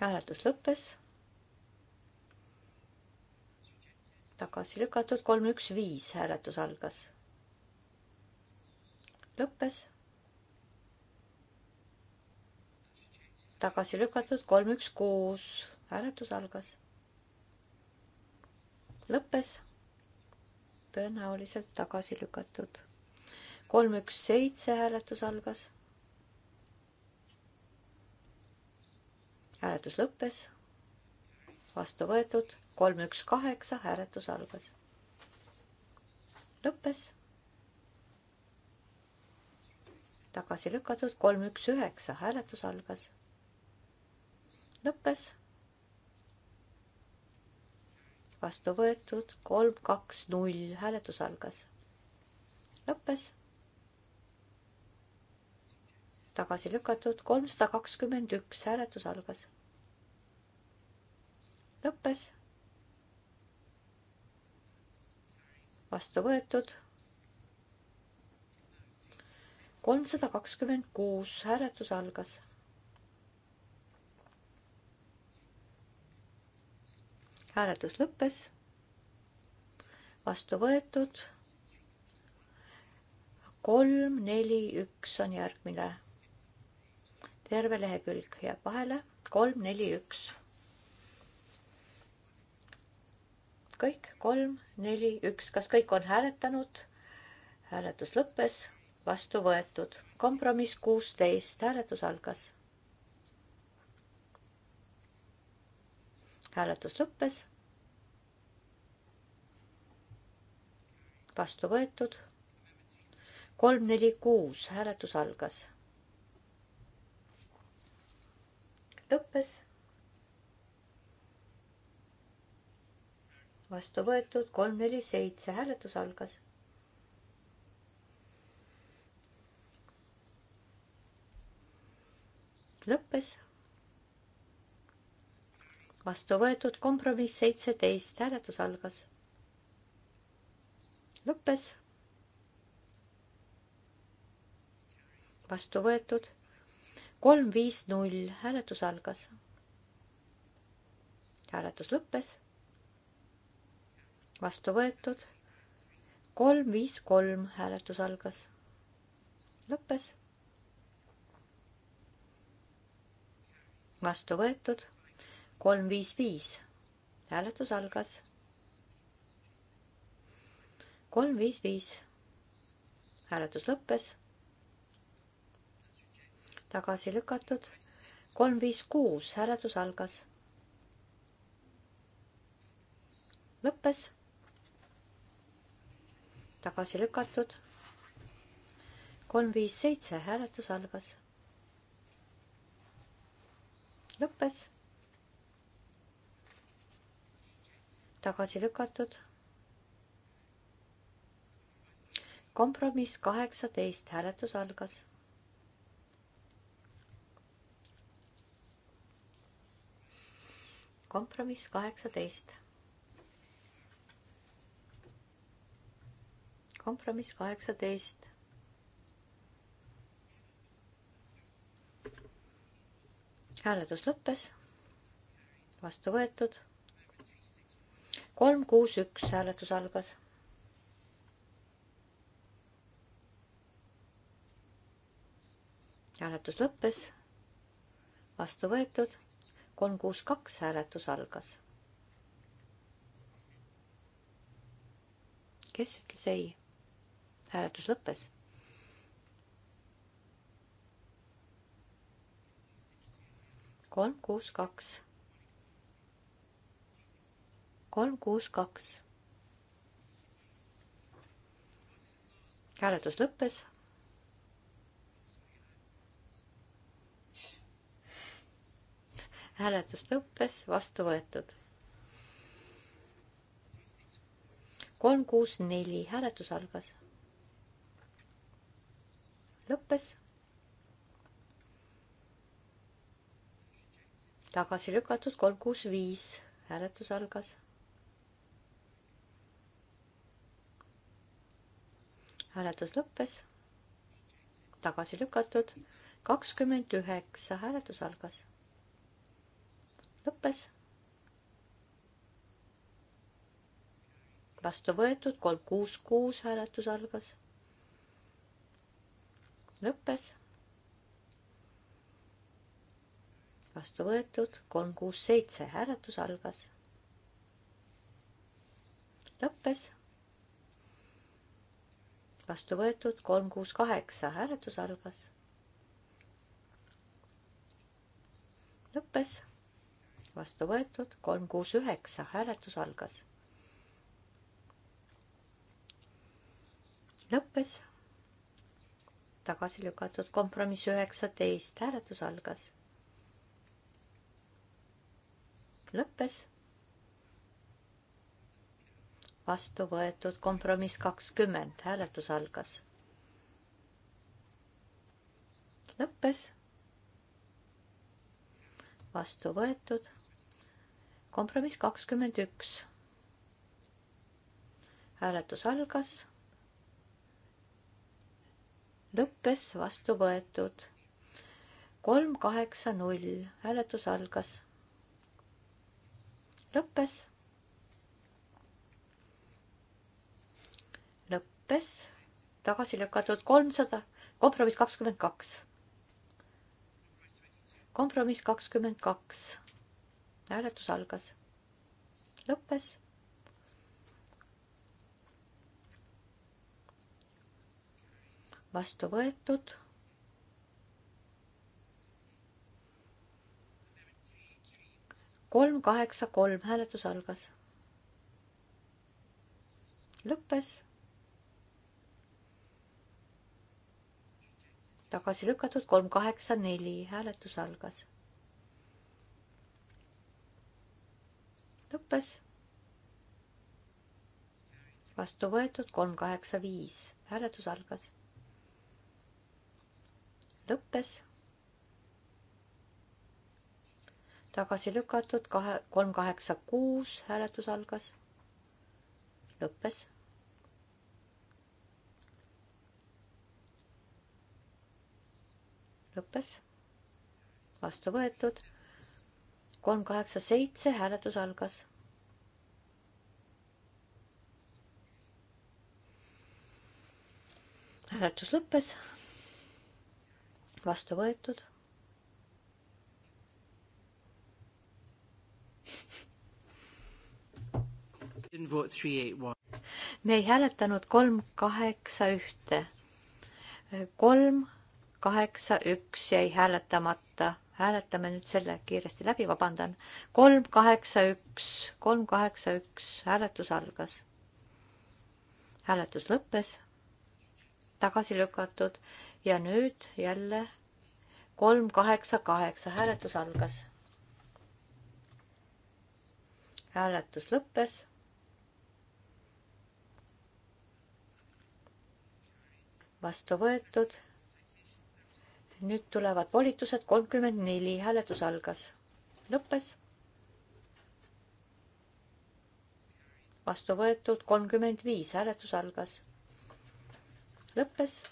hääletus lõppes tagasi lükatud, kolm, üks, viis hääletus algas. lõppes. tagasi lükatud, kolm, üks, kuus hääletus algas. lõppes. tõenäoliselt tagasi lükatud. kolm, üks, seitse hääletus algas. hääletus lõppes. vastu võetud kolm, üks, kaheksa, hääletus algas. lõppes. tagasi lükatud, kolm, üks, üheksa, hääletus algas. lõppes. vastu võetud, kolm, kaks, null, hääletus algas. lõppes. tagasi lükatud, kolmsada kakskümmend üks, hääletus algas. lõppes vastu võetud. kolmsada kakskümmend kuus, hääletus algas. hääletus lõppes. vastu võetud. kolm, neli, üks on järgmine. terve lehekülg jääb vahele, kolm, neli, üks kõik kolm, neli, üks, kas kõik on hääletanud? hääletus lõppes, vastu võetud. kompromiss kuusteist, hääletus algas. hääletus lõppes. vastu võetud. kolm, neli, kuus, hääletus algas. lõppes vastu võetud, kolm, neli, seitse, hääletus algas. lõppes. vastu võetud kompromiss seitseteist, hääletus algas. lõppes. vastu võetud kolm, viis, null, hääletus algas. hääletus lõppes vastu võetud. kolm, viis, kolm hääletus algas, lõppes. vastu võetud, kolm, viis, viis hääletus algas. kolm, viis, viis hääletus lõppes. tagasi lükatud, kolm, viis, kuus hääletus algas lõppes tagasi lükatud. kolm, viis, seitse, hääletus algas. lõppes. tagasi lükatud. kompromiss kaheksateist, hääletus algas. kompromiss kaheksateist kompromiss kaheksateist. hääletus lõppes. vastu võetud. kolm, kuus, üks hääletus algas. hääletus lõppes. vastu võetud. kolm, kuus, kaks hääletus algas. kes ütles ei? hääletus lõppes. kolm, kuus, kaks. kolm, kuus, kaks. hääletus lõppes hääletus lõppes, vastu võetud. kolm, kuus, neli, hääletus algas lõppes. tagasi lükatud kolm, kuus, viis, hääletus algas. hääletus lõppes. tagasi lükatud kakskümmend üheksa, hääletus algas. lõppes. vastu võetud kolm, kuus, kuus, hääletus algas lõppes. vastu võetud kolm, kuus, seitse, hääletus algas. lõppes. vastu võetud kolm, kuus, kaheksa, hääletus algas. lõppes. vastu võetud kolm, kuus, üheksa, hääletus algas. lõppes tagasi lükatud. kompromiss üheksateist, hääletus algas. lõppes. vastu võetud kompromiss kakskümmend, hääletus algas. lõppes. vastu võetud kompromiss kakskümmend üks. hääletus algas lõppes, vastu võetud. kolm, kaheksa, null, hääletus algas. lõppes. lõppes, tagasi lükatud kolmsada, kompromiss kakskümmend kaks. kompromiss kakskümmend kaks, hääletus algas. lõppes vastu võetud. kolm, kaheksa, kolm, hääletus algas. lõppes. tagasi lükatud kolm, kaheksa, neli, hääletus algas. lõppes vastu võetud kolm kaheksa viis, hääletus algas lõppes. tagasi lükatud kahe, kolm kaheksa kuus hääletus algas, lõppes. lõppes, vastu võetud. kolm kaheksa seitse hääletus algas hääletus lõppes vastu võetud. me ei hääletanud kolm, kaheksa, ühte. kolm, kaheksa, üks jäi hääletamata. hääletame nüüd selle kiiresti läbi, vabandan. kolm, kaheksa, üks, kolm, kaheksa, üks, hääletus algas. hääletus lõppes. tagasi lükatud ja nüüd jälle kolm, kaheksa, kaheksa, hääletus algas. hääletus lõppes. vastu võetud. nüüd tulevad volitused kolmkümmend neli, hääletus algas, lõppes. vastu võetud kolmkümmend viis, hääletus algas, lõppes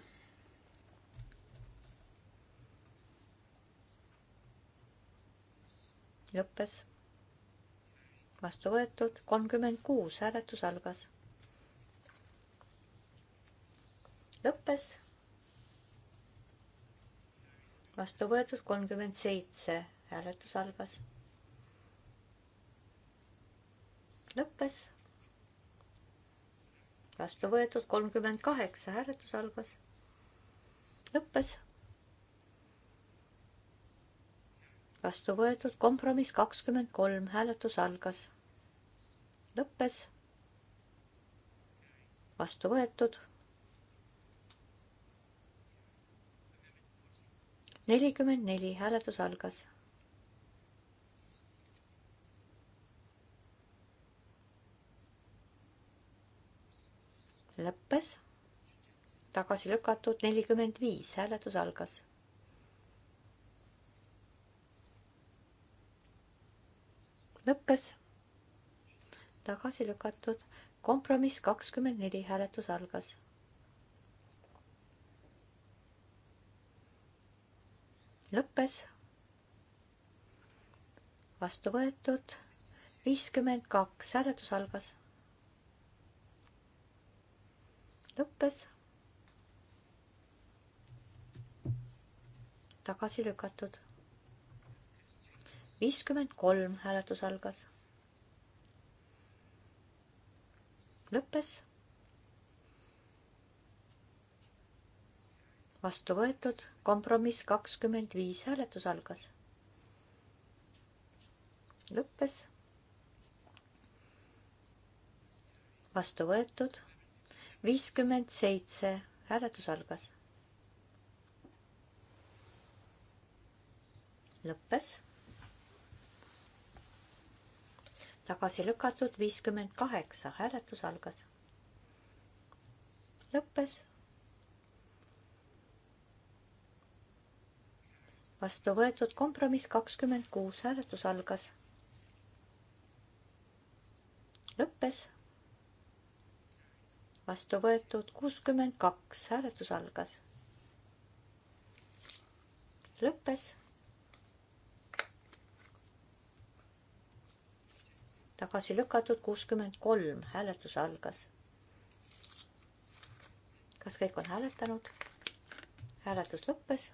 lõppes. vastu võetud kolmkümmend kuus, hääletus algas. lõppes. vastu võetud kolmkümmend seitse, hääletus algas. lõppes. vastu võetud kolmkümmend kaheksa, hääletus algas. lõppes vastu võetud, kompromiss kakskümmend kolm, hääletus algas. lõppes. vastu võetud. nelikümmend neli, hääletus algas. lõppes. tagasi lükatud nelikümmend viis, hääletus algas lõppes, tagasi lükatud, kompromiss kakskümmend neli, hääletus algas. lõppes, vastu võetud, viiskümmend kaks, hääletus algas. lõppes tagasi lükatud viiskümmend kolm hääletus algas. lõppes. vastu võetud, kompromiss kakskümmend viis hääletus algas. lõppes. vastu võetud, viiskümmend seitse hääletus algas. lõppes tagasi lükatud viiskümmend kaheksa, hääletus algas. lõppes. vastu võetud kompromiss kakskümmend kuus, hääletus algas. lõppes. vastu võetud kuuskümmend kaks, hääletus algas. lõppes tagasi lükatud, kuuskümmend kolm, hääletus algas. kas kõik on hääletanud? hääletus lõppes.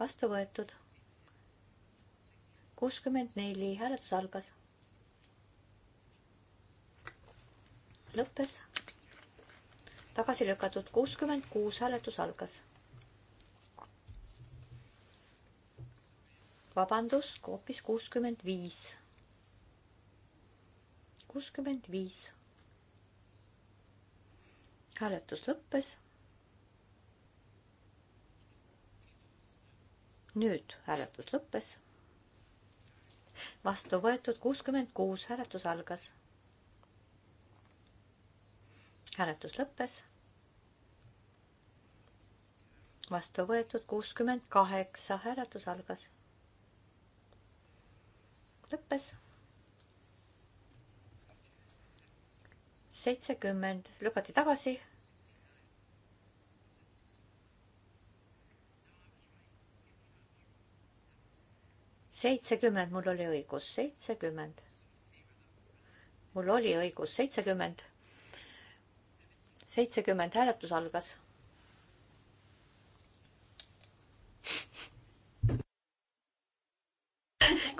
vastu võetud. kuuskümmend neli, hääletus algas. lõppes. tagasi lükatud, kuuskümmend kuus, hääletus algas vabandust, hoopis kuuskümmend viis kuuskümmend viis. hääletus lõppes. nüüd hääletus lõppes. vastu võetud kuuskümmend kuus, hääletus algas. hääletus lõppes. vastu võetud kuuskümmend kaheksa, hääletus algas. lõppes seitsekümmend lükati tagasi. seitsekümmend, mul oli õigus, seitsekümmend. mul oli õigus, seitsekümmend. seitsekümmend, hääletus algas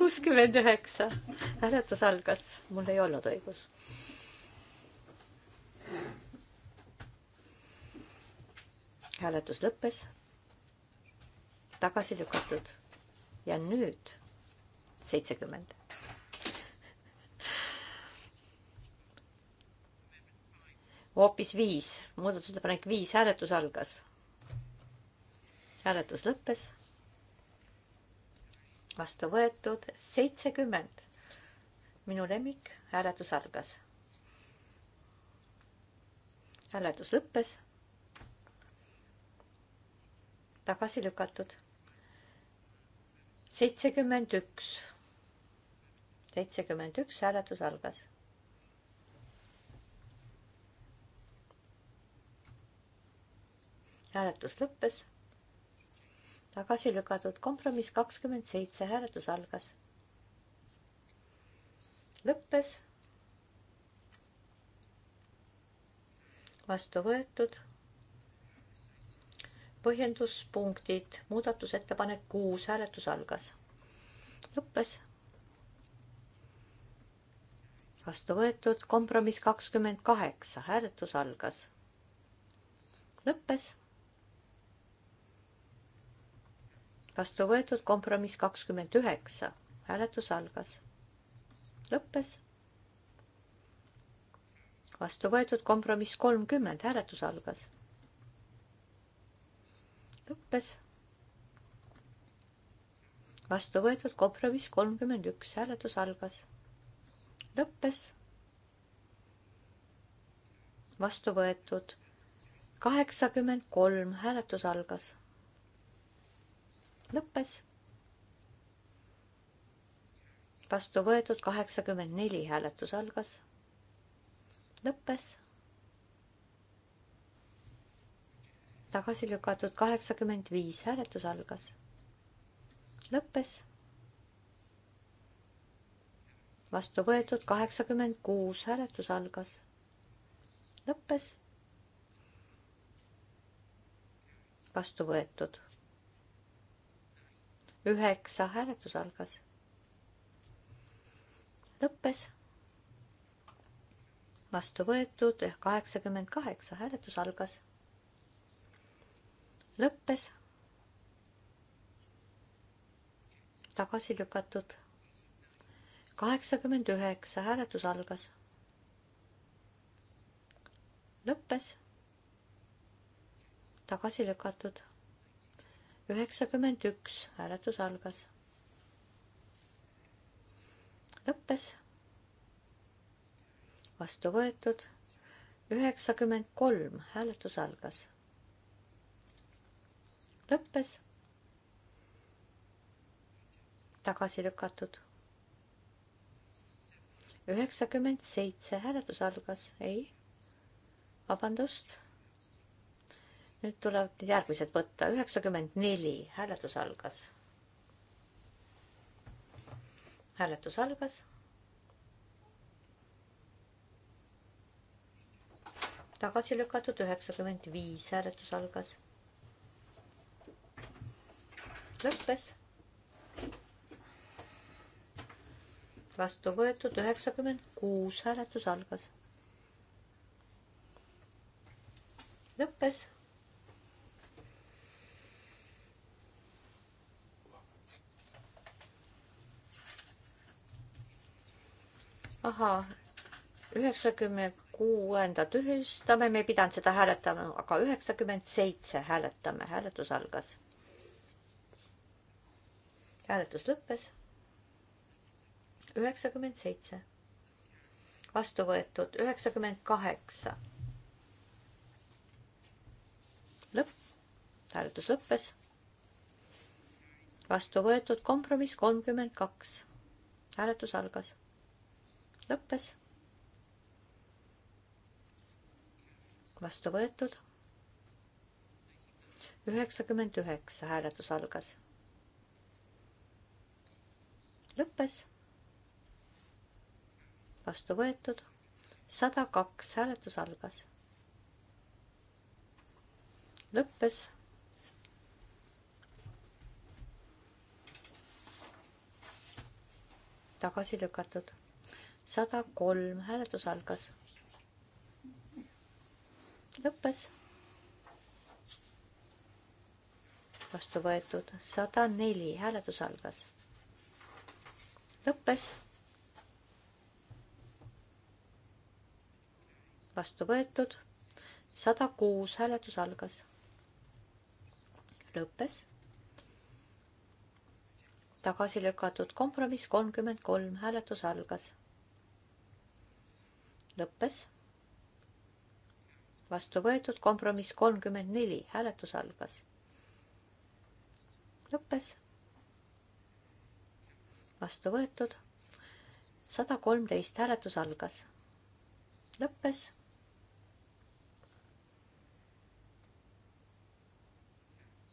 kuuskümmend üheksa. hääletus algas, mul ei olnud õigus hääletus lõppes. tagasi lükatud. ja nüüd seitsekümmend. hoopis viis, muudatusettepanek viis, hääletus algas. hääletus lõppes. vastu võetud seitsekümmend. minu lemmik, hääletus algas. hääletus lõppes tagasi lükatud. seitsekümmend üks, seitsekümmend üks hääletus algas. hääletus lõppes. tagasi lükatud kompromiss kakskümmend seitse, hääletus algas. lõppes. vastu võetud põhjenduspunktid, muudatusettepanek kuus, hääletus algas. lõppes. vastu võetud, kompromiss kakskümmend kaheksa, hääletus algas. lõppes. vastu võetud, kompromiss kakskümmend üheksa, hääletus algas. lõppes. vastu võetud, kompromiss kolmkümmend, hääletus algas lõppes. vastu võetud kompromiss kolmkümmend üks, hääletus algas, lõppes. vastu võetud kaheksakümmend kolm, hääletus algas, lõppes. vastu võetud kaheksakümmend neli, hääletus algas, lõppes tagasi lükatud kaheksakümmend viis, hääletus algas. lõppes. vastu võetud kaheksakümmend kuus, hääletus algas. lõppes. vastu võetud. üheksa, hääletus algas. lõppes. vastu võetud kaheksakümmend kaheksa, hääletus algas lõppes. tagasi lükatud. kaheksakümmend üheksa, hääletus algas. lõppes. tagasi lükatud. üheksakümmend üks, hääletus algas. lõppes. vastu võetud. üheksakümmend kolm, hääletus algas lõppes. tagasi lükatud. üheksakümmend seitse, hääletus algas, ei. vabandust. nüüd tulevad need järgmised võtta, üheksakümmend neli, hääletus algas. hääletus algas. tagasi lükatud üheksakümmend viis, hääletus algas lõppes. vastu võetud üheksakümmend kuus, hääletus algas. lõppes. ahaa, üheksakümne kuuenda tühistame, me ei pidanud seda hääletama, aga üheksakümmend seitse hääletame, hääletus algas hääletus lõppes. üheksakümmend seitse. vastu võetud üheksakümmend kaheksa. lõpp, hääletus lõppes. vastu võetud kompromiss kolmkümmend kaks. hääletus algas, lõppes. vastu võetud üheksakümmend üheksa hääletus algas lõppes. vastu võetud. sada kaks, hääletus algas. lõppes. tagasi lükatud. sada kolm, hääletus algas. lõppes vastu võetud sada neli, hääletus algas lõppes. vastu võetud, sada kuus hääletus algas, lõppes. tagasi lükatud kompromiss kolmkümmend kolm, hääletus algas, lõppes. vastu võetud kompromiss kolmkümmend neli, hääletus algas, lõppes vastu võetud. sada kolmteist hääletus algas, lõppes.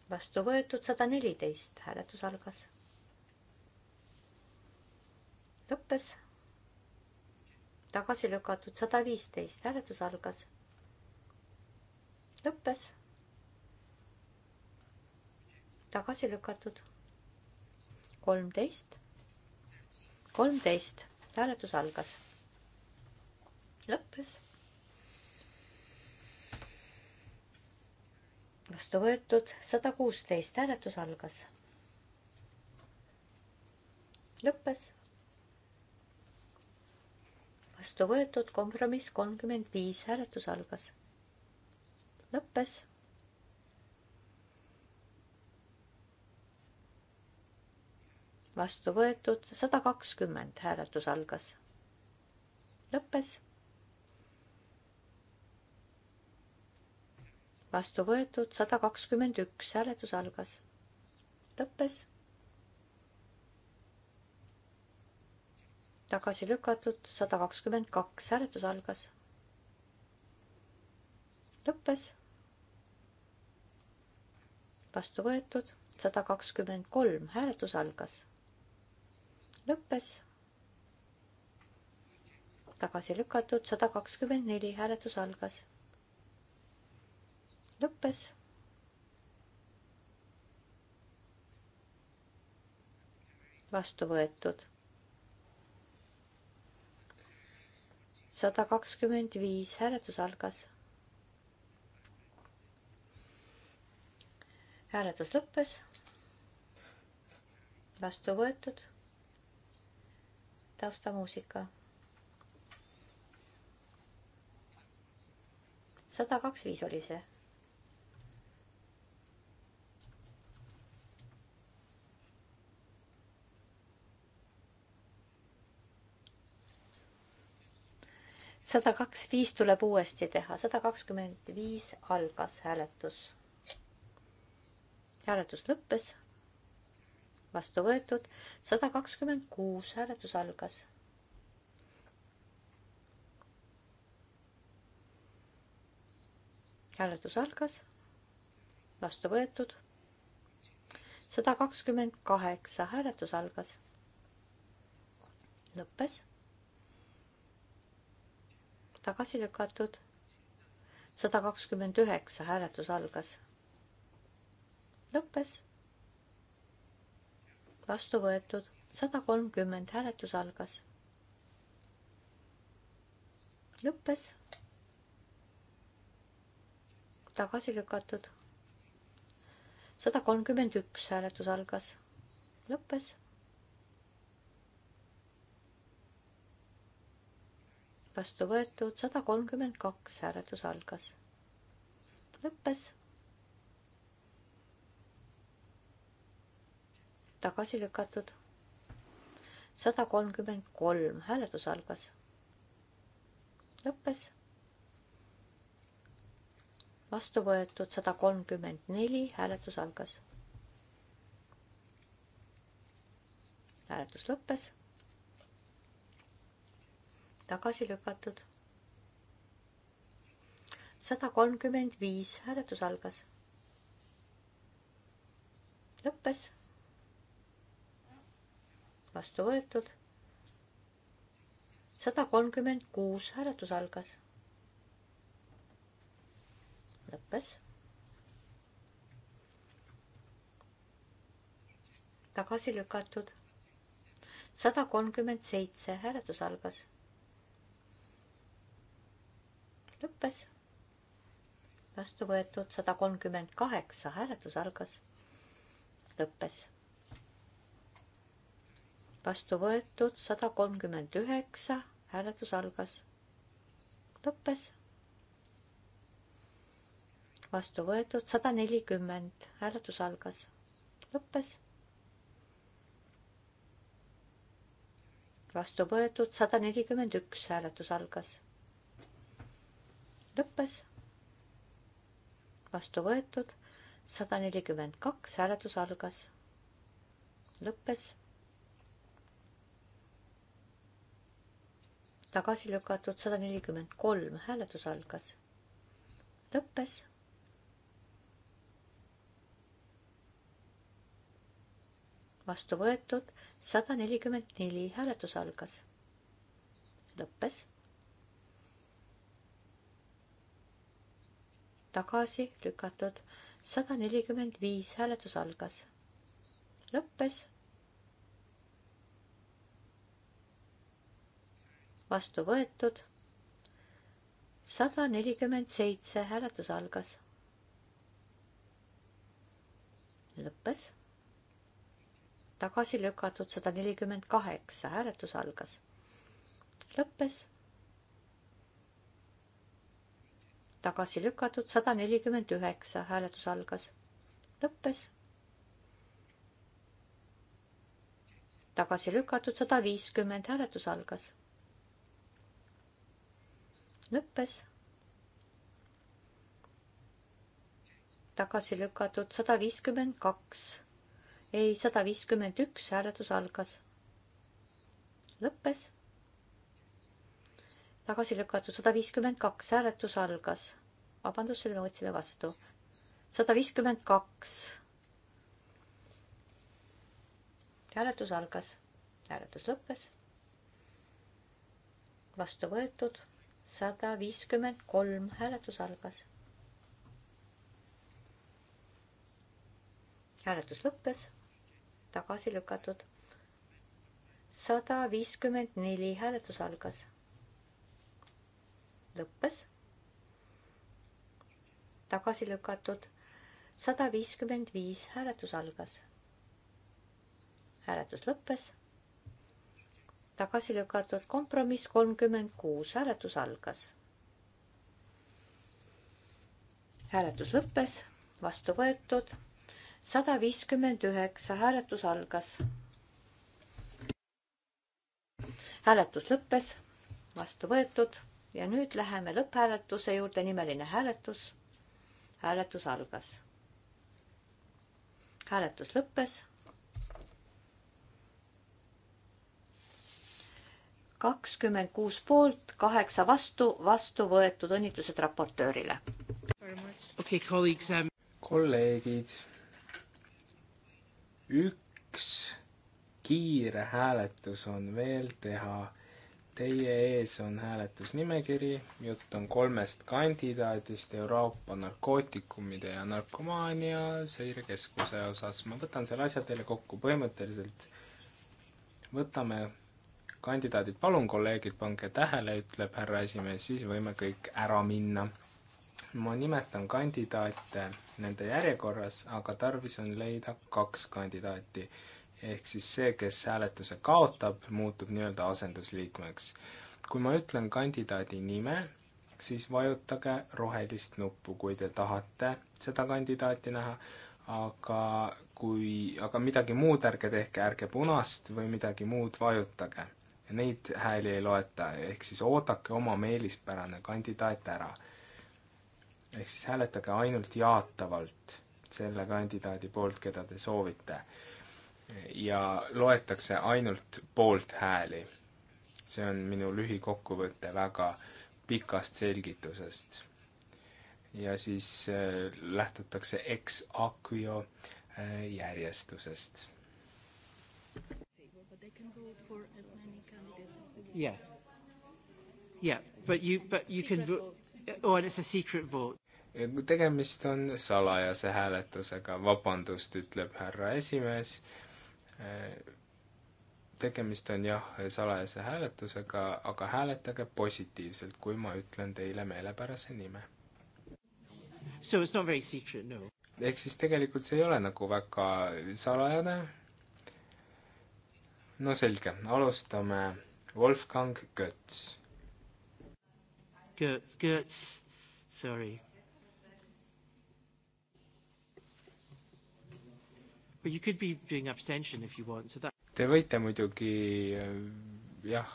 vastu võetud sada neliteist hääletus algas, lõppes. tagasi lükatud sada viisteist hääletus algas, lõppes tagasi lükatud. kolmteist kolmteist, hääletus algas. lõppes. vastu võetud sada kuusteist, hääletus algas. lõppes. vastu võetud kompromiss kolmkümmend viis, hääletus algas. lõppes vastu võetud, sada kakskümmend hääletus algas. lõppes. vastu võetud sada kakskümmend üks, hääletus algas. lõppes. tagasi lükatud sada kakskümmend kaks, hääletus algas. lõppes. vastu võetud sada kakskümmend kolm, hääletus algas lõppes. tagasi lükatud sada kakskümmend neli, hääletus algas. lõppes. vastu võetud. sada kakskümmend viis, hääletus algas. hääletus lõppes vastu võetud taustamuusika. sada kaks viis oli see. sada kaks viis tuleb uuesti teha, sada kakskümmend viis algas hääletus. hääletus lõppes vastu võetud, sada kakskümmend kuus, hääletus algas. hääletus algas, vastu võetud, sada kakskümmend kaheksa, hääletus algas, lõppes, tagasi lükatud, sada kakskümmend üheksa, hääletus algas, lõppes vastu võetud, sada kolmkümmend, hääletus algas. lõppes. tagasi lükatud. sada kolmkümmend üks, hääletus algas, lõppes. vastu võetud, sada kolmkümmend kaks, hääletus algas, lõppes tagasi lükatud. sada kolmkümmend kolm, hääletus algas. lõppes. vastu võetud sada kolmkümmend neli, hääletus algas. hääletus lõppes. tagasi lükatud. sada kolmkümmend viis, hääletus algas lõppes vastu võetud. sada kolmkümmend kuus, hääletus algas. lõppes. tagasi lükatud. sada kolmkümmend seitse, hääletus algas. lõppes. vastu võetud sada kolmkümmend kaheksa, hääletus algas. lõppes vastu võetud sada kolmkümmend üheksa, hääletus algas, lõppes. vastu võetud sada nelikümmend, hääletus algas, lõppes. vastu võetud sada nelikümmend üks, hääletus algas, lõppes. vastu võetud sada nelikümmend kaks, hääletus algas, lõppes tagasi lükatud sada nelikümmend kolm, hääletus algas. lõppes. vastu võetud sada nelikümmend neli, hääletus algas. lõppes. tagasi lükatud sada nelikümmend viis, hääletus algas. lõppes vastu võetud. sada nelikümmend seitse, hääletus algas. lõppes. tagasi lükatud sada nelikümmend kaheksa, hääletus algas. lõppes. tagasi lükatud sada nelikümmend üheksa, hääletus algas. lõppes tagasi lükatud sada viiskümmend, hääletus algas lõppes. tagasi lükatud sada viiskümmend kaks, ei sada viiskümmend üks hääletus algas. lõppes. tagasi lükatud sada viiskümmend kaks hääletus algas. vabandust, selle me võtsime vastu. sada viiskümmend kaks. hääletus algas, hääletus lõppes. vastu võetud sada viiskümmend kolm, hääletus algas. hääletus lõppes, tagasi lükatud. sada viiskümmend neli, hääletus algas. lõppes, tagasi lükatud. sada viiskümmend viis, hääletus algas. hääletus lõppes tagasi lükatud kompromiss kolmkümmend kuus, hääletus algas. hääletus lõppes, vastu võetud sada viiskümmend üheksa, hääletus algas. hääletus lõppes, vastu võetud ja nüüd läheme lõpphääletuse juurde, nimeline hääletus. hääletus algas. hääletus lõppes kakskümmend kuus poolt, kaheksa vastu, vastu võetud õnnitlused raportöörile. Um, kolleegid, üks kiire hääletus on veel teha. Teie ees on hääletusnimekiri, jutt on kolmest kandidaadist Euroopa narkootikumide ja narkomaania seirekeskuse osas. ma võtan selle asja teile kokku põhimõtteliselt. võtame kandidaadid, palun kolleegid, pange tähele, ütleb härra esimees, siis võime kõik ära minna. ma nimetan kandidaate nende järjekorras, aga tarvis on leida kaks kandidaati. ehk siis see, kes hääletuse kaotab, muutub nii-öelda asendusliikmeks. kui ma ütlen kandidaadi nime, siis vajutage rohelist nuppu, kui te tahate seda kandidaati näha, aga kui, aga midagi muud ärge tehke, ärge punast või midagi muud vajutage neid hääli ei loeta, ehk siis oodake oma meelispärane kandidaat ära. ehk siis hääletage ainult jaatavalt selle kandidaadi poolt, keda te soovite. ja loetakse ainult poolthääli. see on minu lühikokkuvõte väga pikast selgitusest. ja siis äh, lähtutakse ex aequo äh, järjestusest. But they can vote for as Yeah. Yeah, but you, but you can vote. Oh, and it's a secret vote. Äh, tegemist on salajase hääletusega, vabandust, ütleb härra esimees. Äh, tegemist on jah, salajase hääletusega, aga hääletage positiivselt, kui ma ütlen teile meelepärase nime. So it's not very secret, no. ehk siis tegelikult see ei ole nagu väga salajane. no selge, alustame Wolfgang Götz. Götz, Götz, sorry. But you could be doing abstention if you want, so that Te võite muidugi äh, jah,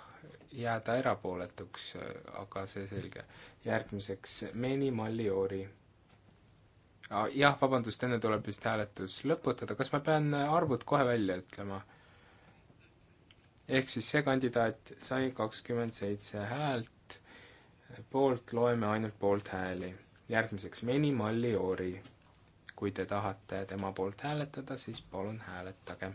jääda erapooletuks, äh, aga see selge. järgmiseks Meeni Malliori. Ah, jah, vabandust, enne tuleb vist hääletus lõpetada, kas ma pean äh, arvud kohe välja ütlema? ehk siis see kandidaat sai kakskümmend seitse häält, poolt loeme ainult poolthääli. järgmiseks Meni Malliori. kui te tahate tema poolt hääletada, siis palun hääletage.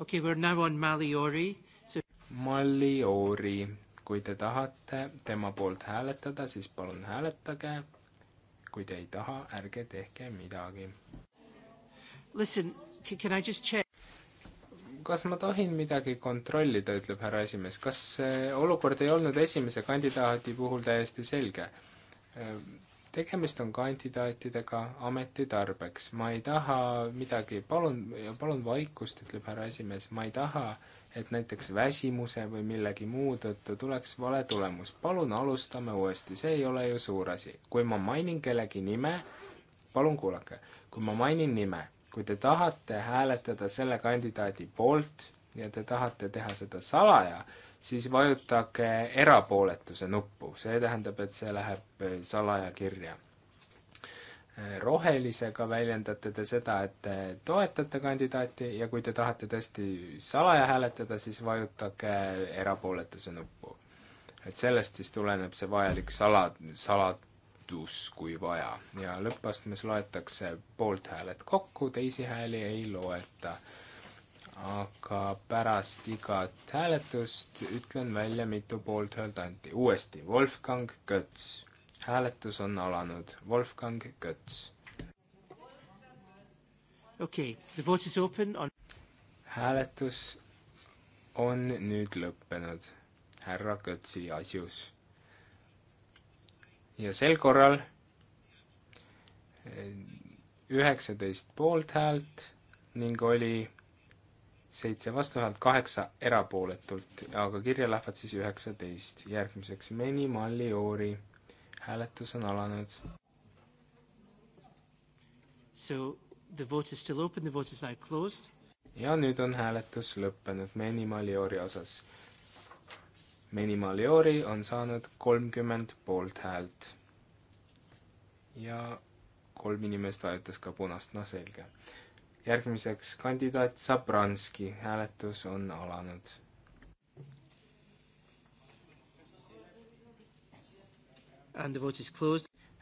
okei okay,, we are now on Malliori so.... Malliori, kui te tahate tema poolt hääletada, siis palun hääletage kui te ei taha, ärge tehke midagi. Listen, can I just check? kas ma tohin midagi kontrollida, ütleb härra esimees, kas see äh, olukord ei olnud esimese kandidaadi puhul täiesti selge? Äh, tegemist on kandidaatidega ameti tarbeks, ma ei taha midagi, palun, palun vaikust, ütleb härra esimees, ma ei taha äh, et näiteks väsimuse või millegi muu tõttu tuleks vale tulemus. palun alustame uuesti, see ei ole ju suur asi. kui ma mainin kellegi nime, palun kuulake, kui ma mainin nime, kui te tahate hääletada selle kandidaadi poolt ja te tahate teha seda salaja, siis vajutage erapooletuse nuppu, see tähendab, et see läheb äh, salaja kirja rohelisega väljendate te seda, et te toetate kandidaati ja kui te tahate tõesti salaja hääletada, siis vajutage erapooletuse nuppu. et sellest siis tuleneb see vajalik sala, saladus, kui vaja. ja lõppastmes loetakse poolthääled kokku, teisi hääli ei loeta. aga pärast igat hääletust ütlen välja, mitu poolthäält anti. uuesti, Wolfgang Götz hääletus on alanud, Wolfgang Köts. okei okay,, the vote is open on. hääletus on nüüd lõppenud härra Kötsi asjus. ja sel korral eh, üheksateist poolthäält ning oli seitse vastuhäält, kaheksa erapooletult, aga kirja lähevad siis üheksateist. järgmiseks Meni Malli Oori hääletus on alanud. ja nüüd on hääletus lõppenud Menimaliori osas. Menimaliori on saanud kolmkümmend poolthäält. ja kolm inimest vajutas ka punast, no selge. järgmiseks kandidaat Sabranski, hääletus on alanud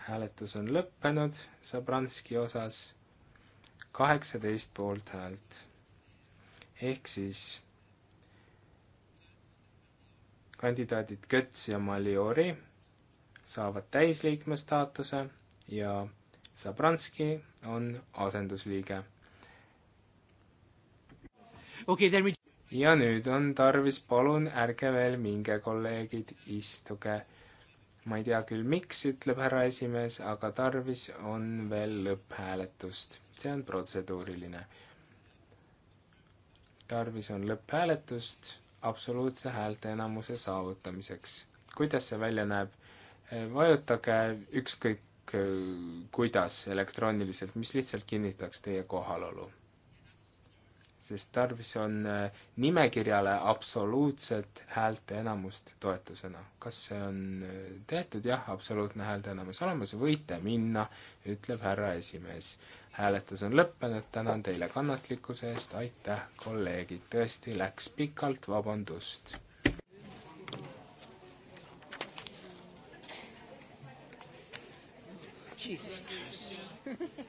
hääletus on lõppenud Sabranski osas, kaheksateist poolthäält. ehk siis kandidaadid Götz ja Maliori saavad täisliikme staatuse ja Sabranski on asendusliige. ja nüüd on tarvis, palun ärge veel minge, kolleegid, istuge ma ei tea küll, miks, ütleb härra esimees, aga tarvis on veel lõpphääletust. see on protseduuriline. tarvis on lõpphääletust absoluutse häälteenamuse saavutamiseks. kuidas see välja näeb? Eh, vajutage ükskõik eh, kuidas elektrooniliselt, mis lihtsalt kinnitaks teie kohalolu sest tarvis on äh, nimekirjale absoluutset häälteenamust toetusena. kas see on äh, tehtud? jah, absoluutne häälteenamus olemas, võite minna, ütleb härra esimees. hääletus on lõppenud, tänan teile kannatlikkuse eest, aitäh, kolleegid, tõesti läks pikalt, vabandust. Jesus Christ.